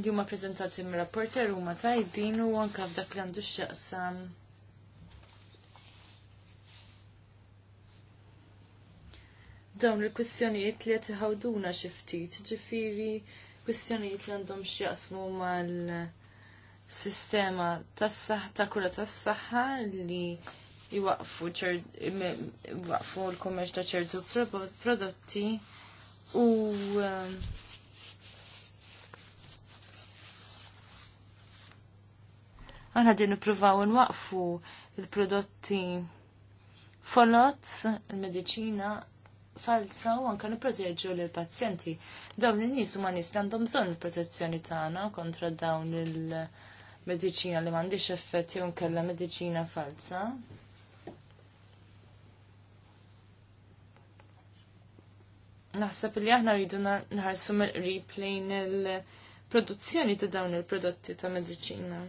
li huma prezentati mir-rapporter huma tajbin u anke f'dak li għandu x'jaqsam dawn il-kwistjonijiet li qed xiftit, xi ftit, kwistjonijiet li għandhom x'jaqsmu mal-sistema tas-saħħa ta' s tas-saħħa li jwaqfu l-kummerċ ta' ċertu prodotti u um, Aħna din nippruvaw nwaqfu il-prodotti folot, il-medicina falsa u anka nipproteġu lil pazjenti Dawn in-nies huma nies li għandhom bżonn il-protezzjoni tagħna kontra dawn il-mediċina li m'għandix effett jew nkella mediċina falsa. Naħseb li aħna rridu nħarsu mill-replejn il-produzzjoni ta' dawn il-prodotti ta' mediċina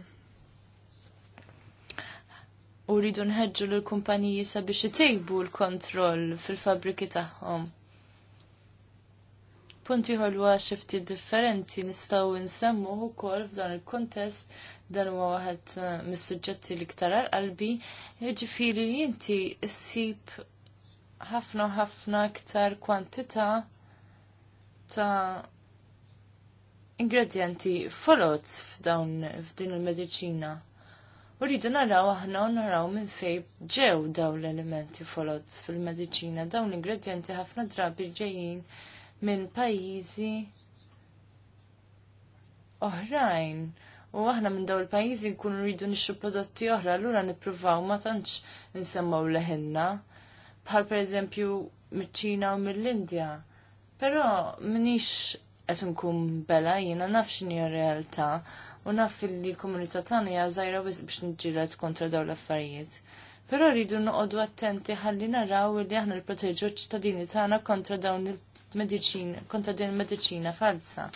u rridu nħedġu l-kumpaniji sabiex itejbu l-kontroll fil-fabriki tagħhom. Punti ħolwa xifti differenti nistaw nsemmu ukoll f'dan il-kontest dan u waħed eh, mis-suġġetti li ktar qalbi, jiġifieri li inti ssib ħafna ħafna iktar kwantità ta' ingredienti folot f'dawn f'din il-mediċina. Uridu naraw aħna u naraw minn fej ġew daw l-elementi folots fil-medicina, dawn l-ingredienti ħafna drabi ġejjin minn pajjiżi oħrajn. U aħna minn daw il-pajjiżi nkun rridu nixxu prodotti oħra, allura nippruvaw ma tantx insemmaw leħenna. Bħal pereżempju miċ-Ċina u mill-Indja. Però minix qed nkun bela jiena nafx realtà. realtà u naf li l-komunità tagħna hija żgħira biex niġġieled kontra dawn l-affarijiet. Però rridu noqogħdu attenti ħalli naraw li aħna nipproteġu ċ-ċittadini tagħna kontra dawn il-mediċina, kontra din il-mediċina falsa.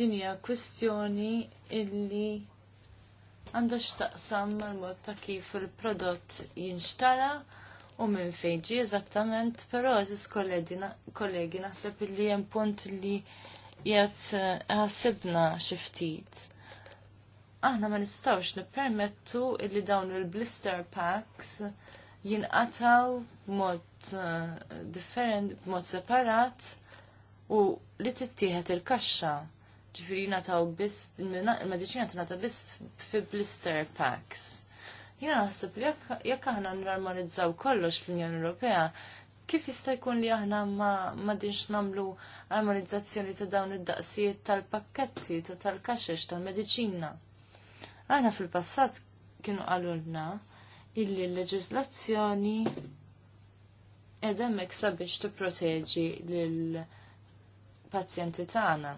Din hija kwistjoni illi għandha x'taqsam mal-mod ta' kif il-prodott jinxtara u minn fejn ġie eżattament, però eżis kollegi naħseb li hemm punt li jgħat għasibna eh, xi ftit. Aħna ma nistgħux nippermettu li dawn il-blister packs jinqataw b'mod eh, differenti, b'mod separat u li tittieħed il-kaxxa. Ġifieri nataw biss il-mediċina tingħata biss fi blister packs. Jiena naħseb li jekk aħna normalizzaw kollox fl-Unjoni Ewropea, kif jista' jkun li aħna ma dinx nagħmlu armonizzazzjoni ta' dawn id-daqsijiet tal-pakketti ta' tal-kaxex tal-mediċina. Aħna fil-passat kienu qalulna illi l-leġiżlazzjoni hemmhekk sabiex tipproteġi lil pazjenti tagħna.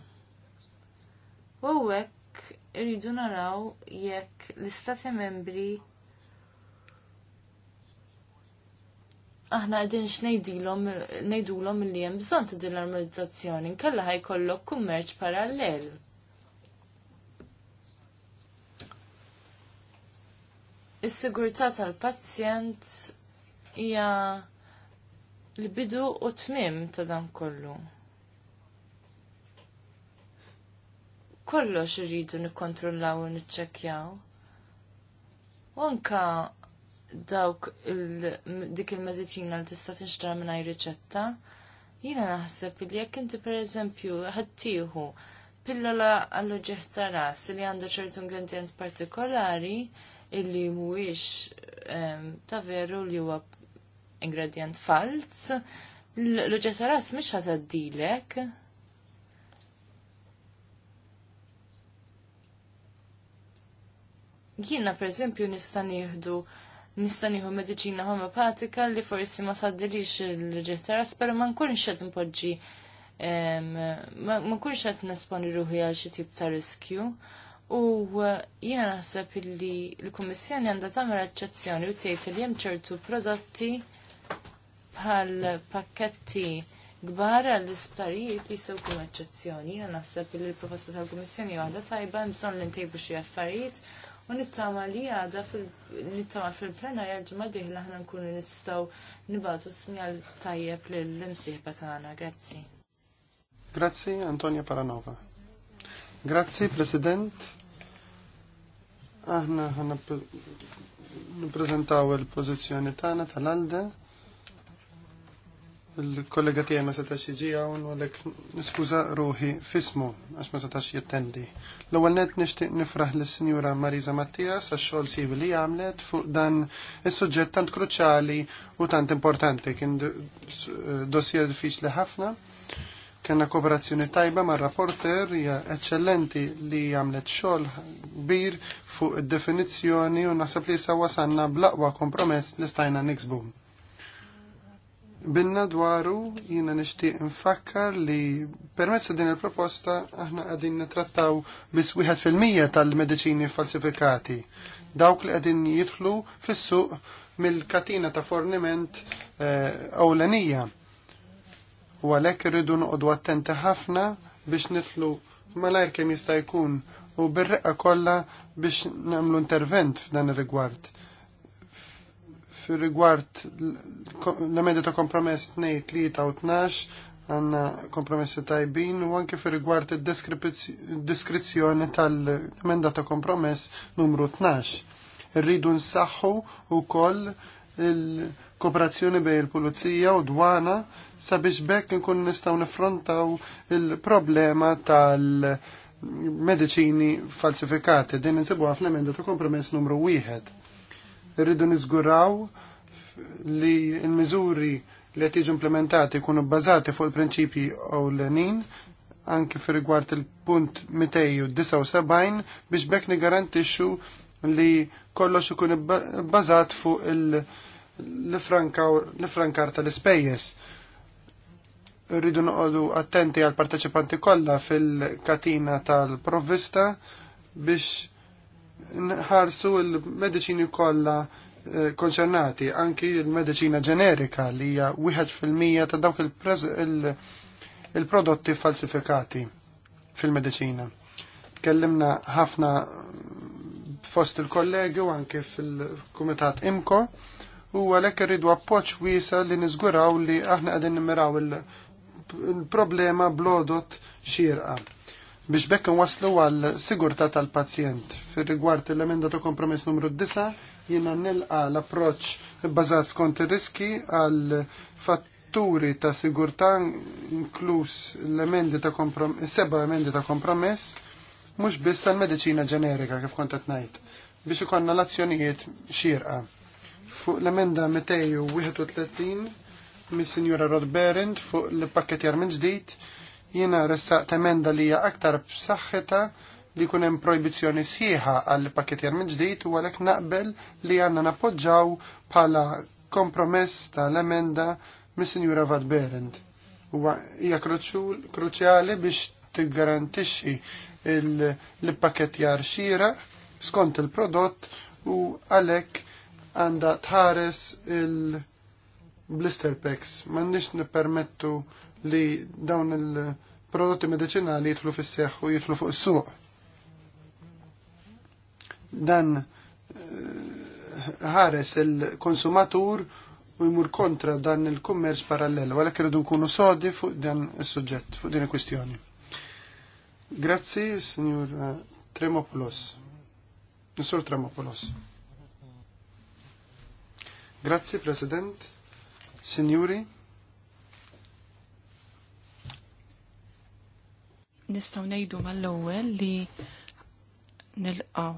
U hekk irridu naraw jekk l-istati membri aħna għedin xnejdilom, nejdulom li jem bżon ta' din l-armonizzazzjoni, nkella kollok kummerċ parallel. Is-sigurtà tal-pazjent hija l-bidu u tmim ta' dan kollu. Kollox irridu nikkontrollaw u niċċekkjaw. Anka dawk dik il-medicina li tista' tinxtra mingħajr riċetta. Jiena naħseb li jekk inti pereżempju ħaddieħu pillola għall ta' ras li għandha ċertu ingredient partikolari illi mhuwiex ehm, ta' veru li huwa ingredient fals, l ta' ras mhix ħataddilek. Jiena pereżempju nista' nieħdu nista' nieħu mediċina homeopatika li forsi ma tgħaddilix il-ġeħtaras, pero ma nkunx qed npoġġi ma nkun qed nesponi ruħi għal xi tip ta' riskju. U eh, jiena naħseb li l-Kummissjoni għandha tagħmel eċċezzjoni u tgħid li hemm ċertu prodotti bħal pakketti Gbar għall isptarijiet jistgħu jkunu eċċezzjoni, jiena naħseb li l-proposta tal-Kummissjoni għadha tajba bżonn li ntejbu xi affarijiet U nittama li għada nittama fil-plena jarġma diħla ħna nkunu nistaw s sinjal tajjeb l-imsiħba tagħna. Grazzi. Grazzi, Antonia Paranova. Grazzi, President. Aħna ħana nippreżentaw il-pożizzjoni tagħna tal-Alde il-kollega tiegħi ma setax għawn, u għalek niskuża ruħi fismu għax ma setax jittendi. L-ewwel nett nixtieq nifraħ l-senjura Marisa Mattias għax xogħol sivi li għamlet fuq dan is-suġġett tant kruċjali u tant importanti kien dossier diffiċli ħafna. Kenna kooperazzjoni tajba ma' rapporter hija eċċellenti li għamlet xogħol kbir fuq id-definizzjoni u nasab li sa wasanna blaqwa kompromess li stajna niksbum. Binna dwaru jina nishtiq nfakkar li permezz din il-proposta aħna għadin nitrattaw bis 1% tal-medicini falsifikati. Dawk li għadin jidħlu fis-suq mill-katina ta' forniment eh, ewlenija. U għalhekk irridu noqogħdu attenti ħafna biex nidħlu malajr kemm jista' jkun u bir-reqqa kollha biex nagħmlu intervent f'dan ir-rigward fir rigward l-emenda ta' kompromess 2 3 u 12 għanna kompromessi tajbin u anke fir rigward id-diskrizzjoni tal-emenda ta' kompromess numru 12. Irridu nsaħħu u koll il-kooperazzjoni bej il-pulizija u dwana sabiex bekk nkun nistaw nifrontaw il-problema tal- medicini falsifikati. Din nsibu għaf l-emenda ta' kompromess numru 1 rridu niżguraw li l-miżuri li qed implementati jkunu bbażati fuq il-prinċipji ewlenin anke fi rigward il-punt 279 biex bekk nigarantixxu li kollox ikun bbażat fuq l frankarta tal-ispejjeż. Rridu noqogħdu attenti għal parteċipanti kollha fil-katina tal-provvista biex nħarsu l-medicini kollha eh, konċernati, anki l-medicina ġenerika li hija wieħed fil-mija ta' dawk il-prodotti falsifikati fil-medicina. Tkellimna ħafna fost il-kollegi u anki fil-kumitat IMCO u għalek rridu appoġġ wiesa li niżguraw li aħna qegħdin nimmiraw il-problema blodot xirqa biex bekk waslu għal sigurta tal-pazjent. Fir rigward l-emenda ta' kompromess numru 9 jina nilqa l-approċ bazat skont ir-riski għal fatturi ta' sigurta inkluż l-emendi ta' kompromess, seba emendi ta' kompromess, mhux biss għal-mediċina ġenerika kif kont najt, biex ikonna l-azzjonijiet xirqa. Fuq l-emenda 231 mis-Sinjura Rod Berend fuq l-pakketjar minn ġdid jiena ressaq emenda li hija aktar b'saħħitha li kun hemm projbizzjoni sħiħa għall pakketjar minn ġdid u għalhekk naqbel li għandna nappoġġaw bħala kompromess tal-emenda mis-Sinjura Vad Berend. Huwa hija kruċjali biex tiggarantixxi l-pakketjar xira skont il-prodott u għalhekk għandha tħares il- blister packs, m'għandniex nippermettu li dawn il-prodotti medicinali jitlu fis seħħ u jitlu fuq is-suq. Dan eh, ħares il-konsumatur u jmur kontra dan il-kummerċ parallelu. għalhekk irridu nkunu sodi fuq dan is-suġġett, fuq din il-kwistjoni. Grazzi, Signor eh, Tremopoulos. Nisur Tremopoulos. Grazzi, President. Signori. nistaw nejdu mal-ewwel li nilqaw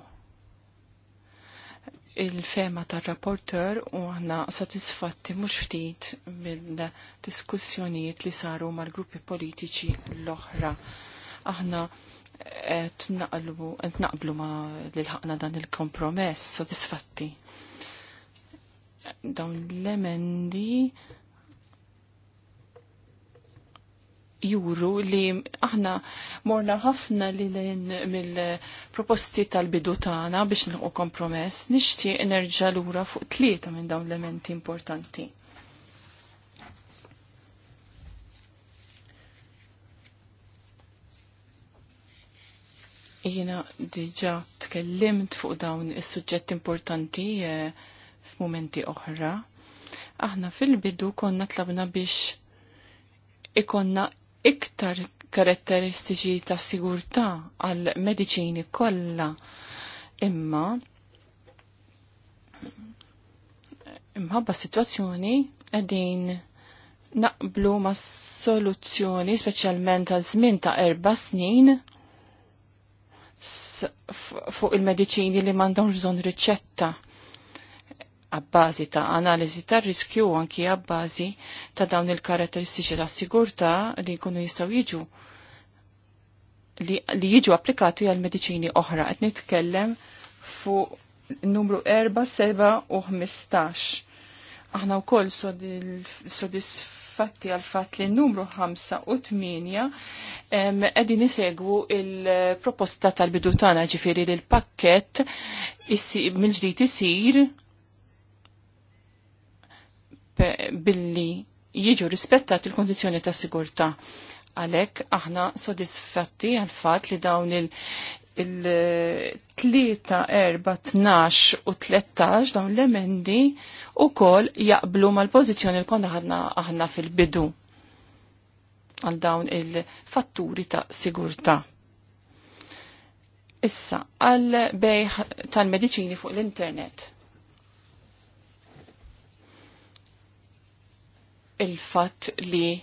il-fema tar-rapporter u aħna satisfatti mhux ftit mill-diskussjonijiet li saru mal-gruppi politiċi l-oħra. Aħna qed naqblu ma l ħakna dan il-kompromess satisfatti. Dawn l-emendi juru li aħna morna ħafna li mill-proposti tal-bidu tagħna biex nilqu kompromess, nixtieq nerġa' lura fuq tlieta minn dawn l-elementi importanti. Jiena diġa tkellimt fuq dawn is-suġġett importanti eh, f'mumenti oħra. Aħna fil-bidu konna tlabna biex ikonna iktar karatteristiċi ta' sigurtà għal medicini kollha imma imħabba situazzjoni qegħdin naqblu ma' soluzzjoni speċjalment għal żmien ta' erba' snin fuq il medicini li mandon bżonn riċetta għabbażi ta' analiżi ta' riskju anki għabbażi ta' dawn il-karatteristiċi ta' sigurta li jkunu jistaw jiġu li, jiġu applikati għal mediċini oħra. Qed nitkellem fuq numru 4, u 15. Aħna wkoll soddisfatti għal fatt li n-numru 5 u 8 qegħdin nisegwu il-proposta tal-bidu tagħna ġifieri l-pakkett mill-ġdid isir billi jiġu rispettat il-kondizjoni ta' sigurta. Għalek, aħna sodisfatti għal-fat li dawn il- il-3, 4, 12 u 13 dawn l-emendi u kol jaqblu mal-pozizjoni li konna ħadna aħna fil-bidu għal dawn il-fatturi ta' sigurta. Issa, għal bejħ tal-medicini fuq l-internet il-fatt li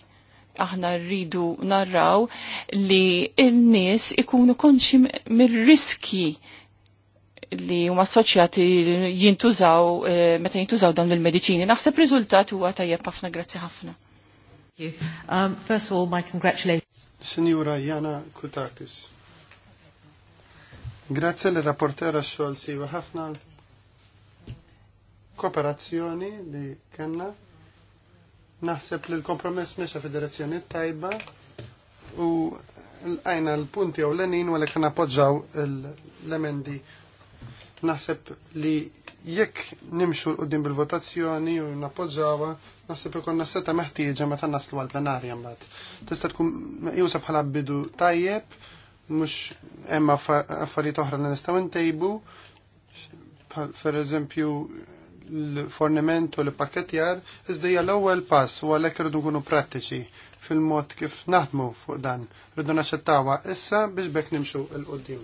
aħna rridu narraw li il-nies ikunu konxi mir-riski li huma assoċjati jintużaw eh, meta jintużaw dawn il-mediċini. Naħseb riżultat huwa tajjeb ħafna grazzi ħafna. Um, first of all, my congratulations. Signora Jana Kutakis. Grazie l-rapportera xol siwa ħafna kooperazzjoni li kanna Naħseb li l-kompromess meċa fid-direzzjoni tajba u l-għajna l-punti u l-enin u għalek napoġġaw l-emendi. Naħseb li jekk nimxu l-qoddim bil-votazzjoni u napoġġawa, naħseb ikonna seta meħtieġa meta naslu għal-plenarja mbagħad. Tista' tkun meqjusa bħala bidu tajjeb, mhux hemm affarijiet oħra li nistgħu ntejbu, per eżempju l-forniment u l-pakketjar iżda l-ewwel pass u għalhekk rridu nkunu prattiċi fil-mod kif naħdmu fuq dan. Rridu naċċettawha issa biex bekk nimxu l Nishtiq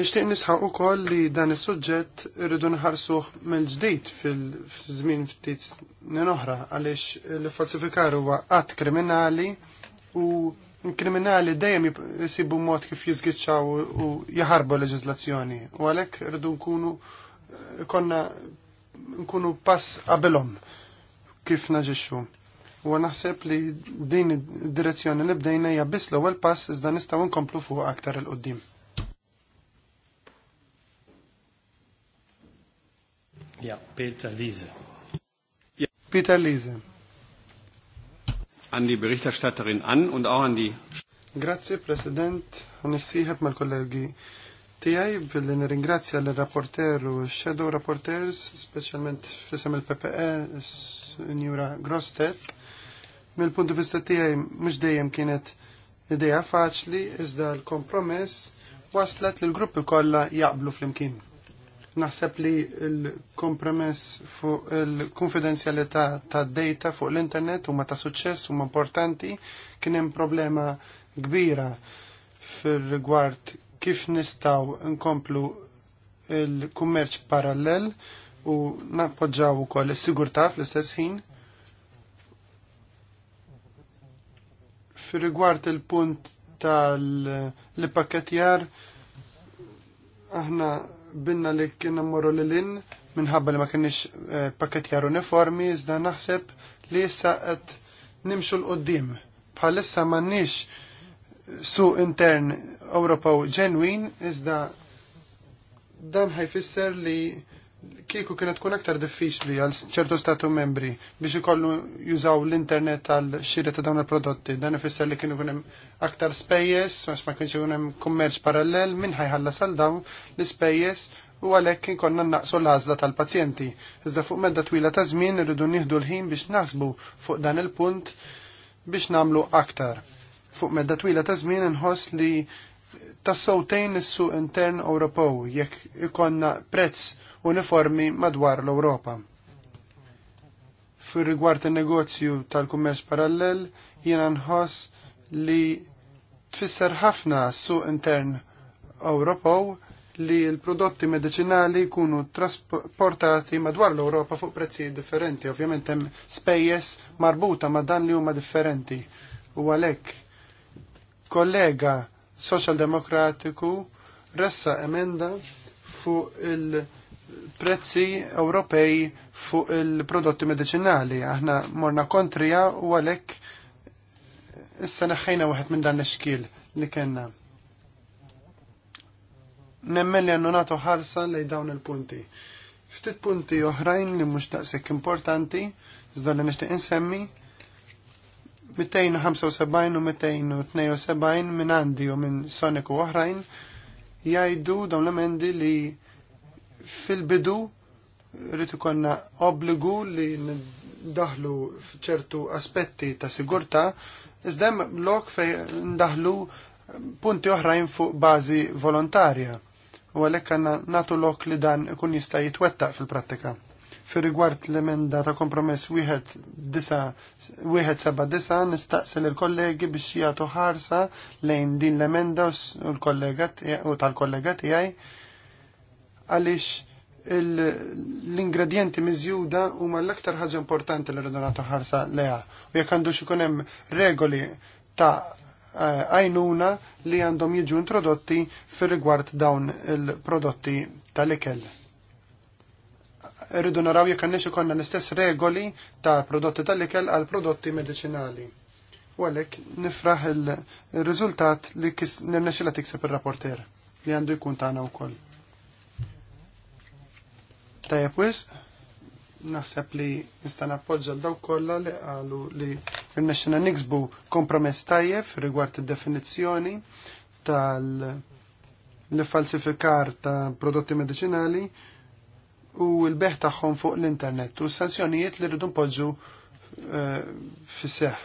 Nixtieq nisħaq ukoll li dan is-suġġett rridu nħarsuh mill-ġdid fil-żmien ftit snin oħra għaliex l-falsifikar huwa qatt kriminali u kriminali dejjem jisibu mod kif jizgitxaw u jaħarbu leġizlazzjoni u għalhekk rridu nkunu konna nkunu pass qabelhom kif naġixxu. U naħseb li din id-direzzjoni li bdejna hija biss l-ewwel pass iżda nistgħu nkomplu fuq aktar il qudiem Ja, Peter Liese. Ja. Peter Liese. An die Berichterstatterin an und auch an die Grazie President, u nissiħab mal-kollegi tijaj, billi nirringrazzja l rapporter u shadow rapporters, speċjalment fisem il-PPE, Njura Grostet. Mill-punt vista tiegħi mhux dejjem kienet idea faċli iżda l-kompromess waslet li l-gruppi kollha jaqblu flimkien. Naħseb li l-kompromess fuq il-konfidenzjalità ta' data fuq l-internet huma ta' suċċess huma importanti kien hemm problema kbira fil-rigward kif nistaw nkomplu il-kummerċ parallel u nappoġġaw ukoll is-sigurtà fl-istess ħin. Fir-rigward il-punt tal-pakketjar aħna binna li kien morru l lin minħabba li ma kienx eh, pakketjar uniformi iżda naħseb li issa qed nimxu l-qoddim. Bħalissa m'għandniex suq intern Ewropew ġenwin iżda dan ħajfisser li kieku kienet tkun aktar diffiċli għal ċertu statu membri biex ikollu jużaw l-internet għal xiri ta' dawn il-prodotti. Dan ifisser li kienu kunem aktar spejjes, għax ma kienx kunem kummerċ parallel, minn ħajħallas għal dawn l-spejjes u għalhekk kien konna naqsu l-għażla tal-pazjenti. Iżda fuq medda twila ta' żmien irridu nieħdu l-ħin biex naħsbu fuq dan il-punt biex namlu aktar. Fuq medda twila ta' żmien inħoss li Tas-sowtejn is-suq intern Ewropew jekk ikonna prezz uniformi madwar l-Ewropa. Fir rigward in-negozju tal-kummerċ parallel jiena nħoss li tfisser ħafna s-suq intern Ewropew li l-prodotti medicinali jkunu trasportati madwar l-Europa fuq prezzi differenti. Ovvjament hemm spejjeż marbuta ma' dan li huma differenti. U għalhekk kollega Social Demokratiku ressa emenda fuq il-prezzi Ewropej fuq il-prodotti medicinali. Aħna morna kontrija u għalek issa neħħajna wieħed minn dan l-xkil li kena. Nemmen li għannu natu ħarsa li dawn il-punti. Ftit punti oħrajn li mux taqsek importanti, zda li nishtiq insemmi, 275 u 272 minn għandi u minn Sonic u oħrajn jgħidu dawn l-emendi li fil-bidu rritu konna obbligu li ndaħlu ċertu aspetti ta' sigurta, iżdem lok fej ndaħlu punti oħrajn fuq bażi volontarja u għalhekk għanna nagħtu lok li dan ikun jista' jitwettaq fil-prattika. Fir rigward l-emenda ta' kompromess wieħed nistaqsil il-kollegi biex jagħtu ħarsa lejn din l-emenda u tal-kollega tiegħi għaliex l-ingredjenti miżjuda huma l-aktar ħaġa importanti li rridu nagħtu ħarsa leha. U jekk għandux ikun hemm regoli ta' eh, għajnuna li għandhom jiġu introdotti fir rigward dawn il-prodotti tal-ikel rridu naraw jekk għandniex ikollna l-istess regoli ta' prodotti tal-ikel għal prodotti medicinali. U għalhekk nifraħ il-riżultat li nirnexxila tikseb ir-rapporter li għandu jkun tagħna wkoll. Tajjeb wis, naħseb li nista' nappoġġa l dawk kollha li qalu li rnexxina niksbu kompromess tajjeb rigward id-definizzjoni tal- li falsifikar ta' prodotti medicinali u l-beħ tagħhom fuq l-internet u s-sanzjonijiet li rridu npoġġu eh, fis-seħ.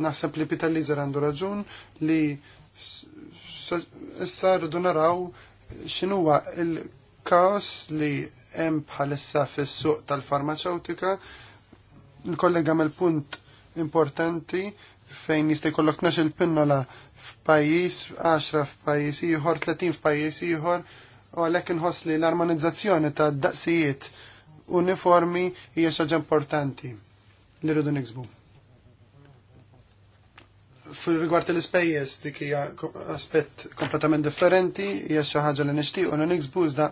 Naħseb li Peter Lizer għandu raġun li issa rridu naraw x'inhuwa il-kaos li hemm bħalissa fis-suq tal-farmaceutika. Il-kollega għamel punt importanti fejn jista' jkollok il pinnola f'pajjiż, 10 f'pajjiż ieħor, 30 f'pajjiż ieħor u għalhekk inħoss li l-armonizzazzjoni ta' daqsijiet uniformi hija xaġa importanti li rridu niksbu. Fil-rigward l-ispejjeż dik hija aspett kompletament differenti, hija xi ħaġa li nixtiequ u niksbu iżda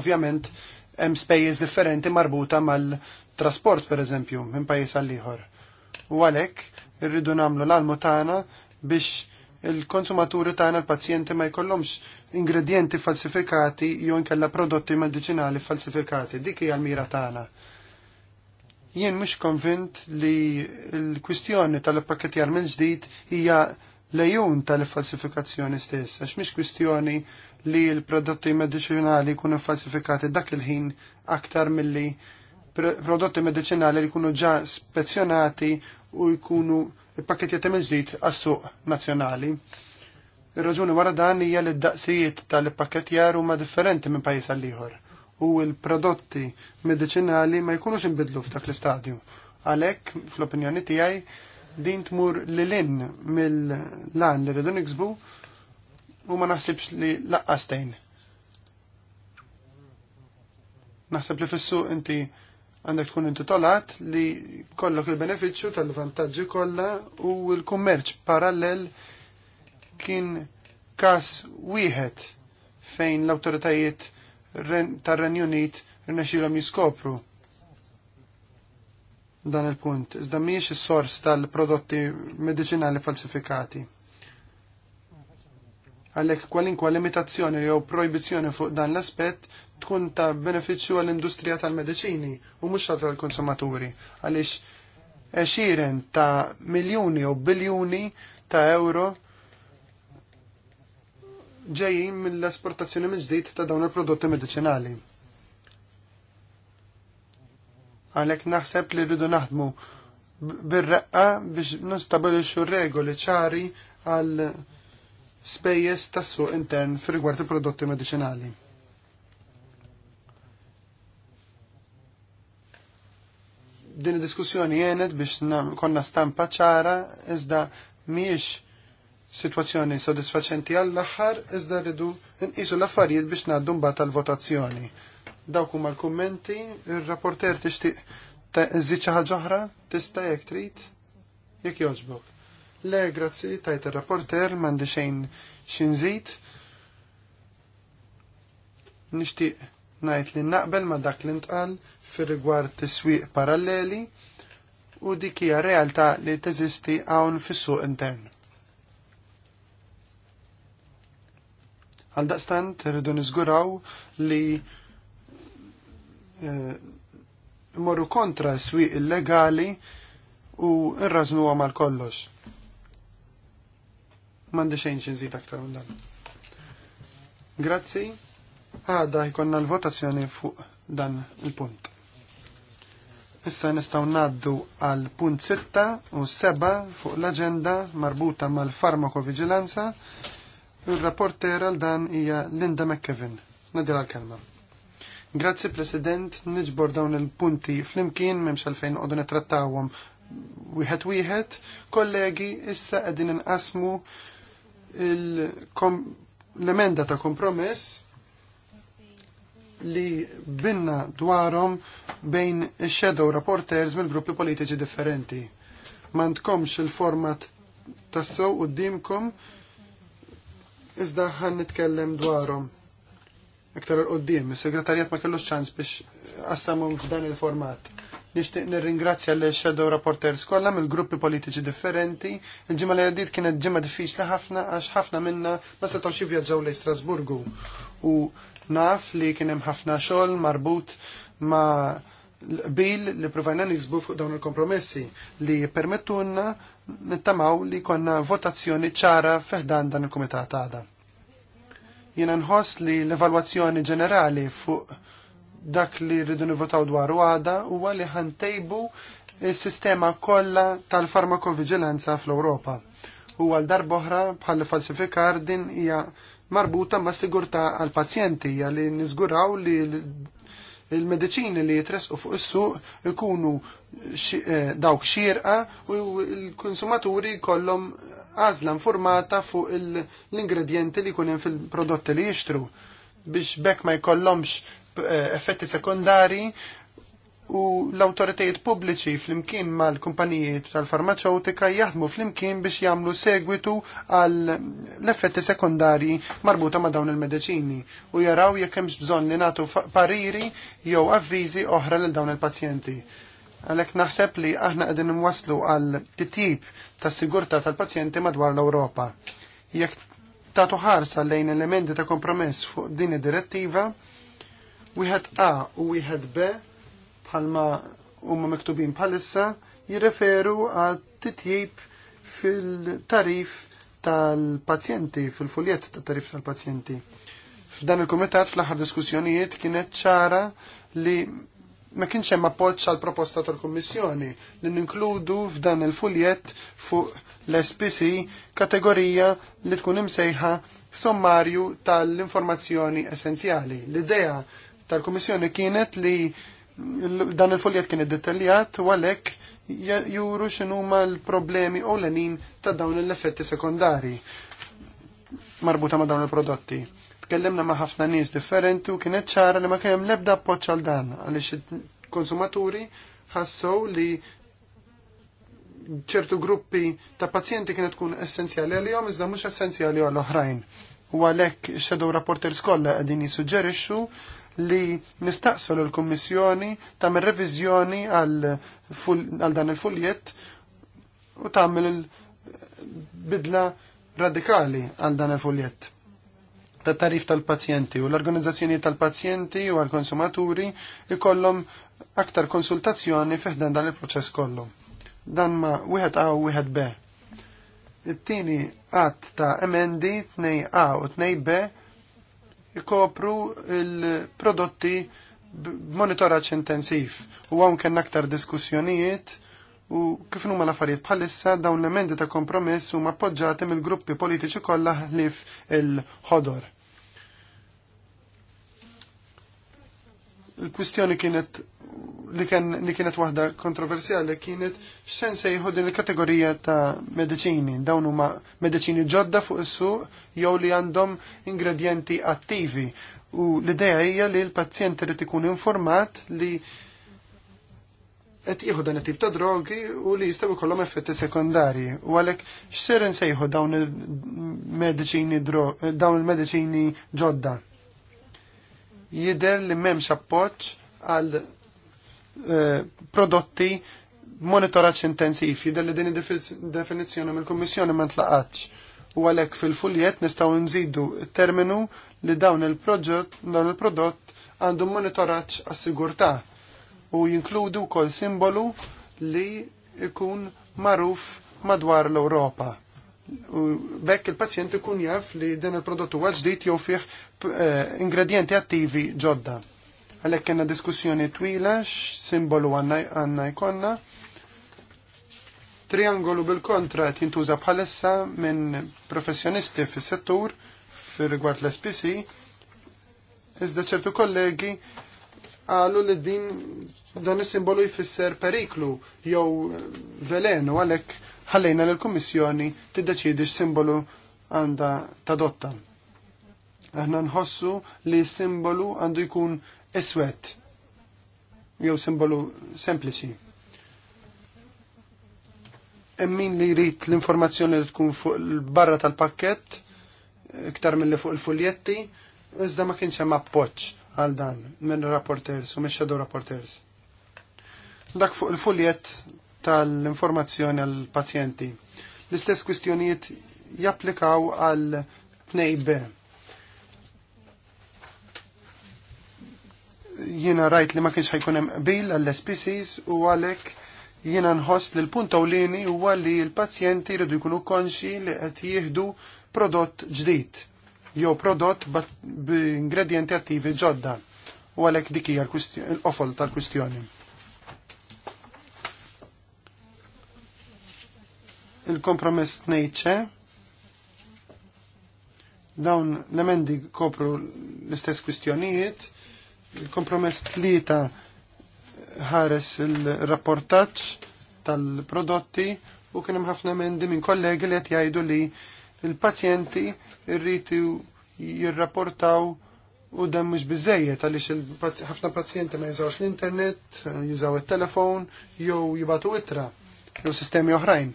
ovvjament hemm spejjeż differenti marbuta mal-trasport pereżempju minn pajjiż għal ieħor. U għalhekk irridu nagħmlu l-almu tagħna biex il-konsumaturi tagħna l-pazjenti ma jkollhomx ingredienti falsifikati jew inkella prodotti medicinali falsifikati. Dik hija l-mira tagħna. Jien mhux konvint li l-kwistjoni tal-pakketjar minn ġdid hija lejun tal-falsifikazzjoni stessa, għax mhix kwistjoni li l-prodotti medicinali jkunu falsifikati dak il-ħin aktar milli prodotti medicinali li jkunu ġa spezzjonati u jkunu il-pakket jittem ġdid għas-suq nazzjonali. Ir-raġuni wara dan hija li d-daqsijiet tal-pakket jaru ma differenti minn pajjiż għal ieħor u l-prodotti medicinali ma jkunux inbidlu f'dak l-istadju. Għalhekk, fl-opinjoni tiegħi, din tmur li lin mill-lan li rridu niksbu u ma naħsibx li laqqastejn. Naħseb li fissu inti għandek tkun intitolat li kollok il-beneficju tal-vantaġġi kollha u l-kummerċ parallel kien kas wieħed fejn l-autoritajiet tar-Renju Unit rnexxilhom jiskopru dan il-punt. Iżda mhijiex is-sors tal-prodotti mediċinali falsifikati. Għalhekk kwalinkwa limitazzjoni jew proibizzjoni fuq dan l-aspett tkun ta' beneficju għall-industrija tal-medicini u mhux tal-konsumaturi għaliex eċiren ta' miljuni u biljuni ta' euro ġejjin mill-esportazzjoni mġdijt ġdid ta' dawn il-prodotti medicinali. Għalhekk naħseb li rridu naħdmu bir-reqqa biex nistabilixxu regoli ċari għal spejjeż tas-suq intern fir-rigward il-prodotti medicinali. Din diskussjoni jenet biex konna stampa ċara iżda miex situazzjoni sodisfaċenti għall-aħħar iżda rridu nqisu l-affarijiet biex ngħaddu mbagħad tal-votazzjoni. Dawk huma l-kummenti, ir-rapporter tixtieq iżid xi ħaġa oħra, tista' jekk trid, jekk jogħġbok. Le, grazzi, tajt ir-rapporter m'għandi xejn xinżid. Nixtieq ngħid li naqbel ma' dak li ntqal fir-rigward tiswiq paralleli u dik hija realtà li teżisti hawn fis-suq intern. Għaldaqstant irridu niżguraw li eh, morru kontra s-swieq illegali u nrażnu mal kollox. Mandi xejn xinżit aktar minn dan. Grazzi. Għada jkonna l-votazzjoni fuq dan il-punt. Issa nistaw naddu għal punt 6 u 7 fuq l-agenda marbuta mal-farmakovigilanza. Il-rapporter għal dan hija Linda McKevin. Nadil għal-kelma. Grazzi President, nġbor dawn il-punti fl-imkien memx għalfejn għoddu netrattawom wieħed wieħed, kollegi issa qegħdin inqasmu l-emenda ta' kompromess li binna dwarhom bejn shadow rapporters mill gruppi politiċi differenti. Mandkomx il-format tassew u d-dimkom iżda ħan nitkellem dwarhom. Iktar l-qoddim, il-segretarjat ma kellux ċans biex assamom f'dan il-format. Nishtiq nirringrazzja l shadow rapporters kollha mill gruppi politiċi differenti. Il-ġimgħa li għaddit kienet ġimgħa diffiċli ħafna għax ħafna minna ma setgħux jivvjaġġaw lejn Strasburgu. U Naf li kien hemm ħafna xogħol marbut ma' bil li provajna niksbu fuq dawn il-kompromessi li permettunna nittamaw li konna votazzjoni ċara feħdan dan il-Kumitat għada. Jena nħoss li l-evalwazzjoni ġenerali fuq dak li rridu nivotaw dwar għada huwa li ħantejbu il-sistema kollha tal-farmakovigilanza fl-Ewropa. U għal darboħra bħal falsifikar din hija marbuta ma' sigurta għal-pazjenti għalli nizguraw li il-medicini li jitresqu fuq is-suq ikunu eh, dawk xirqa u l-konsumaturi kollom għażla informata fuq l-ingredjenti li jkun hemm fil-prodotti li jixtru biex bekk ma jkollhomx eh, effetti sekondari u l-autoritajiet pubbliċi fl-imkien mal-kumpanijiet tal-farmaceutika jaħdmu fl-imkien biex jagħmlu segwitu għal l-effetti sekundarji marbuta ma' dawn il-mediċini u jaraw jekk hemmx bżonn li nagħtu pariri jew avviżi oħra lil dawn il-pazjenti. Għalhekk naħseb li aħna qegħdin waslu għal titjib tas-sigurtà tal-pazjenti madwar l-Ewropa. Jekk tagħtu ħarsa lejn elementi ta' kompromess fuq din id-direttiva, wieħed A u wieħed B bħalma huma miktubin bħalissa jirreferu għal titjib fil-tarif tal-pazjenti, fil-fuljet tal-tarif tal-pazjenti. F'dan il-komitat fl-aħħar diskussjonijiet kienet ċara li ma kienx hemm appoġġ għal proposta tal-Kummissjoni li ninkludu f'dan il-fuljett fuq l-SPC kategorija li tkun imsejħa sommarju tal-informazzjoni essenzjali. L-idea tal-Kummissjoni kienet li dan il-foljet kien id-detaljat u għalek juru x'inhuma l-problemi u l-enin ta' dawn l-effetti sekondari marbuta ma' dawn il-prodotti. Tkellimna ma' ħafna nies differenti u kienet ċara li ma kemm lebda appoġġ għal dan għaliex il-konsumaturi ħassow li ċertu gruppi ta' pazjenti kienet tkun essenzjali għalihom iżda mhux essenzjali għal oħrajn. U għalhekk shadow rapporters kollha qegħdin jissuġġerixxu li nistaqsu l-Kummissjoni tagħmel reviżjoni għal dan il-fuljett u tagħmel il-bidla radikali għal dan il-fuljett ta' tarif tal-pazjenti u l-organizzazzjoni tal-pazjenti u għal-konsumaturi ikollom aktar konsultazzjoni fiħdan dan il-proċess kollu. Dan ma wieħed A u wieħed B. It-tieni għat ta' emendi 2A u 2B ikopru il-prodotti b'monitoraġġ intensiv u għaw kien aktar diskussjonijiet u kif huma l-affarijiet bħalissa dawn l-emendi ta' kompromess huma appoġġjati mill-gruppi politiċi kollha ħlief il-ħodor. Il-kwistjoni kienet li, kienet waħda kontroversjali kienet x'sen sejħu din il-kategorija ta' mediċini, dawn huma mediċini ġodda fuq is-suq jew li għandhom ingredienti attivi. U l-idea hija li l-pazjent irid ikun informat li qed jieħu dan it-tip ta' drogi u li jistgħu jkollhom effetti sekondarji. U għalhekk x'ser insejħu dawn il-mediċini dawn il-mediċini ġodda. Jider li m'hemmx appoġġ għal Eh, prodotti monitoraċ intensiv, jidher li din definizzjoni mill-Kummissjoni ma tlaqatx. U għalhekk fil-fuljet nistgħu nżidu terminu li dawn il-proġett dawn il-prodott għandu monitoraċ għas-sigurtà u jinkludu wkoll simbolu li ikun maruf madwar l-Ewropa. Bekk il-pazjent ikun jaf li din il-prodott huwa ġdid jew fih eh, ingredienti attivi ġodda. Għalhekk kena diskussjoni twila simbolu għandna jkollna. Triangolu bil-kontra tintuża bħalissa minn professjonisti fis-settur fir-rigward l-SPC, iżda ċertu kollegi għalu li din dan is-simbolu jfisser periklu jew velenu għalhekk ħallejna l kummissjoni tiddeċidi x-simbolu għandha tadotta. Aħna nħossu li s simbolu għandu jkun iswed jew simbolu sempliċi. Emmin li jrid l-informazzjoni li tkun fuq il-barra tal-pakket iktar mill-li fuq il-fuljetti, iżda ma kienx hemm appoġġ għal dan minn rapporters u minn shadow rapporters. Dak fuq il-fuljet tal-informazzjoni għal pazjenti. L-istess kwistjonijiet japplikaw għal 2B jiena rajt li ma kienx ħajkun hemm qbil għall-SPCs u għalhekk jiena nħoss li l-punt ewlieni huwa li l-pazjenti jridu jkunu konxi li qed jieħdu prodott ġdid jew prodott b'ingredjenti attivi ġodda u għalhekk dik hija l-qofol tal-kwistjoni. Il-kompromess tnejċe dawn l-emendi kopru l-istess kwistjonijiet Il-kompromess tlieta ħares il-rapportaċ tal-prodotti u kien hemm ħafna mendi minn kollegi li qed jgħidu li il-pazjenti irritu jirrapportaw u dem mhux biżejjed għaliex ħafna pazjenti ma jizawx l-internet, jużaw it-telefon jew jibatu ittra jew sistemi oħrajn.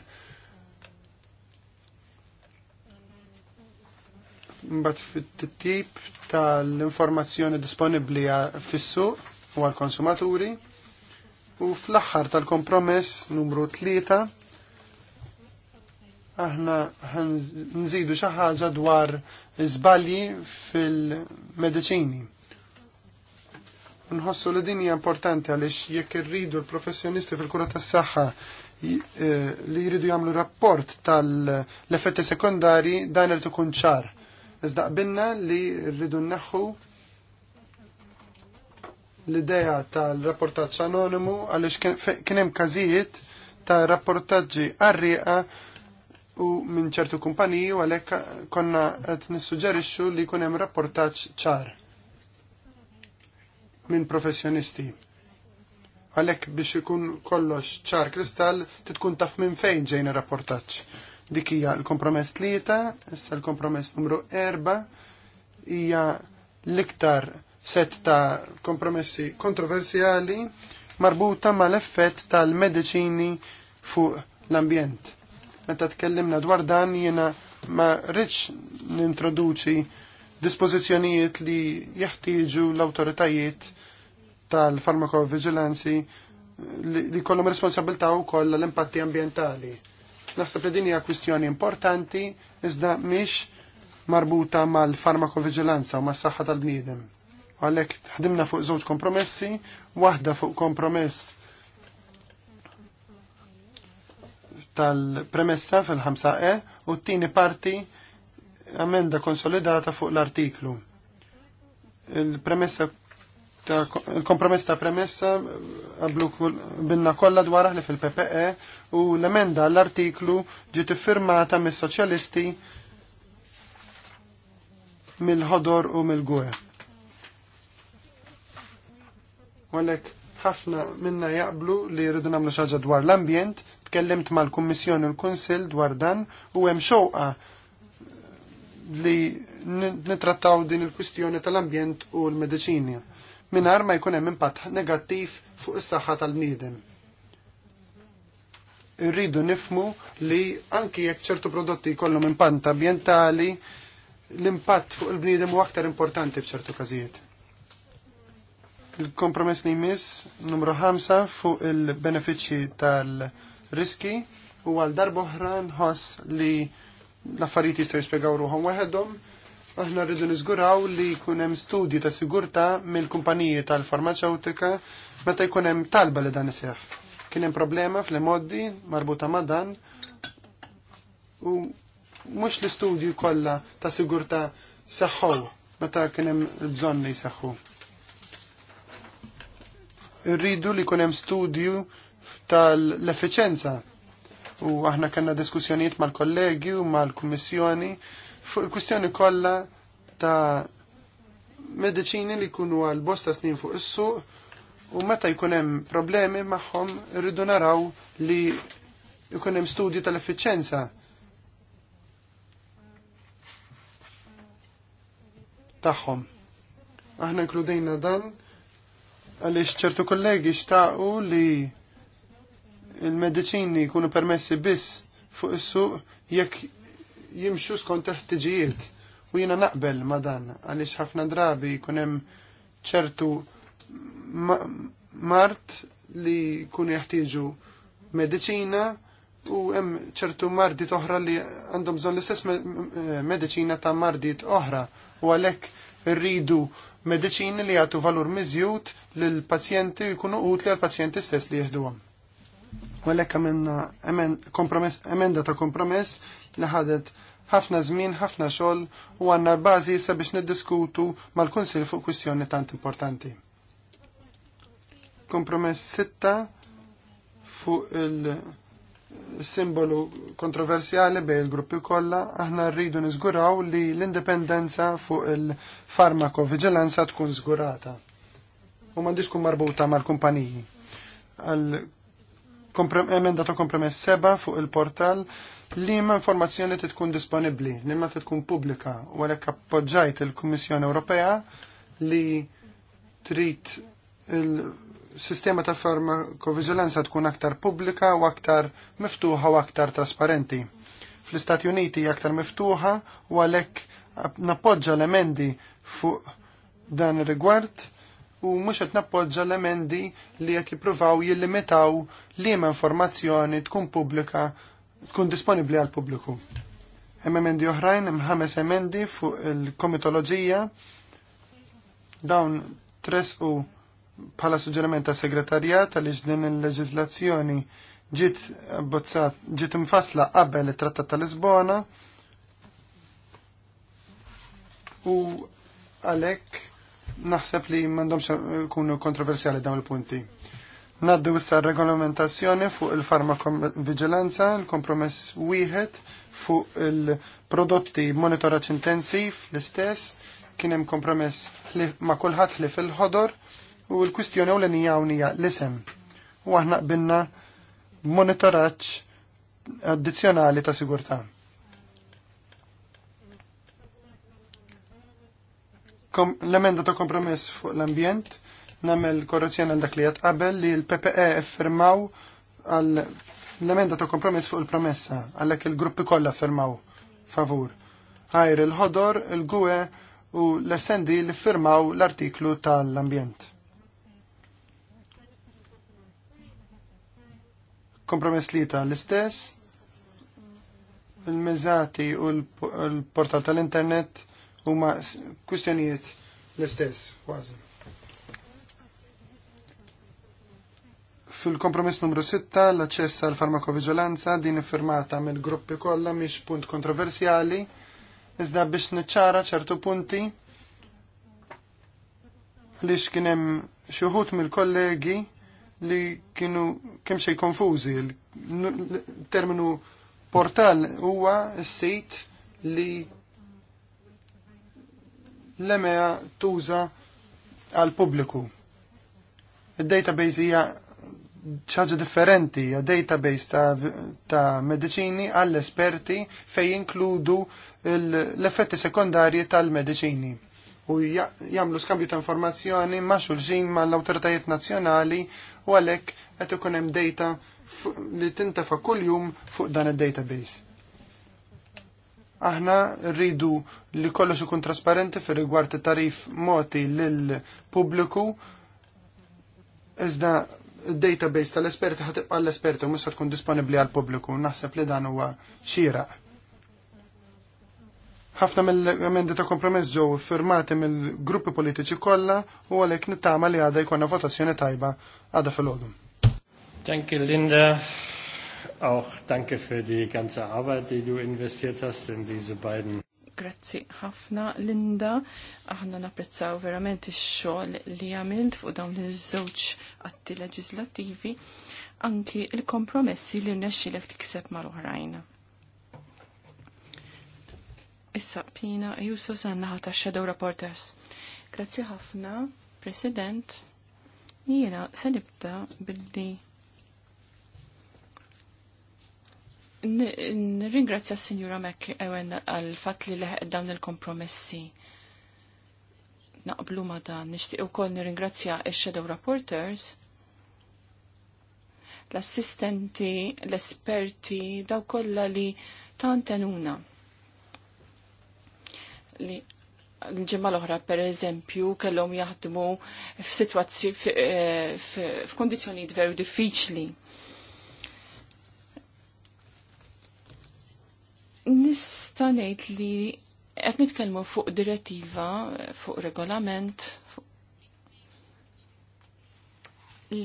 mbagħad fit-tip tal-informazzjoni disponibbli fis-suq u għall-konsumaturi u fl-aħħar tal-kompromess numru 3 aħna nżidu xi ħaġa dwar iżbalji fil-mediċini. Nħossu li din hija importanti għaliex jekk irridu l-professjonisti fil-kura tas-saħħa eh, li jridu jagħmlu rapport tal-effetti sekondari dan irid ikun ċar Iżda qbilna li rridu nneħħu l-idea tal-rapportaġġ anonimu għaliex kien hemm każijiet ta' rapportaġġi għarrieqa u minn ċertu kumpaniji u għalhekk konna qed nissuġġerixxu li jkun hemm rapportaġġ ċar minn professjonisti. Għalhekk biex ikun kollox ċar kristall titkun taf minn fejn ġejna rapportaġġ. Dik hija l-kompromess tlieta, issa l-kompromess numru erba' hija l-iktar set ta' kompromessi kontroversjali marbuta mal-effett tal-mediċini fuq l-ambjent. Meta tkellimna dwar dan jiena ma rridx nintroduċi dispożizzjonijiet li jeħtieġu l-awtoritajiet tal-farmakovigilanzi li, li kollhom responsabilità wkoll l-impatti ambjentali Naħseb li din hija kwistjoni importanti iżda mhix marbuta mal-farmakovigilanza u mas-saħħa tal-bniedem. Għalhekk ħdimna fuq żewġ kompromessi, waħda fuq kompromess tal-premessa fil ħamsa e u t-tieni parti amenda konsolidata fuq l-artiklu. Il-premessa il-kompromess ta' premessa għablu binna kollha dwar li fil-PPE u l-emenda l-artiklu ġiet iffirmata mis-soċjalisti mill-ħodor u mill-gwe. Għalek, ħafna minna jaqblu li rridu nagħmlu xaġa dwar l-ambjent, tkellimt mal-Kummissjoni u l-Kunsil dwar dan u hemm xewqa li nitrattaw din il-kwistjoni tal-ambjent u l mediċinja mingħajr ma jkun hemm impatt negattiv fuq is-saħħa tal-bniedem. Irridu nifmu li anki jekk ċertu prodotti jkollhom impatt ambjentali, l-impatt fuq il-bniedem huwa aktar importanti f'ċertu każijiet. Il-kompromess li jmiss numru 5 fuq il-benefiċċji tal-riski huwa l darba oħra nħoss li l-affarijiet jistgħu jispjegaw ruħhom waħedhom aħna rridu niżguraw li jkun hemm studji ta' sigurtà mill-kumpaniji tal-farmaceutika meta jkun hemm talba li dan iseħħ. Kien hemm problema fl-modi marbuta ma' dan u mhux l-istudju kollha ta' sigurtà seħħu meta kien hemm bżonn li jseħħu. Irridu li jkun hemm studju tal-effiċenza u aħna kellna diskussjonijiet mal-kollegi u mal-kummissjoni mal kollegi u mal kummissjoni fuq il-kwistjoni kollha ta' medicini li jkunu għal bosta snin fuq is-suq u meta jkun hemm problemi magħhom irridu naraw li jkun hemm studji tal-effiċenza tagħhom. Aħna inkludejna dan għaliex ċertu kollegi xtaqu li il-mediċini jkunu permessi biss fuq is-suq jekk jimxu skont teħtiġijiet u jiena naqbel ma dan għaliex ħafna drabi jkun hemm ċertu mart li jkunu jeħtieġu mediċina u hemm ċertu mardi oħra li għandhom bżonn l-istess mediċina ta' mardit oħra u għalhekk irridu mediċini li jagħtu valur miżjud lil pazjenti jkunu utli għal pazjenti stess li jieħduhom. Għalhekk għamilna emenda ta' kompromess li ħadet ħafna żmien, ħafna xogħol u għandna l-bażi issa biex niddiskutu mal-Kunsill fuq kwistjoni tant importanti. Kompromess sitta fuq il-simbolu kontroversjali bej il-gruppi kollha aħna rridu niżguraw li l-indipendenza fuq il-farmakovigilanza tkun żgurata u m'għandix tkun marbuta mal-kumpaniji. emenda ta' kompromess seba fuq il-portal li ma informazzjoni tkun disponibli, li ma tkun pubblika, u għalhekk appoġġajt il-Kummissjoni Ewropea li trid il-sistema ta' farmakovigilanza tkun aktar pubblika u aktar miftuħa u aktar trasparenti. Fl-Istati Uniti aktar miftuħa u għalhekk nappoġġa l-emendi fuq dan ir-rigward u mhux qed nappoġġa l-emendi li qed jippruvaw jillimitaw liema informazzjoni tkun pubblika tkun disponibbli għal pubbliku. Hemm emendi oħrajn, hemm ħames emendi fuq il-komitoloġija dawn u bħala suġġeriment ta' segretarjat għal din il-leġiżlazzjoni ġiet bozzat, ġiet mfasla qabel it-Trattat ta' Lisbona u għalhekk naħseb li m'għandhomx kunu kontroversjali dawn il-punti. Naddu issa regolamentazzjoni fuq il-farmakovigilanza, il-kompromess wieħed fuq il-prodotti monitoraġġ intensiv l-istess, kien hemm kompromess ma' kulħadd li fil-ħodor u l-kwistjoni ewlenija hawnija l-isem. U aħna qbilna monitoraġġ addizzjonali ta' sigurtà. L-emenda ta' kompromess fuq l-ambjent namel korrezzjoni għal dak li jatqabel li l-PPE firmaw għal l-emenda ta' kompromess fuq il-promessa, għallek il-gruppi kollha firmaw favur. Għajr il-ħodor, il-gwe u l-essendi li firmaw l-artiklu tal-ambjent. Kompromess li ta' l-istess, il-mezzati u l-portal tal-internet huma kwistjonijiet l-istess, kważi. Fil-kompromess numru 6 l-aċċess għal farmakovigilanza din iffirmata mill-gruppi kollha mhix punt kontroversjali iżda biex niċċara ċertu punti li kien hemm xi wħud mill-kollegi li kienu kemm xejn konfużi. Terminu portal huwa s-sit li l-EMEA tuża għal pubbliku. Id-database hija ċaġa differenti, database ta', ta medicini għall-esperti fej inkludu l-effetti sekondarji tal-medicini u jamlu skambju ta' informazzjoni ma' xulxin ma' l-autoritajiet nazjonali u għalek għet ikun hemm data li tintafa kull-jum fuq dan il-database. Aħna rridu li kollox ikun trasparenti fir rigward tarif moti lill pubbliku iżda database tal-esperti tibqa l-esperti u mhux tkun disponibbli għal pubbliku naħseb li dan huwa xieraq. Ħafna mill-emendi ta' kompromess ġew firmati mill-gruppi politiċi kollha u għalhekk nittama li għadha jkollna votazzjoni tajba għadha fil-għodum. Danke Linda, auch danke für die ganze Arbeit, die du investiert hast in diese beiden Grazzi ħafna Linda, aħna napprezzaw verament ix-xogħol li għamilt fuq dawn iż-żewġ atti leġislattivi, anki il-kompromessi li rnexxilek tikseb mal-oħrajn. Issa Pina Juso sannaħa ta' Shadow Reporters. Grazzi ħafna, President. Jiena se nibda billi Nirringrazzja s-Sinjura Mek ewen għal-fat li leħ dawn il-kompromessi. Naqblu ma dan, nishtiq ukoll nirringrazzja il shadow Reporters, l-assistenti, l-esperti, daw kollha li tantenuna. Li l ġemma l-oħra per eżempju kellhom jaħdmu eh, f-kondizjoni veru diffiċli Nista' ngħid li qed nitkellmu fuq direttiva, fuq regolament fuq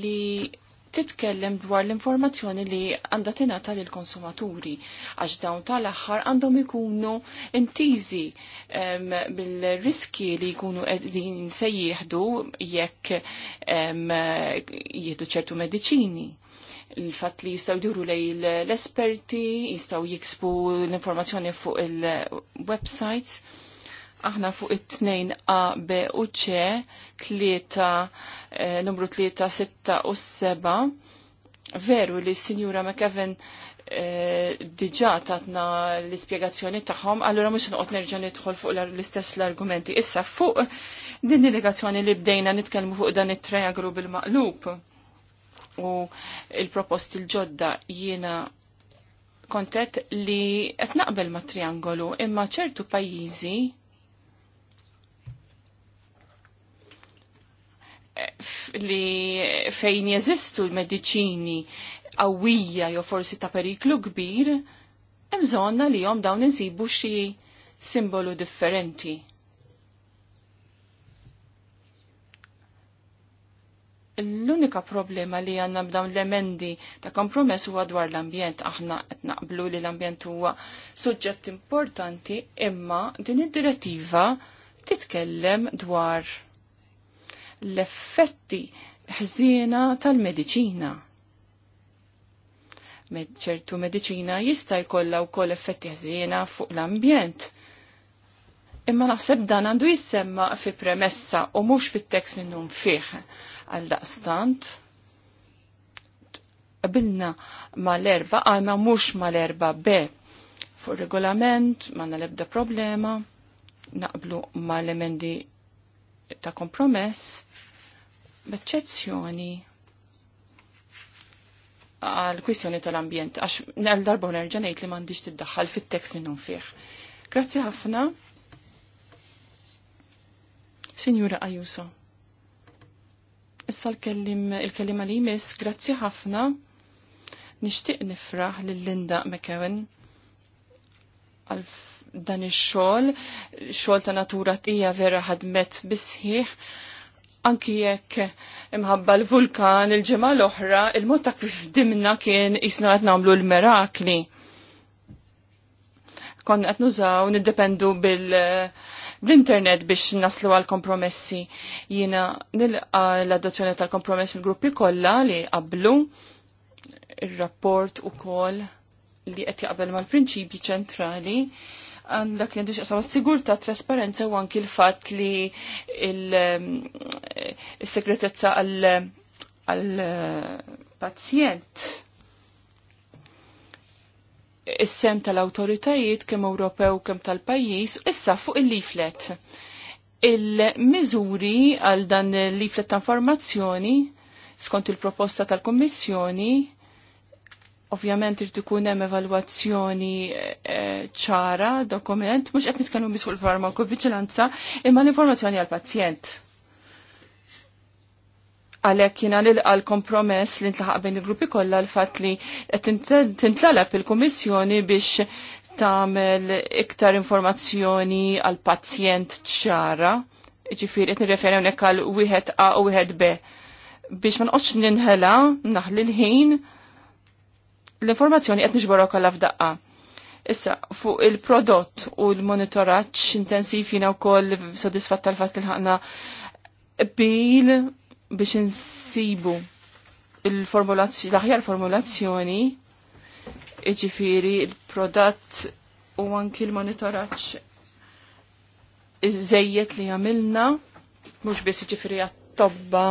li titkellem dwar l-informazzjoni li għandha tingħata lil konsumaturi għax dawn tal-aħħar għandhom ikunu intiżi bil-riski li jkunu qegħdin se jieħdu jekk jieħdu ċertu mediċini il-fat li jistaw diru lej l-esperti, jistaw jiksbu l-informazzjoni fuq il-websites. Aħna fuq it-tnejn A, B u C, tlieta, eh, numru tlieta, sitta u seba. Veru li s-Sinjura McEvan eh, diġa tatna l-ispiegazzjoni taħħom, allora mux nqot nerġa nidħol fuq l-istess l-argumenti. Issa fuq din delegazzjoni li bdejna nitkellmu fuq dan it-trianglu bil-maqlub u il-proposti l-ġodda jiena kontet li qed naqbel ma' triangolu imma ċertu pajjiżi li fejn jeżistu l-mediċini qawwija jew forsi ta' periklu kbir, hemm bżonna li jom dawn insibu xi simbolu differenti. L-unika problema li għanna b'dawn l-emendi ta' kompromess huwa dwar l-ambjent. Aħna qed naqblu li l-ambjent huwa suġġett importanti, imma din id-direttiva titkellem dwar l-effetti ħżiena tal-mediċina. Med ċertu mediċina jista' jkollha wkoll effetti ħżiena fuq l-ambjent. Imma naħseb dan għandu jissemma fi premessa u mhux fit-tekst minnhom fih Għal daqstant, qabilna mal-erba, għajma mux mal-erba be. Fuq regolament, ma nalebda problema, naqblu mal-emendi ta' kompromess, b'eccezzjoni għal kwissjoni tal-ambjent, għax nel darba nerġanajt li mandiġ tiddaħħal fit-tekst minnum fih. Grazzi ħafna. Signora Ayuso. Issa l-kellima li jmiss, grazzi ħafna. Nixtieq nifraħ lil Linda McEwen għal dan ix-xogħol, xogħol ta' natura tija vera ħadmet bisħiħ. Anki jekk imħabba l-vulkan il-ġimgħa l-oħra, il motta ta' kif dimna kien jisna qed nagħmlu l-mirakli. Konna qed nużaw niddependu bil- uh, bl-internet biex naslu għal kompromessi. Jina nilqa l-adozzjoni tal-kompromess mill-gruppi kollha li qablu il rapport ukoll li qed jaqbel mal-prinċipji ċentrali għandak li għandux għasama ta' trasparenza u anki l-fat li il-segretezza um, għal-pazjent uh, is-sem tal-awtoritajiet kemm Ewropew kemm tal-pajjiż issa fuq il-leaflet. Il-miżuri għal dan il-leaflet ta' informazzjoni skont il-proposta tal-Kommissjoni ovvjament irid ikun hemm evalwazzjoni eh, ċara, dokument, mhux qed nitkellmu biss fuq il-farmakovigilanza, imma l-informazzjoni għall-pazjent għalek jina nilqa l-kompromess li ntlaħaq bejn il-gruppi kollha l-fatt li tintlalab il-Kummissjoni biex tagħmel iktar informazzjoni għal pazjent ċara, ġifieri qed nirreferew hawnhekk għal wieħed A u wieħed B biex ma nqodx ninħela naħli l-ħin l-informazzjoni qed nixborok kollha f'daqqa. Issa, fuq il-prodott u l-monitoraċ intensiv jina u koll sodisfat tal-fat li ħana bil biex insibu il-formulazzjoni, l-aħjar formulazzjoni, iġifiri il-prodott u anki l-monitoraċ iżejjed li għamilna, mux biss iġifiri għat-tobba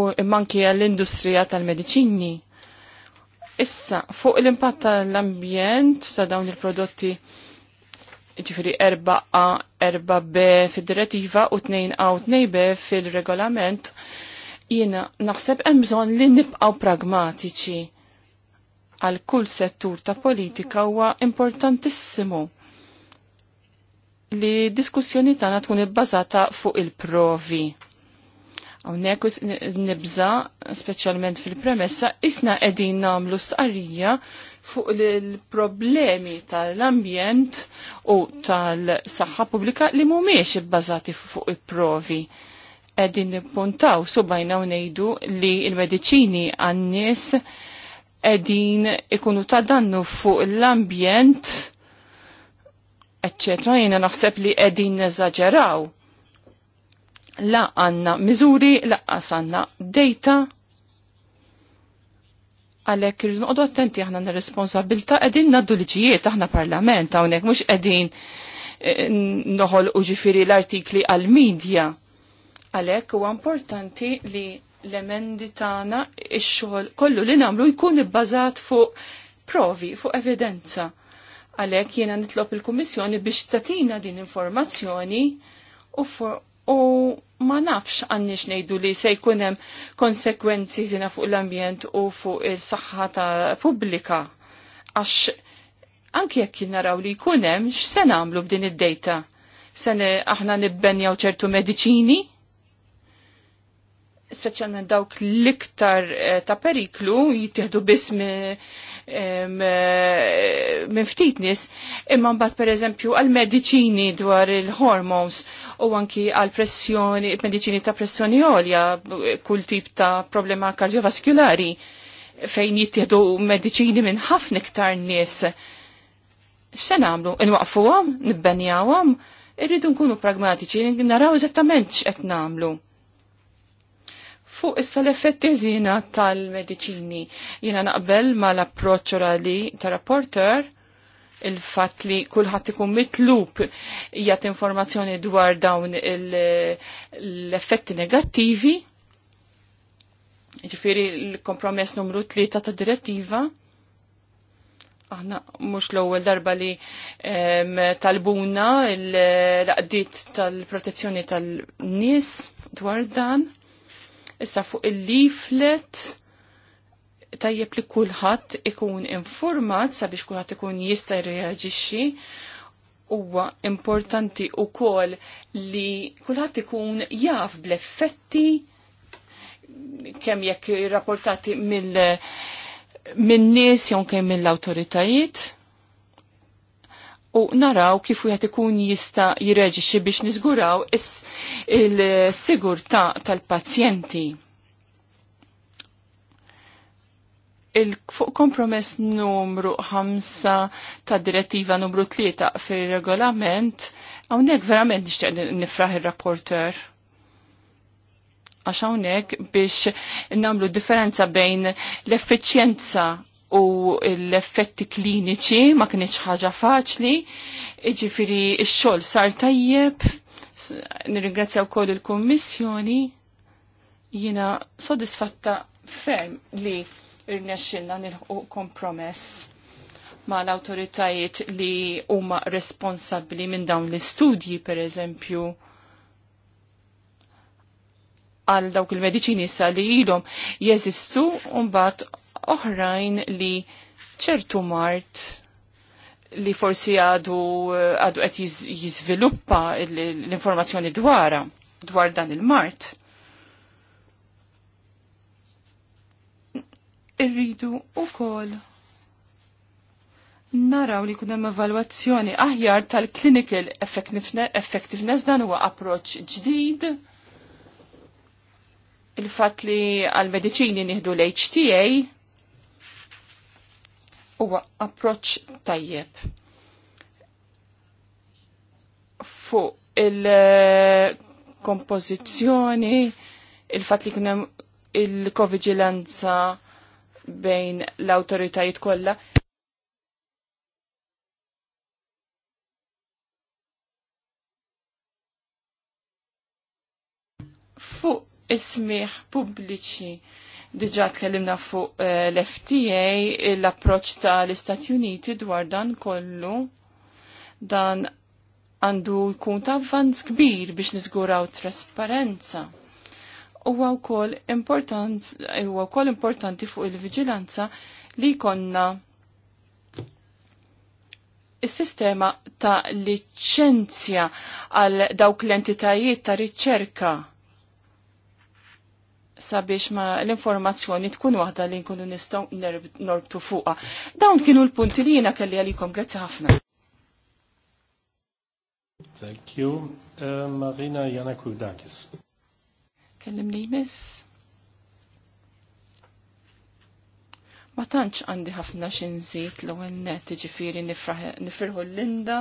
u manki għall-industrija tal-mediċini. Issa, fuq l-impatt tal-ambjent ta' dawn il-prodotti ġifiri 4A, 4B fil-direttiva u 2A u 2B fil-regolament, jiena naħseb hemm bżonn li nibqgħu pragmatiċi għal kull settur ta' politika huwa importantissimu li diskussjoni tagħna tkun ibbażata fuq il-provi. Hawnhekk nibża speċjalment fil-premessa isna qegħdin nagħmlu stqarrija fuq il-problemi tal-ambjent u tal-saħħa pubblika li mhumiex ibbażati fuq il-provi. Qegħdin nippuntaw subajna u ngħidu li l-mediċini għannis nies qegħdin ikunu ta' dannu fuq l-ambjent eccetera, jena naħseb li edin nezzagġeraw. La għanna miżuri, la għasanna data Għalhekk irridu noqogħdu attenti aħna n responsabilta qegħdin naddu liġijiet aħna parlament hawnhekk mhux qegħdin eh, noħol uġifiri ġifieri l-artikli għal-medja. Għalhekk huwa importanti li l-emendi tagħna ix-xogħol kollu li nagħmlu jkun ibbażat fuq provi, fuq evidenza. Għalhekk jiena nitlob il-Kummissjoni biex tatina din informazzjoni u fuq u ma nafx għannix nejdu li se jkunem konsekwenzi zina fuq l-ambjent u fuq il-saxħa ta' publika. Għax anki jekk naraw li jkunem, x'se għamlu b'din id-dejta? Se aħna nibbenjaw ċertu medicini? specialment dawk l-iktar eh, ta' periklu jittieħdu biss eh, minn ftit nis, imma mbagħad pereżempju għal mediċini dwar il-hormones u anki għal pressjoni, mediċini ta' pressjoni għolja, kull tip ta' problema kardiovaskulari fejn jittieħdu mediċini minn ħafna iktar nies. X'se nagħmlu? Inwaqfuhom, nibbenjawhom, irridu nkunu pragmatiċi, naraw eżattament x'qed nagħmlu Fuq issa l-effetti zina tal-mediċini, jiena naqbel ma l-approċċ orali ta' rapporter il-fat li kullħat ikun mitlub jgħat informazzjoni dwar dawn l-effetti negattivi, ġifiri l-kompromess numru 3 ta' direttiva, aħna mux l-ewwel darba li talbuna l qdiet tal-protezzjoni tal-nies dwar dan. Issa fuq il-leaflet tajjeb li kulħadd ikun informat sabiex kulħadd ikun jista' jirreaġixxi huwa importanti wkoll li kulħadd ikun jaf bl-effetti kemm jekk rapportati mill min nies jew kemm mill-awtoritajiet u naraw kif wieħed ikun jista' jireġiċi biex niżguraw il-sigurtà tal-pazjenti. Il-fuq kompromess numru 5 ta' direttiva numru 3 fir-regolament, hawnhekk verament nixtieq nifraħ ir-rapporter għax hawnhekk biex nagħmlu differenza bejn l-effiċjenza u l-effetti kliniċi ma kienx ħaġa faċli, iġifiri x-xol sar tajjeb, nirringrazzja wkoll il-Kummissjoni, jina sodisfatta ferm li rnexxilna nilħu kompromess ma l-autoritajiet li huma responsabbli minn dawn l-istudji per eżempju għal dawk il-mediċini sa li ilhom jeżistu u mbagħad oħrajn li ċertu mart li forsi għadu għadu għet jizviluppa l-informazzjoni dwara, dwar dan il-mart. Irridu u kol naraw li kunem evalwazzjoni aħjar tal-clinical effectiveness dan huwa approach ġdid il-fat li għal-medicini nieħdu l-HTA huwa approċċ tajjeb fuq il-kompożizzjoni, il-fatt li kunem il-kovigilanza bejn l-autoritajiet kollha. Fuq ismiħ pubbliċi Diġa tkellimna fuq eh, l-FTA, l-approċ ta' l-Istati Uniti dwar dan kollu. Dan għandu jkun ta' avvanz kbir biex nizguraw trasparenza. Huwa wkoll important, huwa wkoll importanti fuq il-viġilanza li konna is-sistema ta' licenzja għal dawk l-entitajiet ta' riċerka sabiex ma l-informazzjoni tkun waħda li nkunu nistgħu norbtu fuqha. Dawn kienu l-punti li jiena kelli għalikom, grazzi ħafna. Thank you. Uh, Marina Janakudakis. li miss. Ma tantx għandi ħafna xinżit l-ewwel net, ġifieri nifirħu Linda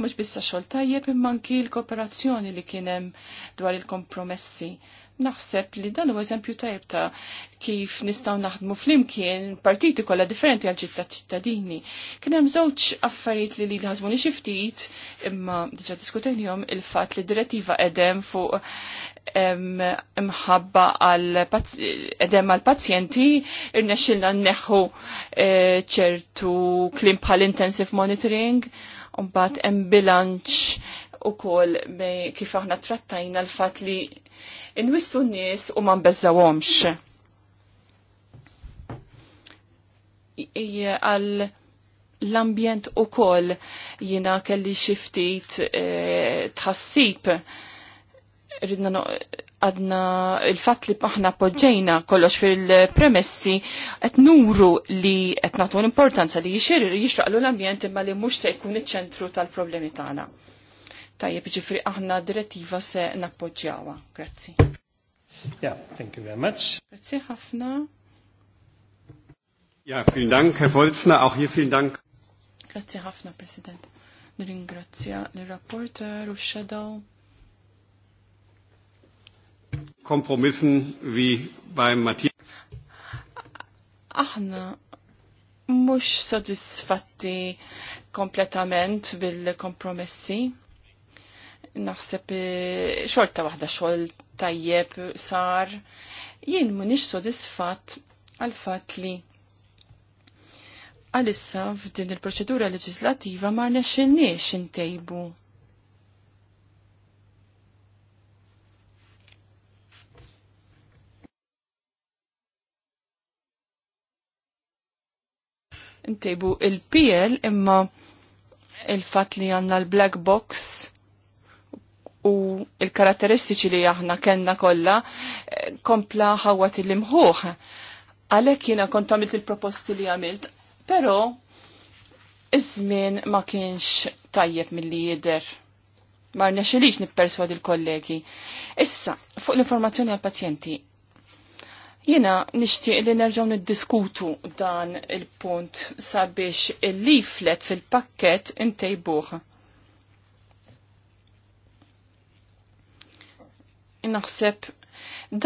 mux bissa xol tajjeb immanki l-kooperazzjoni li kienem dwar il-kompromessi. Naħseb li dan u eżempju tajjeb ta' kif nistaw naħdmu flimkien partiti kolla differenti għal ġitta ċittadini. Kienem zoċ affarijiet li li l-ħazmuni xiftit imma diġa diskutenjom il-fat li direttiva edem fuq imħabba għal edem għal pazjenti irnexilna neħu eh, ċertu klim bħal intensive monitoring Umbat hemm bilanċ ukoll kif aħna trattajna l-fatt li nwissu n-nies u ma nbeżawhomx. għal l-ambjent u koll jina kelli xiftit eh, tħassib ridna għadna il-fat li maħna poġġejna kollox fil-premessi qed nuru li qed nagħtu l-importanza li jixir jixraqlu l-ambjent imma li mhux se jkun iċ-ċentru tal-problemi tagħna. Tajjeb ġifri aħna direttiva se nappoġġjawha. Grazzi. Yeah, thank you very much. Grazzi ħafna. Ja, vielen Dank, Herr Volzner, auch hier vielen Dank. Grazzi ħafna, President. Nringrazzja l-rapporter u shadow Kompromissen wie beim Matthias. Aħna mhux sodisfatti kompletament bil-kompromessi. Naħseb eh, xorta waħda xogħol tajjeb sar. Jien mhunix sodisfatt għal fatt li għalissa f'din il-proċedura leġislativa ma nexxinniex intejbu ntejbu il-PL imma il-fat li għanna l-black box u il-karatteristiċi li aħna kenna kolla eh, kompla ħawat il-imħuħ. Għalek jina kont għamilt il-proposti li għamilt, pero iż-żmien ma kienx tajjeb mill-li jider. Ma rnexilix nipperswad il-kollegi. Issa, fuq l-informazzjoni għal-pazjenti, Jena nishtiq li nerġaw niddiskutu dan il-punt sabiex il-leaflet fil-pakket intejbuħ. Naħseb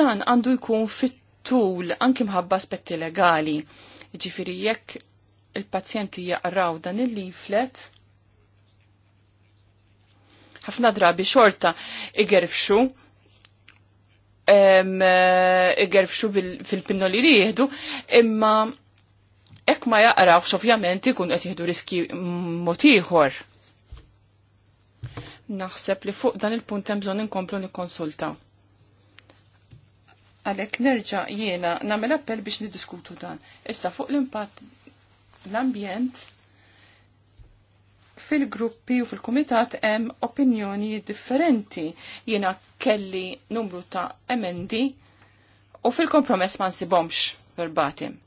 dan għandu jkun fit-tul anki mħabba aspetti legali. Ġifiri jekk il-pazjenti jaqraw dan il-leaflet, ħafna drabi xorta igerfxu Eh, gerfxu fil-pinnoli li jihdu, imma ek ma jaqrafx ovvjament ikun qed jieħdu riski motiħor. Naħseb li fuq dan il-punt hemm bżonn inkomplu nikkonsulta. Għalhekk nerġa' jiena nagħmel appell biex niddiskutu dan. Issa fuq l-impatt l-ambjent fil-gruppi u fil-kumitat hemm opinjoni differenti. Jiena kelli numru ta' emendi u fil-kompromess ma nsibomx verbatim.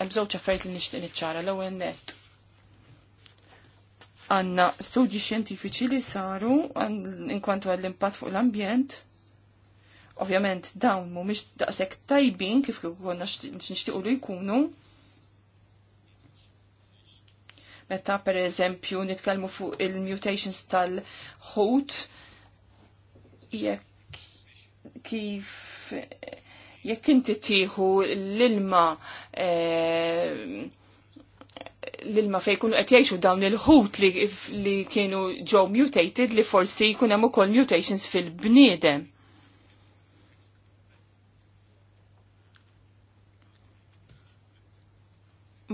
Hemm żewġ affarijiet li nixtieq niċċara l-ewwel nett. Għandna studji xjentifiċi li saru inkwantu għall-impatt fuq l-ambjent. Ovvjament dawn mhumiex daqshekk tajbin kif kif konna nixtiequ li jkunu, meta per eżempju nitkellmu fuq il-mutations tal-ħut jekk kif jekk inti tieħu l-ilma eh, l-ilma fej kunu qed jgħixu dawn il-ħut li, li kienu ġew mutated li forsi jkun hemm ukoll mutations fil-bniedem.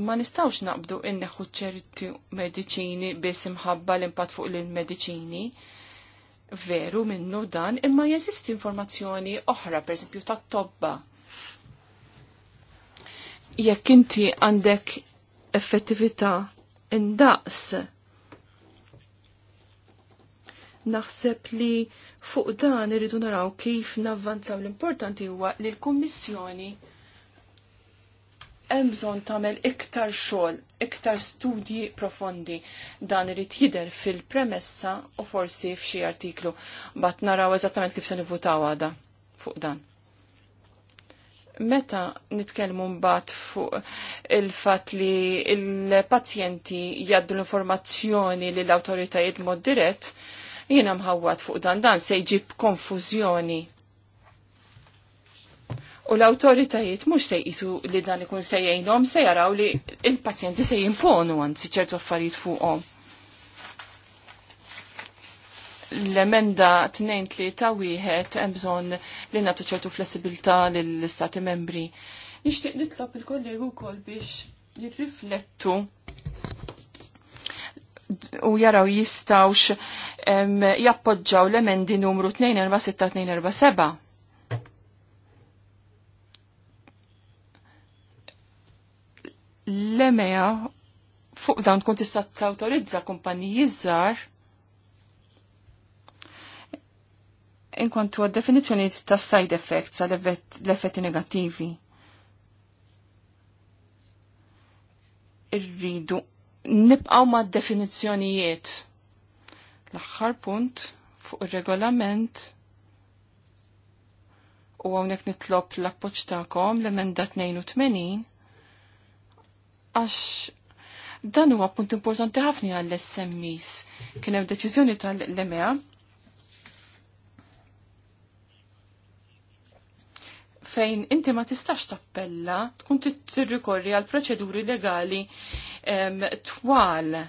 ma nistawx naqbdu inneħu ċerti mediċini biss imħabba l impat fuq l-mediċini. Veru minnu dan, imma jeżisti informazzjoni oħra, per esempio, ta' tobba. Jekk inti għandek effettività indaqs, naħseb li fuq dan irridu naraw kif navvanzaw l-importanti huwa li l-Kummissjoni hemm bżonn tagħmel iktar xogħol, iktar studji profondi dan irid jidher fil-premessa u forsi f'xi artiklu. Bat naraw eżattament kif se nivvutaw għada fuq dan. Meta nitkellmu mbagħad fuq il-fatt li l-pazjenti jgħaddu l-informazzjoni lill awtoritajiet mod dirett, jiena mħawwad fuq dan dan se jġib konfużjoni U l-autoritajiet mux se jisu li dan ikun se jgħinom, se jaraw li il-pazjenti se jimponu għand ċertu affarijiet fuqhom. L-emenda 2-3-1 hemm bżonn li nagħtu ċertu flessibilità lill-istati membri. Nixtieq nitlob il-kollegu wkoll biex jirriflettu u jaraw jistawx jappoġġaw l-emendi numru 246-247 l-EMEA fuq dawn tkun tista' tawtorizza kumpaniji żgħar inkontu għad definizzjoni ta' side effects għal l-effetti negattivi. Irridu nibqaw ma' definizzjonijiet. L-axħar punt fuq ir-regolament u għawnek nitlob l-appoċ tagħkom l-emenda 82 għax dan huwa punt importanti ħafna għall-SMEs. Kien hemm deċiżjoni tal-LMEA fejn inti ma tistax tappella, tkun tirrikorri għal proċeduri legali twal.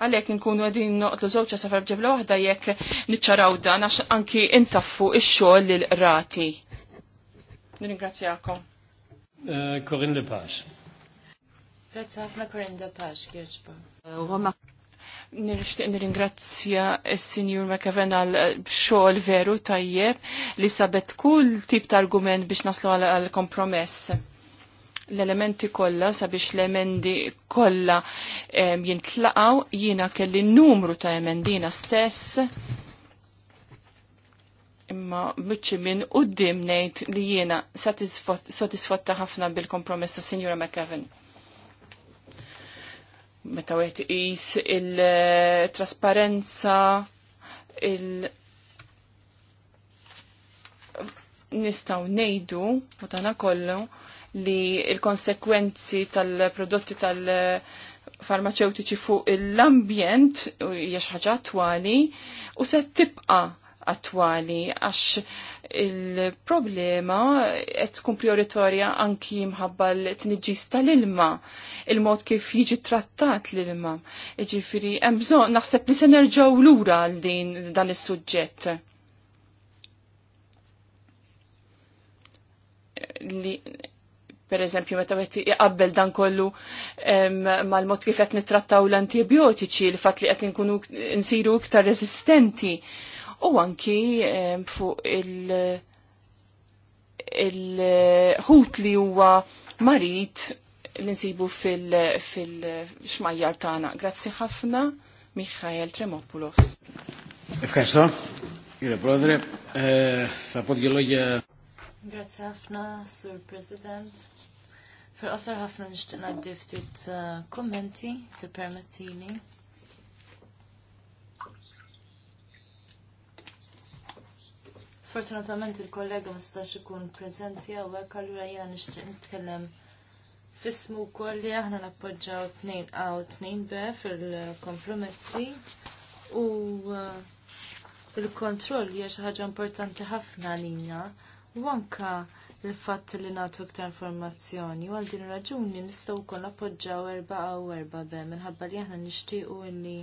Għalek nkunu għedin noqtlu zoċa safar bġebla wahda jekk nċaraw dan għax anki intaffu ix-xogħol lil rati. Nirringrazzjakom. Eh, Corinne Lepage. Grazie Corinne Lepage, Gjerġba. Eh, Nirrixtiq nirringrazzja s-Sinjur McAven għal eh, xogħol veru tajjeb li sabet kull tip ta' argument biex naslu għal kompromess. L-elementi kollha sabiex l-emendi kollha jintlaqgħu jiena kelli numru ta' emendina stess imma muċċi minn qudiem ngħid li jiena satisfatta ħafna bil-kompromess ta' Signora McKevin. Meta għet jis il-trasparenza, il-, nistaw nistgħu ngħidu tana kollu li il-konsekwenzi tal-prodotti tal-farmaceutiċi fuq l-ambjent u xi ħaġa attwali u se tibqa' attwali għax il-problema qed tkun prioritorja anki mħabba l-tniġġis tal-ilma, il-mod kif jiġi trattat l-ilma. Ġifieri hemm bżonn naħseb li se nerġgħu lura għal din dan is-suġġett. li per eżempju meta qed iqabbel dan kollu mal-mod kif qed nittrattaw l-antibiotiċi, l fatt li qed nkunu nsiru iktar resistenti u anki eh, fuq il- ħut li huwa marit li nsibu fil-xmajjar tana. tagħna. Grazzi ħafna, Mikhail Tremopoulos. Ευχαριστώ, κύριε Πρόεδρε. Ε, θα πω ħafna, Sur President. fil qasar ħafna nixtieq d ftit eh, kommenti, t permettini. Sfortunatament il-kollega ma setax ikun preżenti għawek, allura jiena nixtieq nitkellem fismu wkoll li aħna nappoġġaw tnejn a u tnejn b fil-kompromessi u uh, il-kontroll hija xi ħaġa importanti ħafna għalina u anka il-fatt li nagħtu iktar informazzjoni u għal din raġuni nistgħu wkoll appoġġaw erba' u erba' b minħabba li aħna nixtiequ illi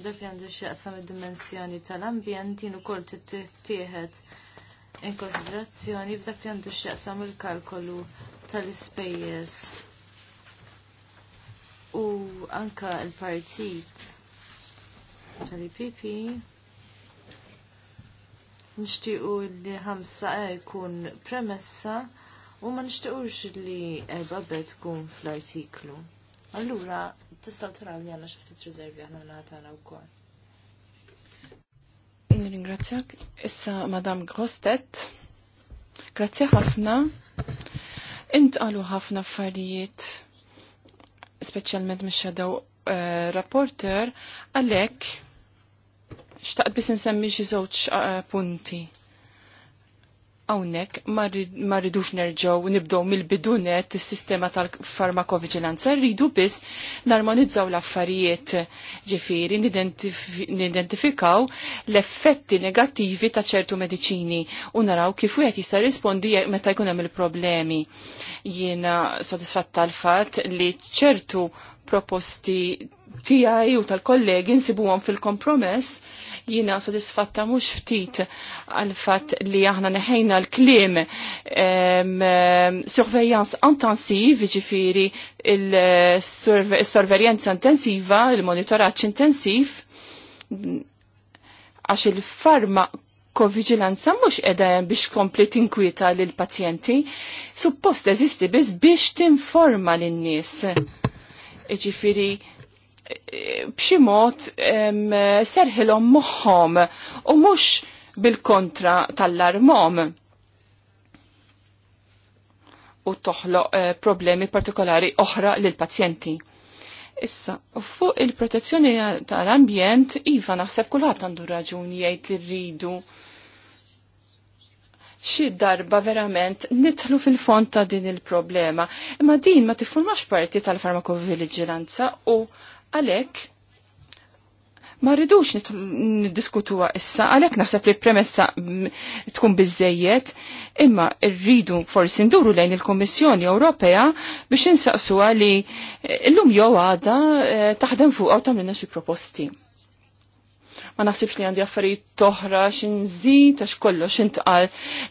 dak li għandu xieqsam id-dimensjoni tal-ambjent jien ukoll tittieħed in konsiderazzjoni f'dak li għandu xieqsam il-kalkolu tal-ispejjeż. U anka l-partit tal-IPP nixtiequ li ħamsa e jkun premessa u ma nixtiequx li eba tkun fl-artiklu. Allura, tistaw taraw li għanna t rizervi għanna naħtana u kol. Nringrazzjak. Issa, Madam Grostet, grazzja ħafna. Int għalu ħafna affarijiet, specialment mis-shadow eh, rapporter, għalek xtaqt bis nsemmi xi żewġ eh, punti. Hawnhekk ma rridux nerġgħu nibdew mill-bidunet is-sistema tal-farmakovigilanza, rridu biss narmonizzaw l-affarijiet ġifieri nidentifikaw l-effetti negattivi ta' ċertu medicini u naraw kif wieħed jista' rispondi meta jkun hemm il-problemi. Jiena sodisfatta l-fatt li ċertu proposti tijaj u tal-kollegi għom fil-kompromess jina sodisfatta mux ftit għal-fat li aħna neħejna l-klim surveillance intensiv, ġifiri il-sorverjenza intensiva, il-monitoraċ intensiv, għax il-farma kovigilanza mux edha biex kompli tinkwieta l-pazjenti, suppost eżisti biex biex tinforma l-nies. Ġifiri, b'xi mod serħilhom moħħom u mhux bil-kontra tal-armom u toħloq eh, problemi partikolari oħra lil pazjenti Issa, fuq il-protezzjoni tal-ambjent, iva naħseb kulħadd għandu raġuni jgħid li rridu xi darba verament nitħlu fil-fond ta' din il-problema. Imma din ma tiffurmax parti tal-farmakovigilanza u Għalek, ma rridux niddiskutuwa issa, għalhekk naħseb li premessa mm, tkun bizzejiet, imma rridu forsi nduru lejn il-Kommissjoni Ewropea biex insaqsuha li eh, llum jew għada eh, taħdem fuq għaw tamlina xi proposti. Ma naħsibx li għandi affarijiet toħra x'inżid għax xin intqal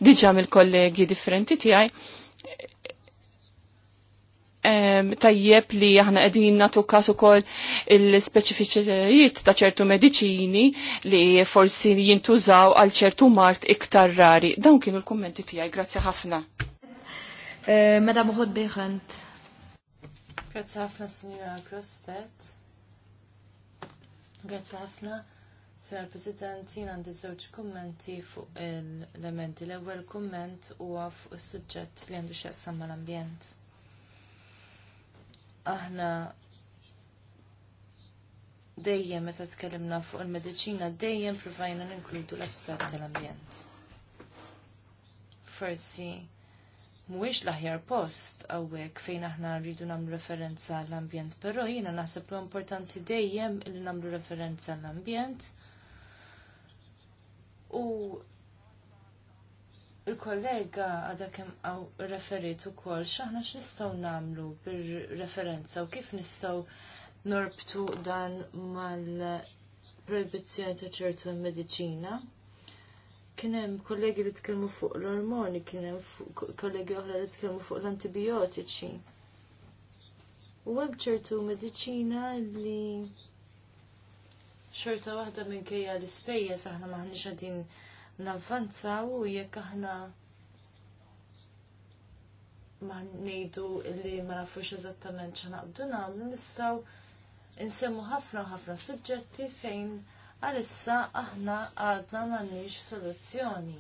diġà mill-kollegi differenti tiegħi tajjeb li aħna qegħdin nagħtu każ ukoll il-speċifiċitajiet ta' ċertu mediċini li forsi jintużaw għal ċertu mart iktar rari. Dawn kienu l-kummenti tiegħi, grazzi ħafna. Meta buħod biħant. Grazzi ħafna, Signora Grostet. Grazzi ħafna. Sir President, jien għandi żewġ kummenti fuq l-elementi. L-ewwel kumment huwa fuq is-suġġett li għandu x'jaqsam mal-ambjent aħna dejjem meta tkellimna fuq il-mediċina dejjem provajna ninkludu l-aspett tal-ambjent. Forsi mhuwiex l-aħjar post hawnhekk fejn aħna rridu nagħmlu referenza għall-ambjent, però jiena naħseb li importanti dejjem li nagħmlu referenza għall-ambjent. U il-kollega għadha kemm għaw referit ukoll x'aħna x'nistgħu nagħmlu bir-referenza u kif nistgħu norbtu dan mal-proibizzjoni ta' ċertu mediċina. Kien hemm kollegi li tkellmu fuq l-ormoni, kien hemm kollegi oħra li tkellmu fuq l-antibiotiċi. U hemm ċertu mediċina li xorta waħda kajja l-ispejjeż aħna maħniex din navvanzaw u jekk aħna ma nejdu li ma nafux eżattament xa naqbdu namlu nistaw insemmu ħafna ħafna suġġetti fejn għalissa aħna għadna mannix soluzzjoni.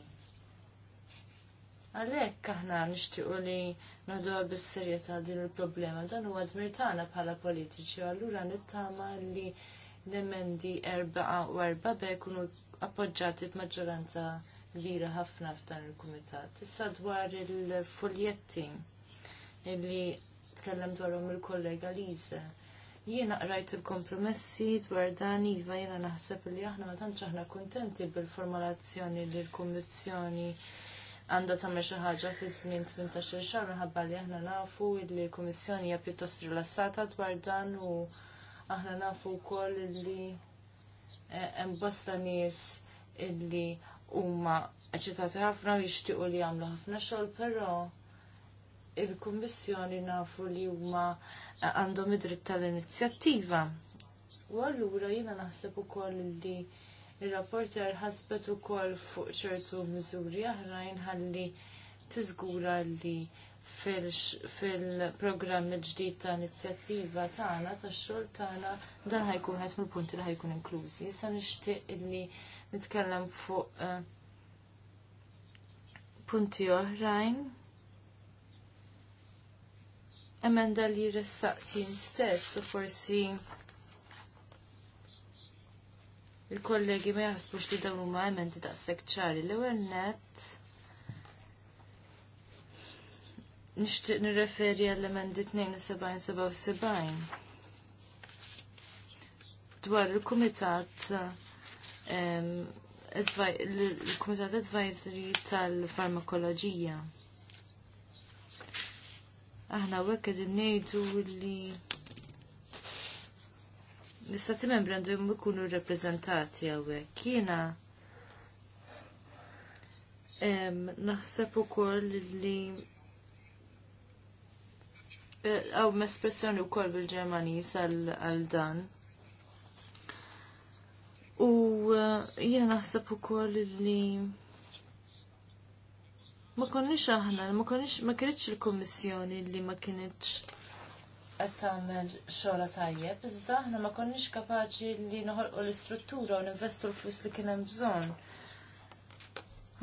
Għalek aħna nishtiqu li nadu bis-serjetà din il-problema dan huwa dmir tagħna bħala politiċi u allura nittama li l-emendi be kunu appoġġati b'maġġoranza kbira ħafna f'dan il-kumitat. Issa dwar il-foljetti illi tkellem dwarhom il-kollega Lise. Jiena qrajt il-kompromessi dwar dan iva jiena naħseb li aħna ma tantx aħna kuntenti bil-formulazzjoni li l-Kummissjoni għandha tagħmel xi ħaġa fi żmien 18 xahar minħabba li aħna nafu li l-Kummissjoni hija pjuttost rilassata dwar dan u Aħna nafu wkoll li eh, hemm bosta nies illi huma eċitati ħafna u jixtiequ li jagħmlu ħafna xogħol, però il-Kummissjoni nafu li huma eh, għandhom id-dritt tal-inizjattiva. U allura jiena naħseb ukoll li il-rapporter ħasbet ukoll fuq ċertu miżuri aħrajn ħalli tiżgura li fil-programm il-ġdid ta' inizjattiva tagħna tax-xogħol tagħna dan ħajkun qed mill-punti li ħajkun inklużi. Issa nixtieq illi nitkellem fuq eh, punti oħrajn. Emenda li ressaqtin stess u forsi il-kollegi ma jaħsbux li dawn huma emendi daqshekk ċari l-ewwel nett nixtieq nirreferi għall-emendi 72-77 dwar il-Kumitat il-Kumitat Advisory tal-Farmakoloġija. Aħna wekk qegħdin ngħidu li l-istati membri għandhom ikunu rrepreżentati hawnhekk. Jiena naħseb ukoll li għaw mespressjoni u koll bil-Ġermanis għal dan. U eh, jiena naħseb ukoll li ma konniex aħna, ma konniex, ma kienx il-kommissjoni li ma kienx qed tagħmel xogħla tajjeb, iżda aħna ma konniex kapaċi li noħolqu l-istruttura u ninvestu l-flus li kien hemm bżonn.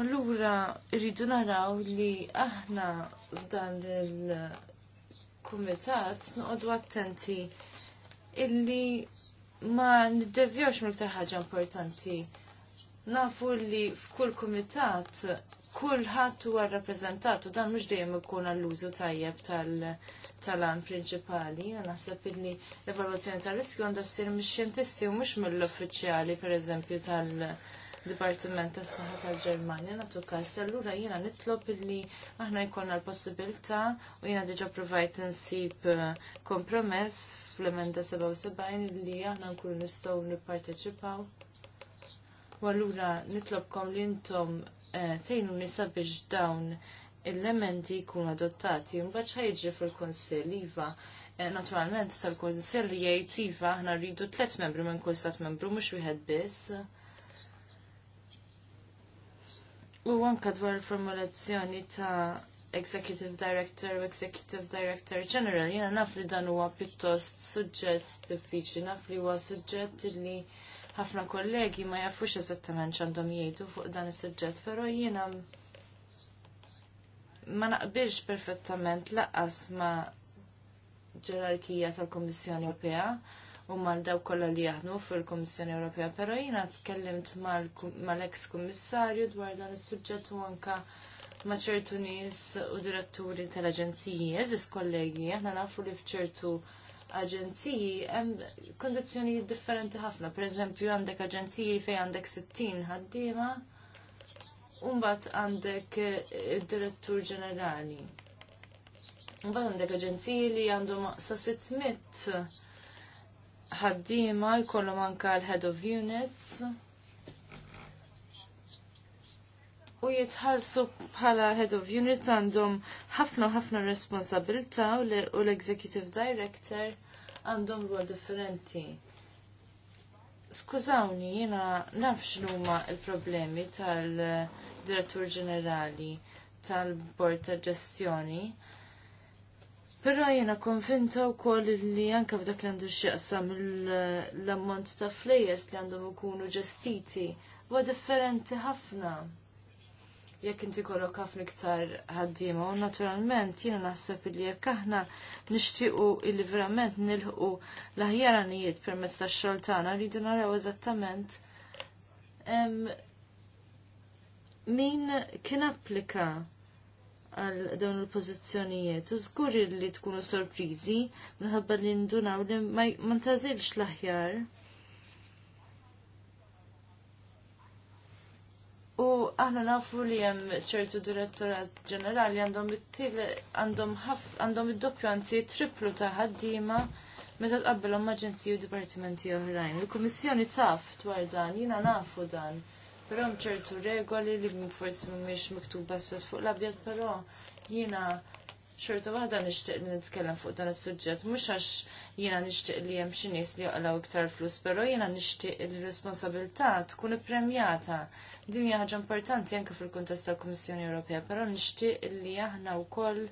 Allura rridu naraw li aħna f'dan il- kumitat noqogħdu attenti illi ma niddevjawx mill-iktar ħaġa importanti. Nafu li f'kull kumitat kulħadd huwa rrappreżentat u dan mhux dejjem ikun għall-użu tajjeb tal-għan prinċipali. Naħseb illi l-evalwazzjoni tal-riskju għandha ssir mix xjentisti u mhux mill-uffiċjali pereżempju tal- Dipartiment tas saħħa tal-Ġermanja nagħtu każ allura jiena nitlob illi aħna jkollna l-possibilità u jiena diġà provajt insib eh, kompromess fl-emenda 77 illi aħna nkunu nistgħu nipparteċipaw. U allura nitlobkom li intom eh, tgħinu nisa biex dawn il-elementi jkunu adottati mbagħad ħajġi fil-Kunsill iva eh, naturalment tal-Kunsill jgħid iva aħna rridu tliet membri minn kull stat membru mhux wieħed biss. U anka dwar formulazzjoni ta' Executive Director u Executive Director General, jena naf li dan huwa pjuttost suġġett diffiċli, naf li huwa suġġett li ħafna kollegi ma jafux eżattament x'għandhom jgħidu fuq dan is-suġġett, però jiena ma naqbilx perfettament laqqas ma' ġerarkija tal-Kommissjoni Ewropea u mal daw kollha li jaħdmu fil-Kummissjoni Ewropea, però jiena tkellimt mal-ex kummissarju dwar dan is-suġġett u anka ma' ċertu nies u diretturi tal-aġenziji, eżis kollegi, aħna nafu li f'ċertu aġenziji hemm kondizzjonijiet differenti ħafna. Pereżempju għandek aġenziji fejn għandek 60 ħaddiema u mbagħad għandek id-direttur eh, ġenerali. Mbagħad għandek aġenziji li għandhom sa 600 ħaddiema jkollhom anke l-head of units u jitħallsu bħala head of unit għandhom ħafna ħafna responsabilta u l-executive director għandhom rwol differenti. Skużawni, jina naf x'numa il-problemi tal-direttur ġenerali tal-bord tal ġestjoni. Però jena konvinta u koll li anka f'dak li għandu xieqsam l-ammont ta' flejes li għandhom ikunu ġestiti huwa differenti ħafna. Jekk inti kollok ħafna iktar ħaddiema u naturalment jiena naħseb li jekk aħna nixtiequ illi verament nilħu l-aħjar għanijiet permezz tax-xogħol tagħna rridu naraw eżattament min kien applika għal dawn il-pozizjonijiet. U żgur li tkunu sorpriżi minħabba li ndunaw li ma ntażilx l-aħjar. U aħna nafu li hemm ċertu direttorat ġenerali għandhom it-til għandhom id-doppju anzi triplu ta' ħaddiema meta tqabbel aġenziji u dipartimenti oħrajn. Il-Kummissjoni taf dwar dan, jiena nafu dan. Però hemm ċertu regoli li forsi mhumiex miktuba sfet fuq l-abjad, però jiena ċertu waħda nixtieq li nitkellem fuq dan is-suġġett, mhux għax jiena nixtieq li hemm xi nies li joqgħu iktar flus, però jiena nixtieq li responsabilta tkun ippremjata. Din hija ħaġa importanti anke fil-kuntest tal-Kummissjoni Ewropea, però nixtieq li aħna wkoll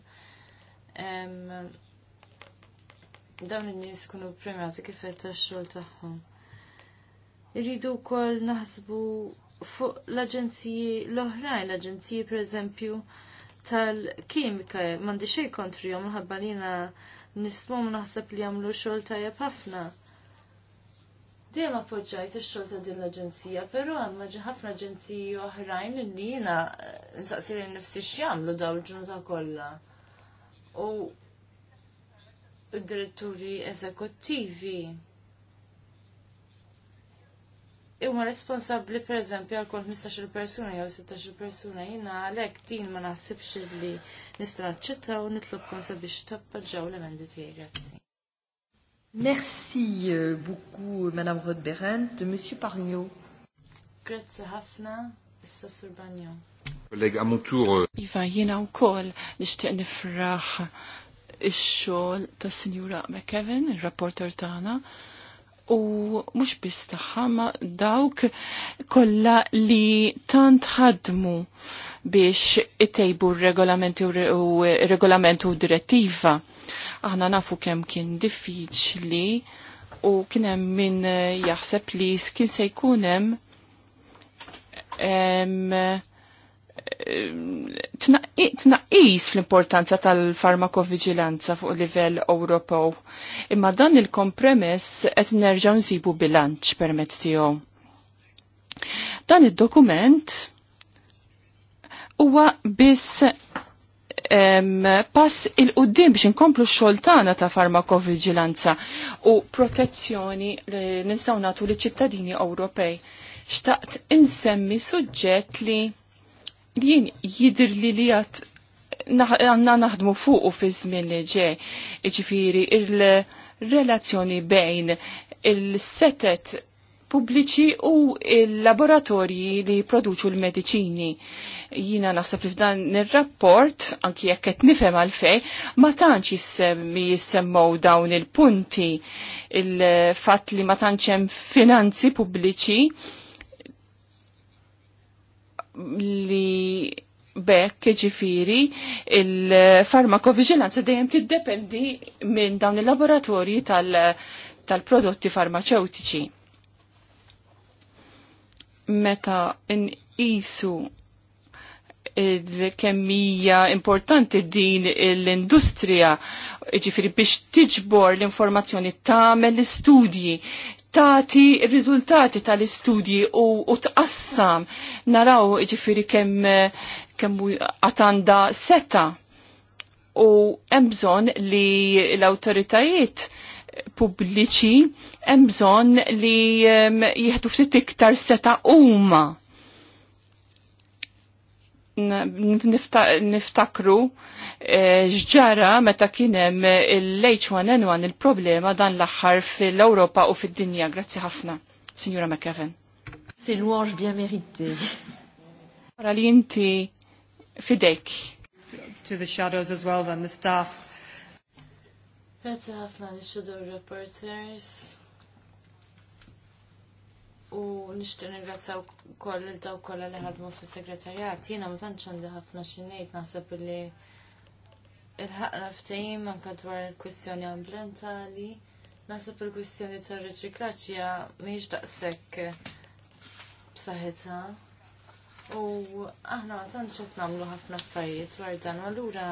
dawn in-nies kunu premjati kif qed tax-xogħol tagħhom. Irridu wkoll naħsbu fuq l-aġenziji l-oħrajn, l-aġenziji pereżempju tal-kimika, m'għandi xejn kontrihom jom li jiena nismom naħseb li jagħmlu xogħol tajjeb ħafna. Dejjem appoġġajt ix-xogħol ta' din l-aġenzija, però hemm ħafna aġenziji oħrajn li jiena nsaqsir nifsi x'jagħmlu dawn il-ġurnata kollha. U d-diretturi eżekuttivi Imma responsabli per eżempju għal kol 15 persuna jew 16 persuna jina għalek din ma nasibx li nista' ċetta u nitlob nitlobkom sabiex tappoġġaw l-emendi tiegħi. Grazzi. Merci euh, beaucoup, Madame Rodberent. Monsieur Parnio. Grazie Hafna. issa Sur Bagno. Kollega, mon tour. Euh, iva, jina u kol nishtiq nifraħ ix-xogħol ta' Sinjura McKevin, il-rapporter tagħna. Ta u mux biss taħħama dawk kolla li tant ħadmu biex itejbu regolamenti u regolamentu u direttiva. Aħna nafu kem kien diffiċli u kienem min jaħseb li kien se jkunem tnaqis fl-importanza tal-farmakovigilanza fuq livell Ewropew. Imma dan il kompremess qed nerġgħu nsibu bilanċ permezz tiegħu. Dan id-dokument huwa biss pass il-qoddim biex inkomplu xoltana ta' farmakovigilanza u protezzjoni li ninsaw natu li ċittadini Ewropej. Xtaqt insemmi suġġett li jien jidir li li għat għanna naħdmu fuqu fi żmien li ġej, ġifiri il-relazzjoni bejn il-setet pubbliċi u il-laboratorji li produċu l-mediċini. Jina naħseb li f'dan il-rapport, anki jekk qed nifhem għalfej, ma tantx jissemmi jissemmow dawn il-punti il-fatt li ma tantx hemm finanzi pubbliċi li bekk ġifiri il-farmakovigilanza dejjem tiddependi minn dawn il-laboratorji tal-prodotti tal farmaceutiċi. Meta n-isu il-kemmija importanti din l-industrija ġifiri biex tiġbor l-informazzjoni tagħmel l-istudji tati r-riżultati tal-istudji u tqassam naraw ġifiri kemm kemm għatanda seta' u emżon li l-autoritajiet pubbliċi emżon li jihdu ftit iktar seta' huma niftakru ġġara eh, meta kienem l-H1N1 il-problema dan l axar fil-Europa u fil-dinja. Grazzi ħafna, Signora McKevin. C'est louange bien méritée. Ora li inti fidejk. To the shadows as well, then the staff. Grazie ħafna li shadow reporters u nixtieq ningrazzjaw ukoll il daw kollha li ħadmu fis-segretarjat. Jiena ma tantx għandi ħafna xi ngħid naħseb li il-ħaqna ftehim anke dwar il-kwistjoni ambientali. Naħseb il-kwistjoni tar reċiklaċja hija mhijiex daqshekk b'saħħitha. U aħna ma tantx qed nagħmlu ħafna affarijiet dwar dan, allura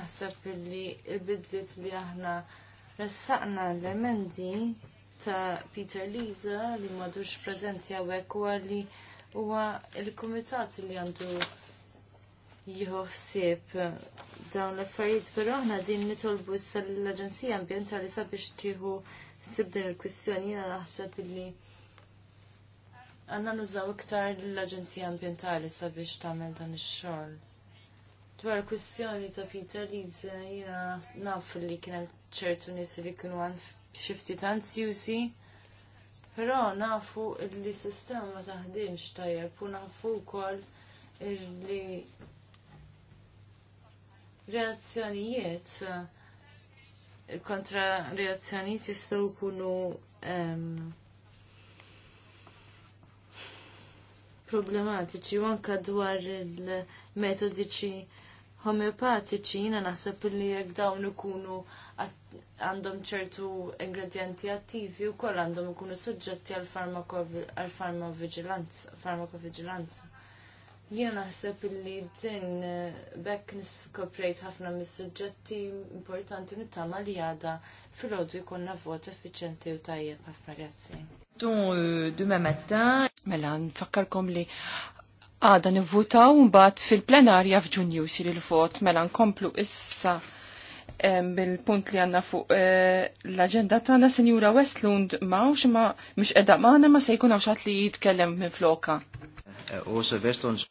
naħseb li l-bidliet li aħna ressaqna l-emendi ta' Peter Liza li madux prezenti għawek u għalli huwa il-komitat li għandu jħossib eh, dawn l-affarijiet, pero aħna din nitolbu issa l-Aġenzija Ambientali sabiex tieħu sib din il-kwistjoni jiena naħseb li għandna nużaw iktar l-Aġenzija Ambientali sabiex tagħmel dan ix-xogħol. Dwar kwistjoni ta' Peter Liza jiena naf li kien ċertu nies li kienu għand xifti tant sjusi. Però nafu li sistema ma taħdimx tajjeb u nafu wkoll li reazzjonijiet kontra reazzjonijiet jistgħu jkunu problematiċi u anka dwar il-metodiċi homeopatiċi jina naħseb li jekk dawn ikunu għandhom ċertu ingredienti attivi u koll għandhom ikunu soġġetti għal farmakovigilanza. Jien naħseb li din eh, bekk niskoprejt ħafna mis-suġġetti importanti nittama li għada fil-ħodu jkunna vot effiċenti u tajjeb ħafna grazzi. Dun dume metta. Mela, nfakkarkom li għada nivvutaw mbagħad fil-plenarja f'Ġunju sir il-vot mela nkomplu issa bil-punt li għanna fuq eh, l-agenda tagħna senjura Westlund mawx ma mhux edha magħna ma se jkun hawn li jitkellem minn floka. Eh,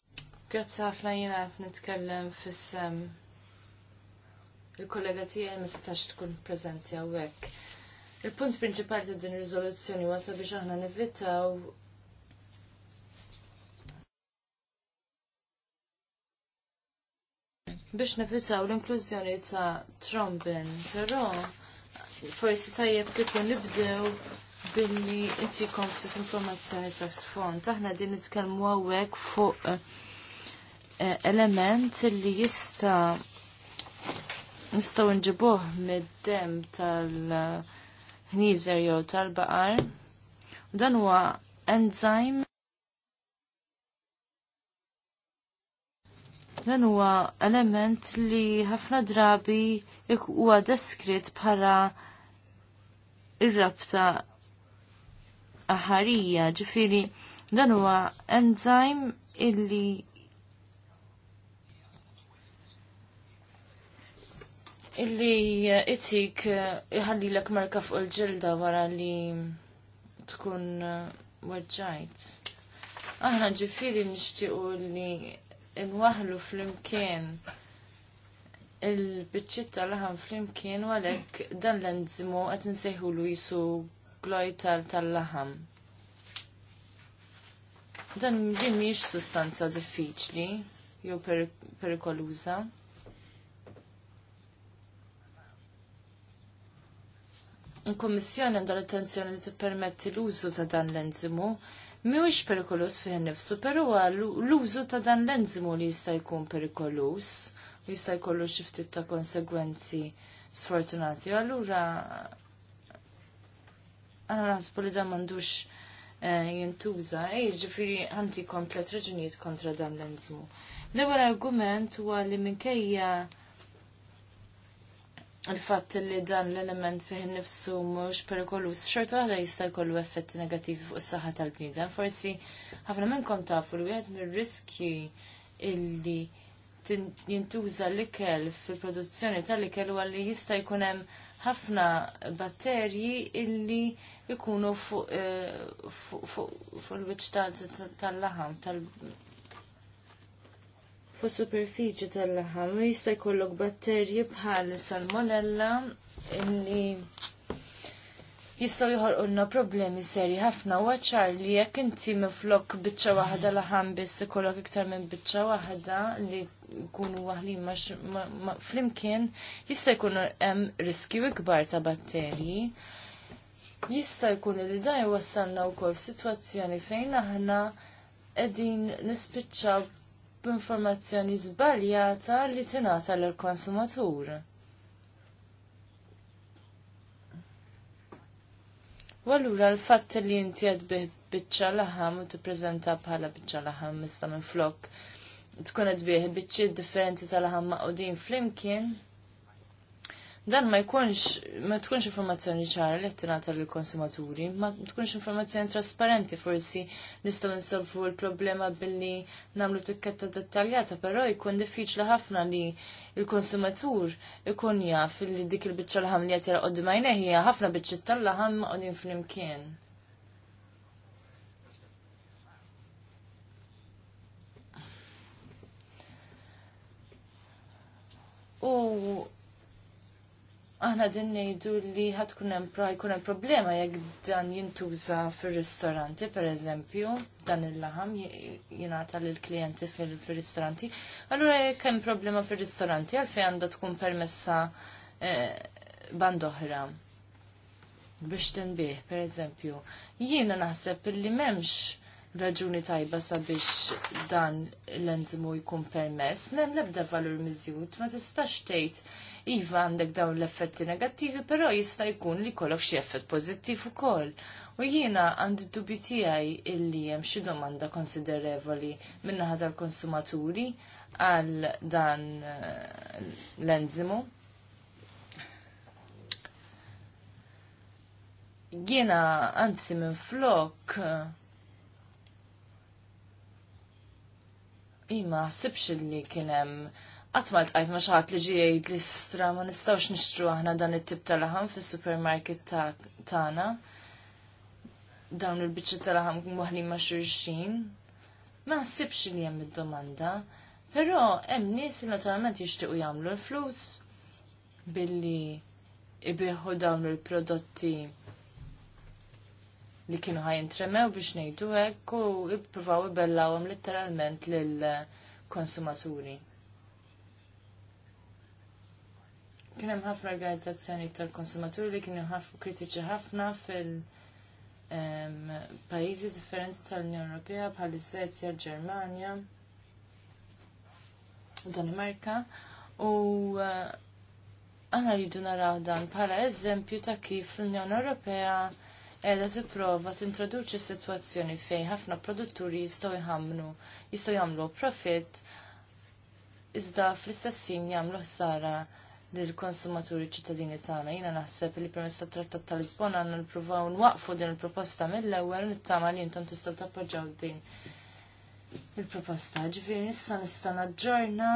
Grazzi ħafna jiena nitkellem fis Il-kollega tiegħi ma setax tkun prezenti hawnhekk. Il-punt prinċipali ta' din riżoluzzjoni wasa biex aħna nivitaw. biex nefittaw l-inklużjoni ta' trombin, però forsi tajjeb kif nibdew billi inti s informazzjoni ta' sfond. Aħna din nitkelmu għawek fuq eh, element li jista' nistgħu nġibuh mid-dem tal-ħnieżer jew tal-baqar. U dan huwa enzyme dan huwa element li ħafna drabi huwa deskritt bħala ir-rabta aħarija, ġifiri dan huwa enzyme illi illi itik eh, iħalli marka fuq il-ġilda wara li tkun eh, weġġajt. Aħna ġifiri nishtiqu li inwaħlu fl-imkien il-bicċit tal-laħam fl-imkien u għalek dan l-enzimu għat nsejħu l jisu gloj tal-laħam. Dan din miex sustanza diffiċli, jew perikoluza. Il-Kommissjoni għandha l-attenzjoni li tippermetti l-użu ta' dan l-enzimu mhuwiex perikolus fih nifsu, però l-użu ta' dan l-enzimu li jista' jkun perikolus u jista' jkollu xi ftit ta' konsegwenzi sfortunati. Allura għana naħsbu li dan m'għandux eh, jintuża, ej, ġifiri għanti kont raġunijiet kontra dan l-enzimu. L-ewwel argument huwa li minkejja il-fatt li dan l-element fih nifsu mhux perikolus xorta waħda jista' jkollu effetti negattivi fuq is-saħħa tal-bniedem. Forsi ħafna minnkom tafu li wieħed mir-riskji illi jintuża l-ikel fil-produzzjoni tal-ikel huwa li jista' jkun hemm ħafna batterji illi jkunu fuq il-wiċċ eh, tal-laħam tal-bniedem fu superfiċi tal-laħam. Jista' jkollok batterji bħal salmonella illi jistgħu joħolqulna problemi serji ħafna u ċar li jekk inti miflok biċċa waħda laħam biss ikollok iktar minn biċċa waħda li jkunu waħlin flimkien jista' jkun hemm riskju ikbar ta' batterji. Jista' jkun li dan jwassalna wkoll f'sitwazzjoni fejn aħna qegħdin nispiċċaw b'informazzjoni żbaljata li tingħata lill-konsumatur. U allura l-fatt li inti qed bih biċċa laħam u tippreżenta bħala biċċa laħam mista minn flok tkun qed bih biċċiet differenti tal-laħam maqudin flimkien dan ma jkunx, ma tkunx informazzjoni ċara li t-tinata l-konsumaturi, ma tkunx informazzjoni trasparenti forsi nistaw nsolfu l-problema billi namlu tikketta dettaljata, pero jkun diffiċli ħafna li il-konsumatur ikun jaf li dik il-bicċa l-ħam li għatira għoddu majna hija ħafna bicċa tal-ħam għoddin fl-imkien. U aħna din ngħidu li ħatkun kunem jkun problema jekk dan jintuża fir-ristoranti pereżempju, dan il-laħam jingħata lill klijenti fir-ristoranti. Allura jekk hemm problema fir-ristoranti għalfejn għandha tkun permessa eh, band oħra biex tinbih, pereżempju. Jiena naħseb li m'hemmx raġuni tajba sabiex dan l-enzimu jkun permess, mem lebda valur miżjud, ma tistax tgħid iva għandek dawn l-effetti negattivi, però jista' jkun li kollok xi effett pożittiv ukoll. U jiena għandi dubju tiegħi illi hemm xi domanda konsiderevoli minna tal-konsumaturi għal dan eh, l-enzimu. Jiena anzi minn flok eh, Ima, iva, sibx li kienem Għatma tqajt ma xaħat li ġijajt li stra ma nistawx nixtru aħna dan it-tip tal-ħam fil-supermarket tagħna. Dawn il-bicċi tal-ħam muħli ma xurxin. Ma ħsibx li hemm id-domanda. Però hemm nies li naturalment jixtiequ jagħmlu l-flus billi ibiħu dawn il-prodotti li kienu ħajintremew biex nejdu hekk u ippruvaw ibellawhom litteralment lill-konsumaturi. Kien hemm ħafna organizzazzjoni tal-konsumaturi li kienu kritiċi ħafna fil-pajjiżi differenti tal-Unjoni Ewropea bħal iżvezja l-Ġermanja, Danimarka u eh, aħna rridu naraw dan bħala eżempju ta' kif l-Unjoni Ewropea edha tipprova tintroduċi situazzjoni fejn ħafna produtturi jistgħu jħamlu, jistgħu jagħmlu profit iżda fl istessin jagħmlu ħsara lill-konsumaturi ċittadini tagħna. Jiena naħseb li permezz tat-Trattat ta' Lisbona għandna nippruvaw nwaqfu din il-proposta mill-ewwel nittama li intom tistgħu tappoġġjaw din il-proposta. Ġifieri issa nista' naġġorna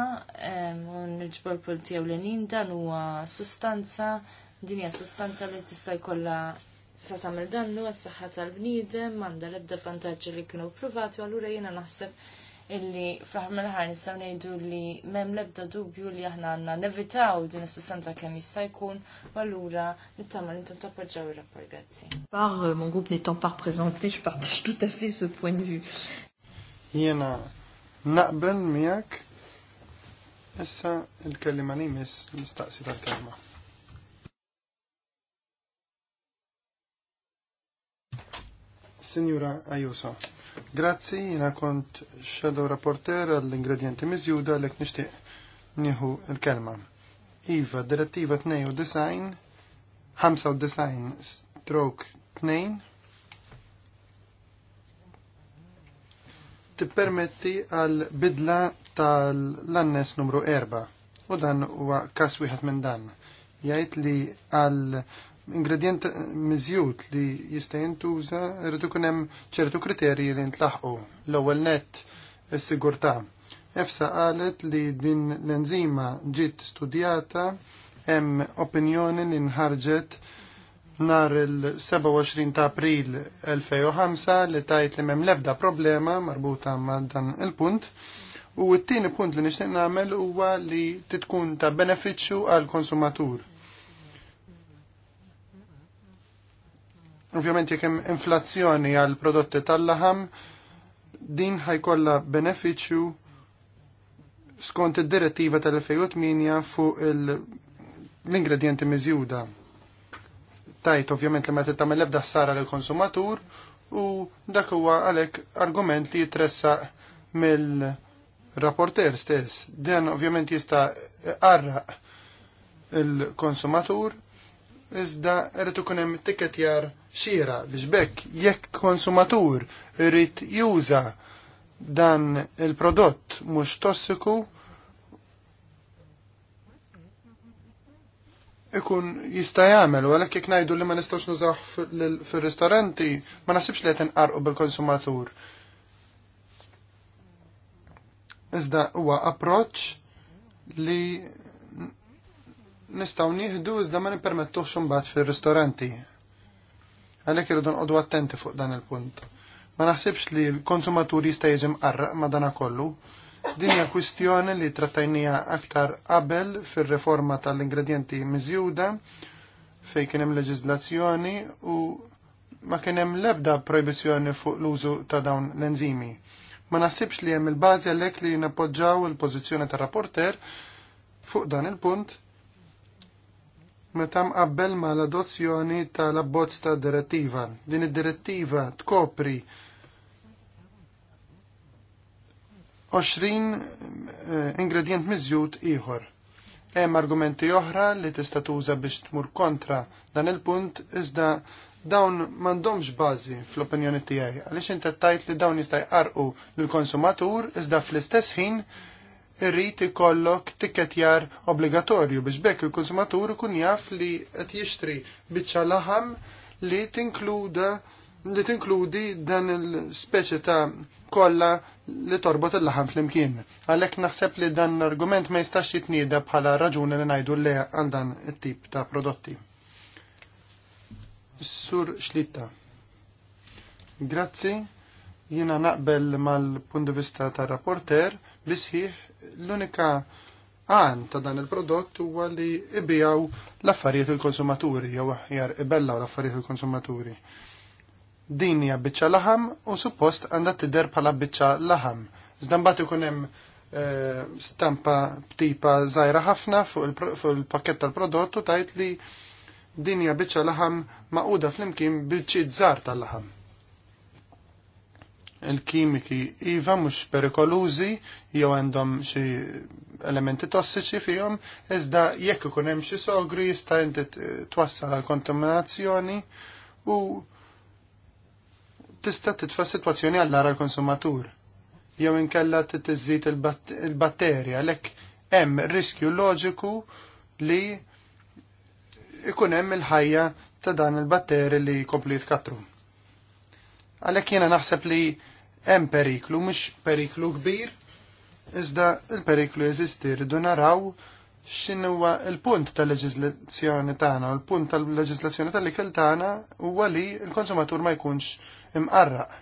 u tiegħu li nin dan huwa sustanza din hija sustanza li tista' jkollha sa tagħmel dannu għas-saħħa tal-bniedem, m'għandha l-ebda vantaġġi li kienu pruvati, allura jiena naħseb illi fraħm il ħar nistaw nejdu li mem lebda dubju li aħna għanna nevitaw din s sustanza kem jista' jkun u allura nittama li intom tappoġġaw ir-rapport grazzi. Par euh, mon grup n'étant pas par prezenti, partage tout à su point de vue. Jiena naqbel miak, issa il-kelliema li mis nistaqsi tal-kelma. Signora Ayuso. Grazzi, jina kont shadow rapporter għall-ingredienti miżjuda l nishtiq nieħu il-kelma. Iva, direttiva 92, design stroke 2, tippermetti għal bidla tal-annes numru 4 u dan huwa kas wieħed minn dan. Jgħid li għal ingredient mizjut li jista' jintuża rridu ikun hemm ċertu kriterji li ntlaħqu. L-ewwel nett is-sigurtà. EFSA qalet li din l-enzima ġiet studjata hemm opinjoni li nħarġet nar il-27 ta' april 2005 li tajt li l lebda problema marbuta ma' dan il-punt. U t-tieni punt li nixtieq nagħmel huwa li titkun ta' benefiċċju għal konsumatur. Ovvjament jekk hemm inflazzjoni għal prodotti tal-laħam, din ħajkollha benefiċċju skont id-direttiva tal minja fuq l-ingredienti miżjuda. Tajt ovvjament li ma tagħmel ebda ħsara lill konsumatur u dak huwa għalhekk argument li jitressaq mill-rapporter stess. Dan ovvjament jista' qarraq il-konsumatur iżda rrid ikun hemm tikketjar jar xira biex bekk jekk konsumatur rrit juża dan il-prodott mhux tossiku ikun jista' jagħmel u għalhekk jekk ngħidu li ma nistgħux nużaw fir-ristoranti ma nasibx li qed inqarqu bil-konsumatur. Iżda huwa approċċ li nistgħu nieħdu iżda ma nippermettux imbagħad fir-ristoranti Għalhekk irridu nqogħdu attenti fuq dan il-punt. Ma naħsibx li l-konsumatur jista' jiġi mqarraq ma' dana kollu. Din hija kwistjoni li trattajnija aktar qabel fir-riforma tal-ingredjenti miżjuda fejn kien hemm leġiżlazzjoni u ma kien hemm l-ebda proibizzjoni fuq l-użu ta' dawn l-enzimi. Ma naħsibx li hemm il-bażi għalhekk li nappoġġaw il-pożizzjoni tar-rapporter fuq dan il-punt meta mqabbel ma l-adozzjoni tal-abbozz ta' direttiva. Din id-direttiva tkopri 20 eh, ingredient miżjud ieħor. Hemm argumenti oħra li tista' tuża biex tmur kontra dan il-punt iżda dawn m'għandhomx bażi fl-opinjoni tiegħi għaliex inti tajt li dawn jista' jqarqu lill-konsumatur iżda fl-istess ħin irrid ikollok tikketjar obbligatorju biex bekk il-konsumatur ikun jaf li qed jixtri biċċa laħam li tinkluda li tinkludi dan il-speċi ta' kolla li torbot il-laħam fl-imkien. Għalek naħseb li dan l-argument ma jistax jitnida bħala raġuni li najdu li għandan it-tip ta' prodotti. Sur xlitta. Grazzi, jina naqbel mal-punt vista ta' rapporter, bisħiħ l-unika għan ta' dan il-prodott huwa li ibijaw l-affarijiet il-konsumaturi, jew aħjar ibellaw l-affarijiet il-konsumaturi. Din hija biċċa laħam u suppost għandha tidher bħala biċċa laħam. Iżda mbagħad ikun hemm eh, stampa btipa żgħira ħafna fuq il-pakket tal-prodott u tajt li din hija biċċa laħam maquda flimkien bil-ċid żgħar tal-laħam il-kimiki iva mhux perikolużi jew għandhom xi elementi tossiċi fihom, iżda jekk ikun hemm xi sogri jista' inti twassal għal kontaminazzjoni u tista' titfa' sitwazzjoni għall ara l-konsumatur. Jew inkella titiżid il-batterja għalhekk hemm riskju loġiku li ikun hemm il-ħajja ta' dan il-batteri li jkomplu jitkatru. Għalhekk jiena naħseb li hemm periklu mhux periklu kbir, iżda l-periklu jeżisti rridu naraw x'in huwa l-punt tal-leġiżlazzjoni tagħna, l-punt tal-leġiżlazzjoni tal-ikel tagħna huwa li l-konsumatur ma jkunx imqarraq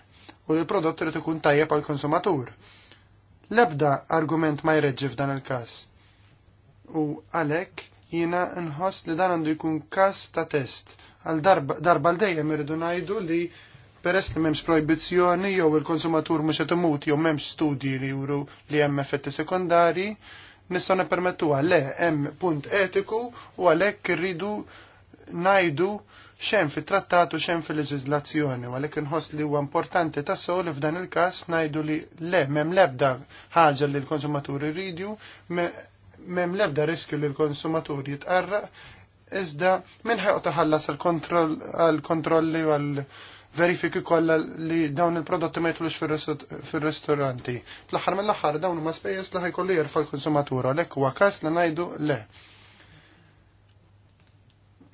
u l-prodott irid ikun tajjeb għall-konsumatur. L-ebda argument ma jreġġi f'dan il-każ. U għalhekk jiena nħoss li dan għandu jkun każ ta' test għal darba l-dejjem irridu ngħidu li Peress li memx proibizjoni jew il-konsumatur mhux qed imut jew memx studji li juru li hemm effetti sekondari, nistgħu nippermettu għale hemm punt etiku u għalhekk irridu ngħidu xem fit-trattatu xem fil-leġizlazzjoni, u għalek nħoss li huwa importanti tassew li f'dan il-kas najdu li le, mem lebda ħaġa li l-konsumaturi rridju, mem lebda riskju li l-konsumaturi jitqarra, iżda minn ħeq taħallas għal-kontrolli u għal verifiki kollha li dawn il-prodotti ma jitlux fir-ristoranti. Fl-aħħar mill-aħħar dawn huma spejjeż li ħajkollu jirfa l-konsumatur għalhekk huwa każ li ngħidu le.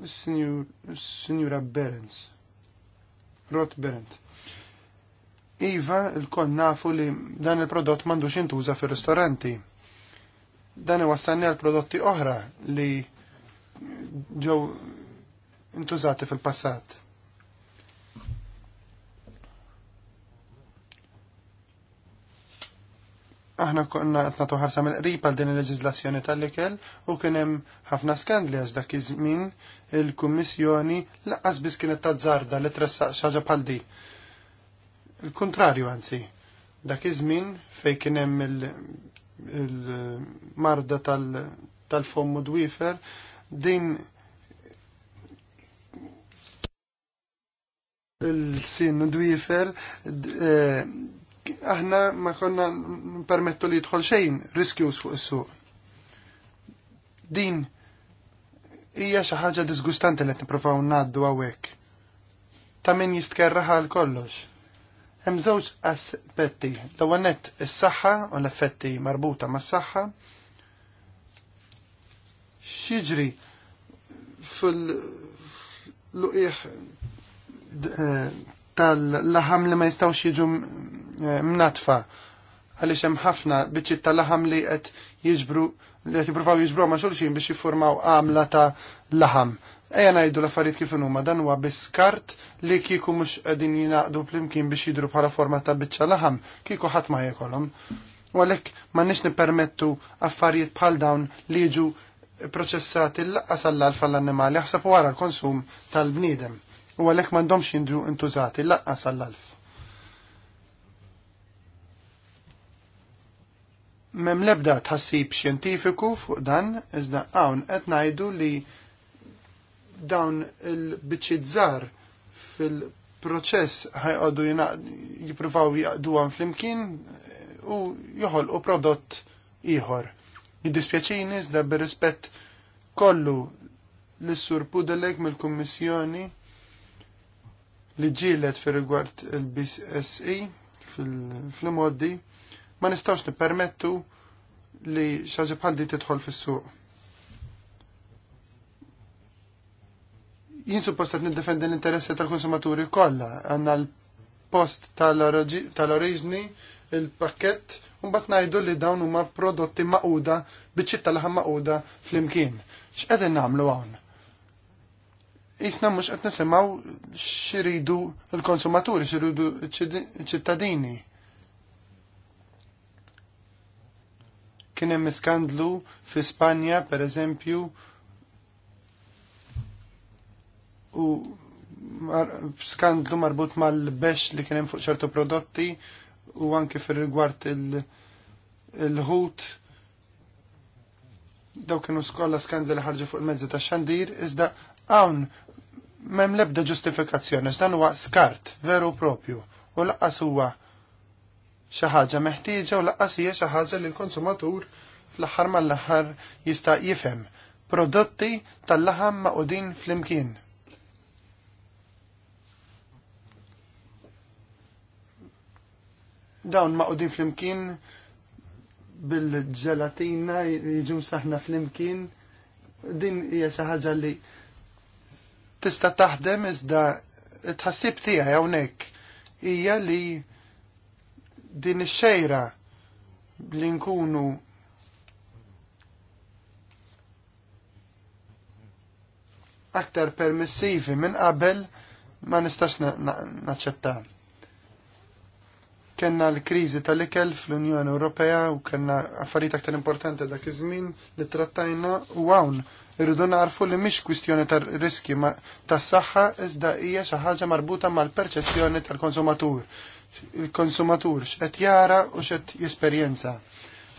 Sinjura Berens. Rot Berent. Iva, il-kon nafu li dan il-prodott mandu jintuża fir-ristoranti. Dan iwassalni għal prodotti oħra li ġew intużati fil-passat aħna konna qed nagħtu ħarsa mill-qrib għal din il-leġiżlazzjoni tal-ikel u kien hemm ħafna skandli għax dak iż-żmien il-Kummissjoni laqqas biss kienet tazzarda li tressaq xaġa bħal di. Il-kuntrarju anzi, dak iż-żmien fejn kien hemm il-marda tal-fommu dwifer din il-sin dwifer aħna ma konna permettu li jidħol xejn riskjus fuq is-suq. Din hija xi ħaġa disgustanti li qed nippruvaw ngħaddu hawnhekk. Ta' min jistkerraħa għal kollox. Hemm żewġ aspetti. L-ewwel nett is-saħħa u l-effetti marbuta mas-saħħa. X'jiġri fil luqih eh, tal-laħam li ma jistgħux jiġu Eh, mnatfa għaliex hemm ħafna biċċiet tal-laħam li qed jiġbru li qed jippruvaw jiġbru ma' xulxin biex jiffurmaw għamla ta' laħam. Ejja ngħidu l-affarijiet kif huma dan huwa biskart li kieku mhux qegħdin jingħaqdu flimkien biex jidru bħala forma ta' biċċa laħam, kieku ħadd ma jekolhom. U għalhekk m'għandniex nippermettu affarijiet bħal dawn li jiġu proċessati l-laqqas għall-alfa l-annimali ħsab wara l-konsum tal-bniedem u għalek mandomx jindru intużati laqqas għall-alf. Mem lebda tħassib xjentifiku fuq dan, iżda hawn qed ngħidu li dawn il biċizzar fil-proċess ħajqogħdu jippruvaw jaqduhom flimkien eh, u joħolqu prodott ieħor. Jiddispjaċini iżda bir-rispett kollu l-sur Pudelek mill-Kummissjoni li ġielet fir rigward il-BSE fil-modi. Fil ma nistawx nippermettu li xaġa bħal di tidħol fis-suq. Jien suppost qed niddefendi l-interessi tal-konsumaturi kollha għandna l-post tal-oriġni il-pakkett u mbagħad ngħidu li dawn huma prodotti maquda biċċitta laħam maquda flimkien. X'qegħdin nagħmlu hawn? Isna mhux qed nisimgħu xiridu l-konsumaturi, xiridu ċ-ċittadini. Kien hemm iskandlu fi Spanja pereżempju u mar skandlu marbut mal-bex li kien hemm fuq ċertu prodotti u anke fir-rigward il-ħut il daw kienu skolla skandli li ħarġu fuq il-mezzi ta' xandir, iżda hawn m'hemm l-ebda ġustifikazzjoni, iżda huwa skart veru propju u laqqas huwa xi ħaġa meħtieġa u laqqas hija xi ħaġa li l-konsumatur fl-aħħar mal-aħħar jista' jifhem. Prodotti tal-laħam maqudin fl-imkien. Dawn maqudin fl-imkien bil-ġelatina jiġu saħna fl-imkien. Din hija xi ħaġa li tista' taħdem iżda tħassib tiegħi hawnhekk hija li din ix-xejra li nkunu aktar permissivi minn qabel ma nistax naċċetta. Na, na kenna l-kriżi tal-ikel fl-Unjoni Ewropea u kenna affarijiet aktar importanti dak iż-żmien li trattajna u hawn irridu narfu li mhix kwistjoni tar riski tas-saħħa iżda hija xi ħaġa marbuta mal-perċezzjoni tal-konsumatur il-konsumatur x'qed jara u x'qed jesperjenza.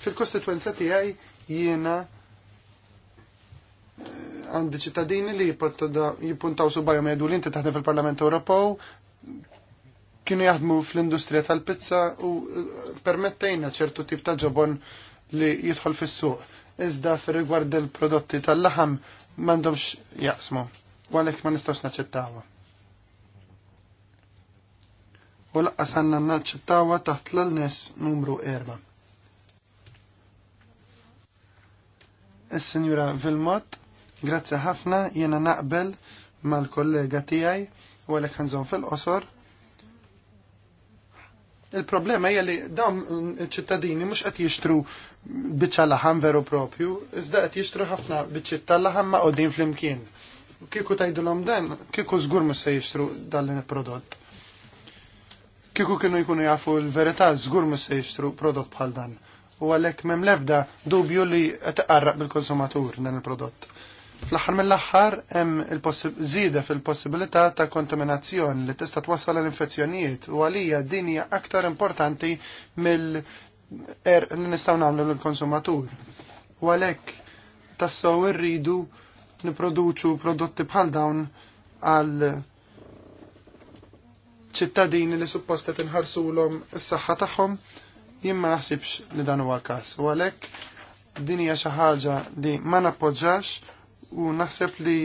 Fil-kostituenza tiegħi jiena eh, għandi ċittadini li su bajom jadu l inti taħdem fil-Parlament Ewropew kienu jaħdmu fl-industrija tal-pizza u eh, permettejna ċertu tip ta' ġobon li jidħol fis-suq. Iżda fir-rigward il-prodotti tal-laħam m'għandhomx jaqsmu, Għalek għalhekk ma nistax naċċettawha u laqqas għanna naċċettawa taħt l-nes numru 4. Is-Sinjura Vilmot, grazzi ħafna jena naqbel mal-kollega tiegħi u għalhekk għanżon fil-qosor. Il-problema hija li dawn ċittadini mhux qed jixtru biċċa laħam veru propju, iżda qed jixtru ħafna biċċitta laħam ma' qudin flimkien. Kieku tgħidulhom dan, kieku żgur mhux se jixtru dan il-prodott Kieku kienu jkunu jafu l-verità żgur ma se jishtru prodott bħal dan. U għalhekk mem lebda ebda dubju li qed iqarraq bil-konsumatur dan il-prodott. Fl-aħħar mill-aħħar hemm żieda fil-possibilità ta' kontaminazzjoni li tista' twassal l-infezzjonijiet u għalija din hija aktar importanti mill- er li nistaw namlu l-konsumatur. U għalek, tassaw irridu niproduċu prodotti bħal dawn għal ċittadini li supposta tinħarsulhom is-saħħa tagħhom jien ma naħsibx li dan huwa l-każ. U għalhekk din hija xi ħaġa li ma nappoġġax u naħseb li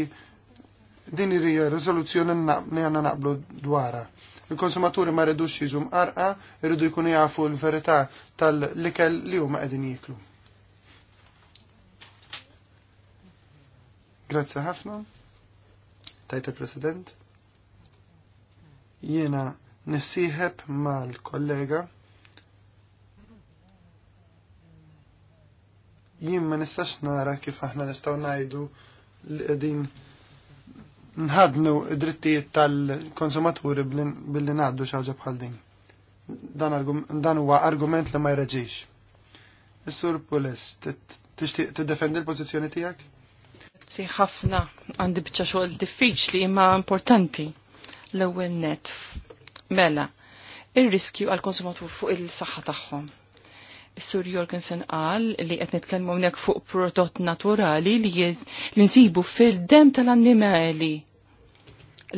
din hija riżoluzzjoni li għandna naqblu dwarha. Il-konsumaturi ma rridux jiġu mqarqa, irridu jkunu jafu l-verità tal-likel li huma qegħdin jieklu. Grazzi ħafna. Tajt il-President. Jiena nissieħeb mal-kollega jien ma nistax nara kif aħna nistgħu ngħidu li qegħdin nħadnu drittijiet tal-konsumaturi billi ngħaddu xi ħaġa bħal din. Dan huwa argument li ma jreġix. Is-sur Pulis, tixtieq tiddefendi l-pożizzjoni tiegħek? Si ħafna għandi biċċa xogħol diffiċli imma importanti l-ewwel net. Mela, ir-riskju għal konsumatur fuq il-saħħa tagħhom. Is-Sur Jorgensen qal li qed nitkellmu hawnhekk fuq prodott naturali li li nsibu fil-dem tal-annimali.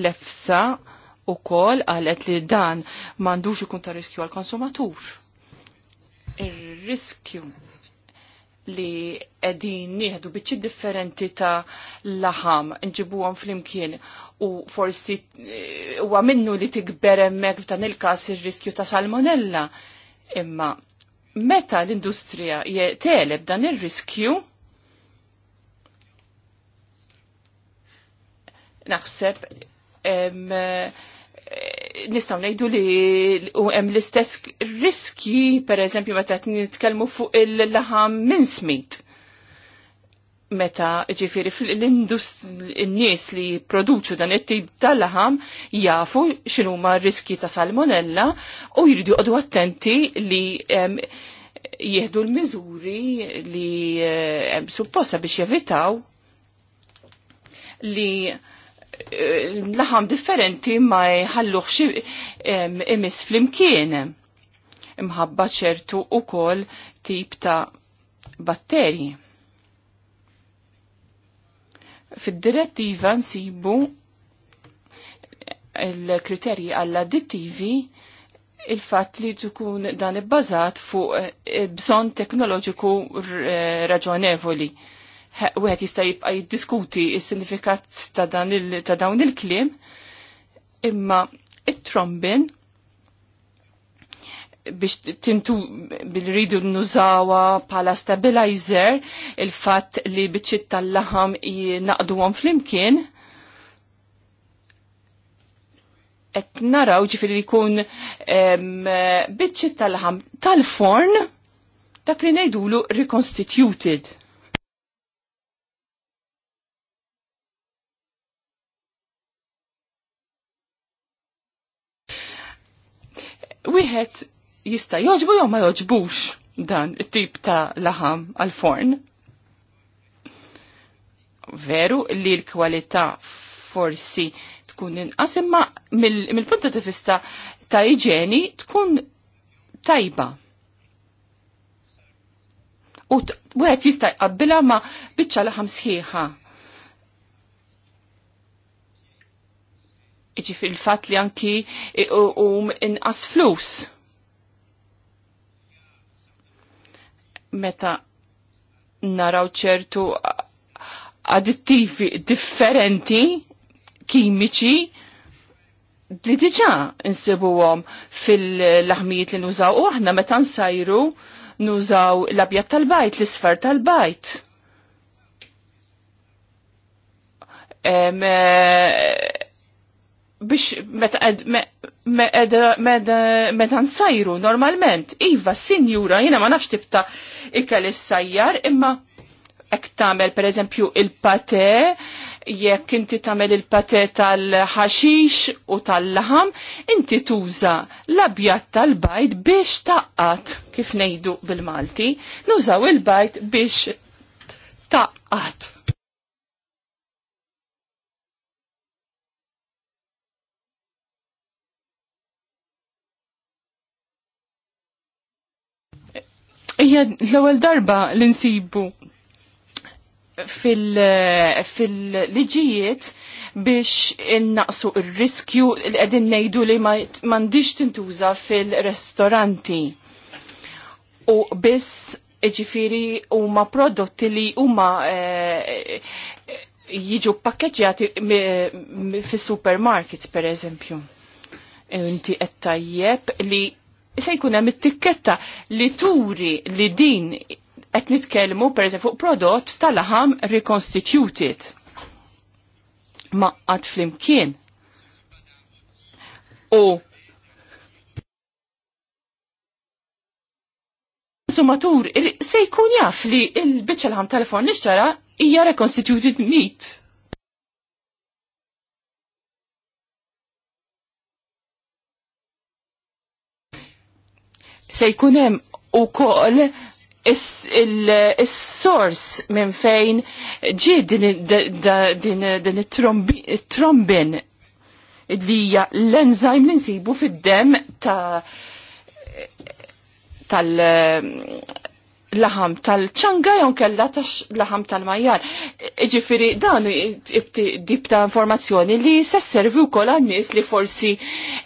L-efsa u kol għalet li dan mandux ikun ta' riskju għal konsumatur. Ir-riskju li edin nieħdu biċċi differenti ta' laħam, nġibuhom fl-imkien u forsi huwa eh, minnu li tikber hemmhekk f'dan il-każ ir-riskju ta' salmonella. Imma meta l-industrija teleb dan ir-riskju, naħseb nistaw nejdu li u hemm l-istess riski, per eżempju, meta nitkellmu fuq il-laħam minn smit. Meta ġifiri fl-indus nies li produċu dan it-tip tal-laħam jafu x'inhuma riski ta' salmonella u jridu għadu attenti li jieħdu l-miżuri li eh, supposta biex jevitaw li laħam differenti ma xie imis flimkien. Imħabba ċertu u kol tip ta' batteri. Fid-direttiva nsibu il-kriterji għall-additivi il-fat li tkun dan ibbażat fuq eh, bżon teknoloġiku eh, raġonevoli wieħed jista' jibqa' jiddiskuti s-sinifikat ta' dawn il-kliem, imma it-trombin biex tintu bil-ridu nużawa pala stabilizer il-fat li biċċit tal-laħam jinaqdu għom fl-imkien et naraw ġifiri li kun biċċit tal-laħam tal-forn dak li nejdulu reconstituted wieħed jista' joġbu jew ma joġbux dan it-tip ta' laħam għal forn. Veru li l-kwalità forsi tkun inqas imma mill-punta ta' vista ta' iġeni tkun tajba. U wieħed jista' jqabbilha ma' biċċa laħam sħiħa iġi fil-fat li anki u inqas flus. Meta naraw ċertu addittivi differenti, kimiċi, li diġa insibuhom fil-laħmijiet li nużaw uħna aħna meta nsajru nużaw l-abjad tal-bajt, l-isfar tal-bajt. Eh, biex meta nsajru normalment. Iva, sinjura, jina ma nafx tibta ikel is-sajjar, imma ek tamel per eżempju il-pate, jekk inti tamel il-pate tal-ħaxix u tal-laħam, inti tuża l-abjat tal-bajt biex taqqat, kif nejdu bil-Malti, nużaw il-bajt biex taqqat. Ija, l-ewwel darba li insibu fil-liġijiet biex innaqsu il-riskju li qegħdin ngħidu li m'għandix tintuża fil-restoranti. U biss ġifiri huma prodotti li huma eh, jiġu pakkeġjati fis-supermarkets pereżempju. Inti qed li se jkun hemm it-tikketta li turi li din qed nitkellmu pereżempju fuq prodott tal-aħam reconstituted. ma Maqqat flimkien. U konsumatur se jkun jaf li il bicċa l-ħam telefon li hija reconstituted meat se jkun hemm ukoll is-sors minn fejn ġi din it-trombin li hija l-enzajm li nsibu fid-dem ta' tal laħam tal-ċanga jew kella laħam tal-majjar. Ġifiri dan dibta' informazzjoni li se servi wkoll għan-nies li forsi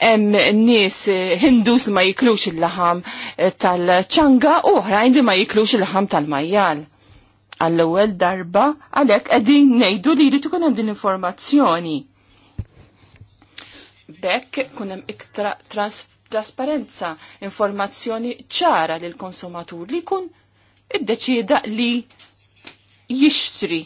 nies eh, Hindus li ma jiklux il-laħam eh, tal-ċanga oħrajn li ma jiklux il-laħam tal-majjar. Għall-ewwel darba għalhekk qegħdin ngħidu li jrid ikun hemm din informazzjoni. Bekk kun hemm iktra trasparenza, informazzjoni ċara lill konsumatur li kun iddeċieda li jixtri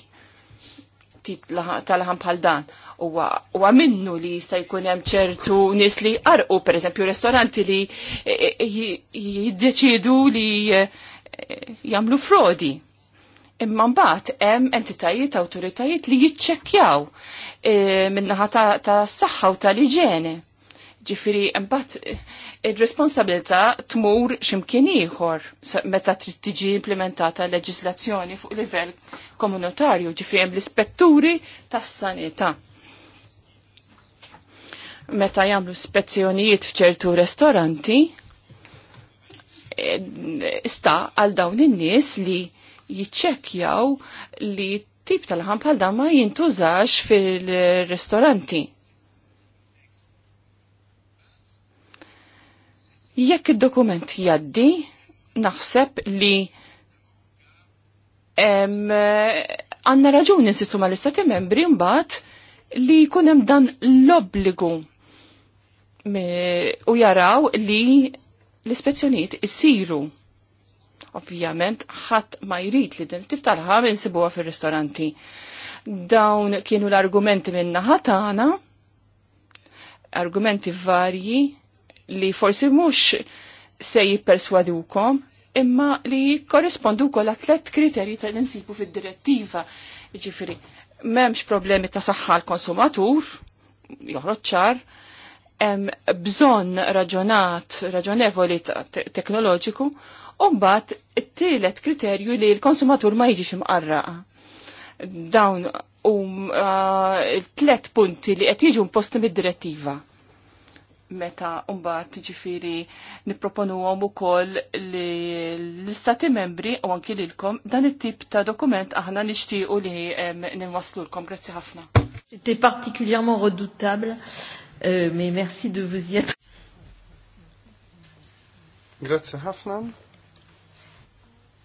tip tal-ħan bħal dan. Huwa minnu li jista' jkun hemm ċertu nies li arqu, pereżempju ristoranti li e- e- e- jiddeċidu li jagħmlu frodi. Imma mbagħad hemm entitajiet awtoritajiet li jiċċekkjaw min-naħa ta' s-saħħa u tal-iġene. Ġifiri, mbagħad ir-responsabilità tmur x'imkien ieħor meta trid tiġi implementata leġislazzjoni fuq livell komunitarju, ġifiri hemm l-ispetturi tas-sanità meta jagħmlu spezzjonijiet f'ċertu ristoranti, eh, sta għal dawn in-nies li jiċċekkjaw li tip tal ħampal dan ma jintużax fil-ristoranti. Jekk id-dokument jaddi, naħseb li għanna raġun insistu ma l-istati membri mbagħad li kunem dan l obligu u jaraw li l-ispezzjoniet isiru. Ovvjament, ħadd ma jrid li din tip tal-ħam insibuha fir-ristoranti. Dawn kienu l-argumenti minna ħatana, argumenti varji, li forsi mhux se jipperswadukom, imma li korrespondu kol tlet kriterji tal insipu fid-direttiva. Ġifiri, memx problemi ta' saħħa l-konsumatur, joħroċċar, bżon raġonat, raġonevoli teknoloġiku, umbat t-tielet kriterju li l-konsumatur ma jiġix ximqarra. Dawn um uh, tlet punti li qed jiġu mposti mid-direttiva meta mbagħad ġifiri nipproponuhom ukoll li l-istati membri u anki l-kom dan il tip ta' dokument aħna u li l-kom. Grazie ħafna. C'était particulièrement redoutable, euh, mais merci de vous y être. Grazie ħafna.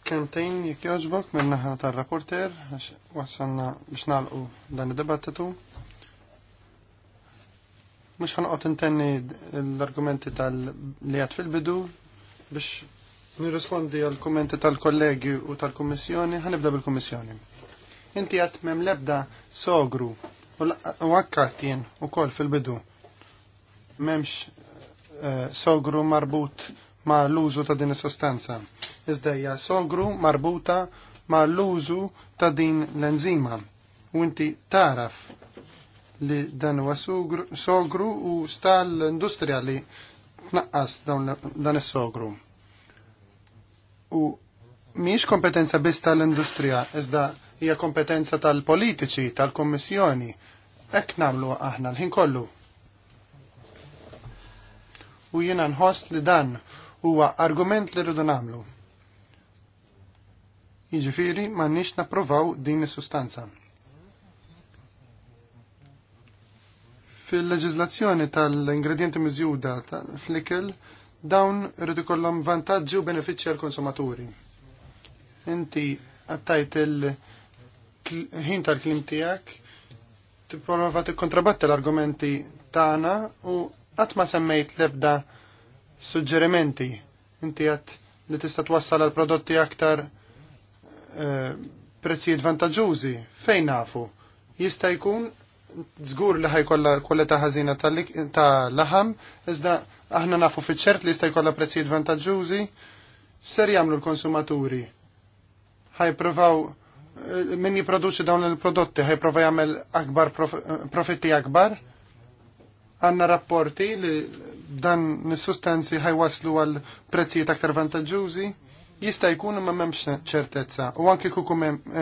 Kemtejn jek joġbok minn naħra tar-rapporter għasanna wasanna biex nalqu dan il debattitu Mux ħanqot intenni l-argumenti tal-li għat fil-bidu biex nirrispondi għal-kommenti tal-kollegi u tal-kommissjoni, ħanibda bil-kommissjoni. Inti għat mem lebda sogru u għakkatjen u kol fil-bidu. Memx eh, sogru marbut ma l-użu ta' din sostanza. Iżdejja sogru marbuta ma l-użu ta' din l-enzima. U inti taraf li dan huwa sogru u stal l-industrija li tnaqqas dan is-sogru. U mhijiex kompetenza biss tal-industrija, iżda hija kompetenza tal-politiċi, tal-kommissjoni. Hekk nagħmlu aħna l-ħin kollu. U jiena nħoss li dan huwa argument li rridu nagħmlu. Jiġifieri m'għandniex napprovaw din is-sustanza. Fil-leġizlazzjoni tal-ingredienti miżjuda tal-flikel dawn rridu ikollhom vantaġġi u benefiċċji għal konsumaturi. Inti għattajt il-ħin tal-klim tiegħek tipprova tikkontrabatti l-argumenti tagħna u qatt ma semmejt l-ebda suġġerimenti. Inti għat li tista' twassal għal prodotti aktar eh, prezzijiet vantagġużi. fejn nafu. Jista' jkun zgur li ħajkollha kwalità ħażina ta' laħam, iżda aħna nafu fiċċert li jista' jkollha prezzijiet vantaġġużi, ser jagħmlu l-konsumaturi. Ħaj Ħajprovaw eh, min jipproduċi dawn il-prodotti ħaj ħajprova jagħmel akbar eh, profitti akbar. Għanna rapporti li dan is-sustanzi waslu għal prezzijiet aktar vantaġġużi jista' jkun ma m'hemmx ċertezza u anke kuku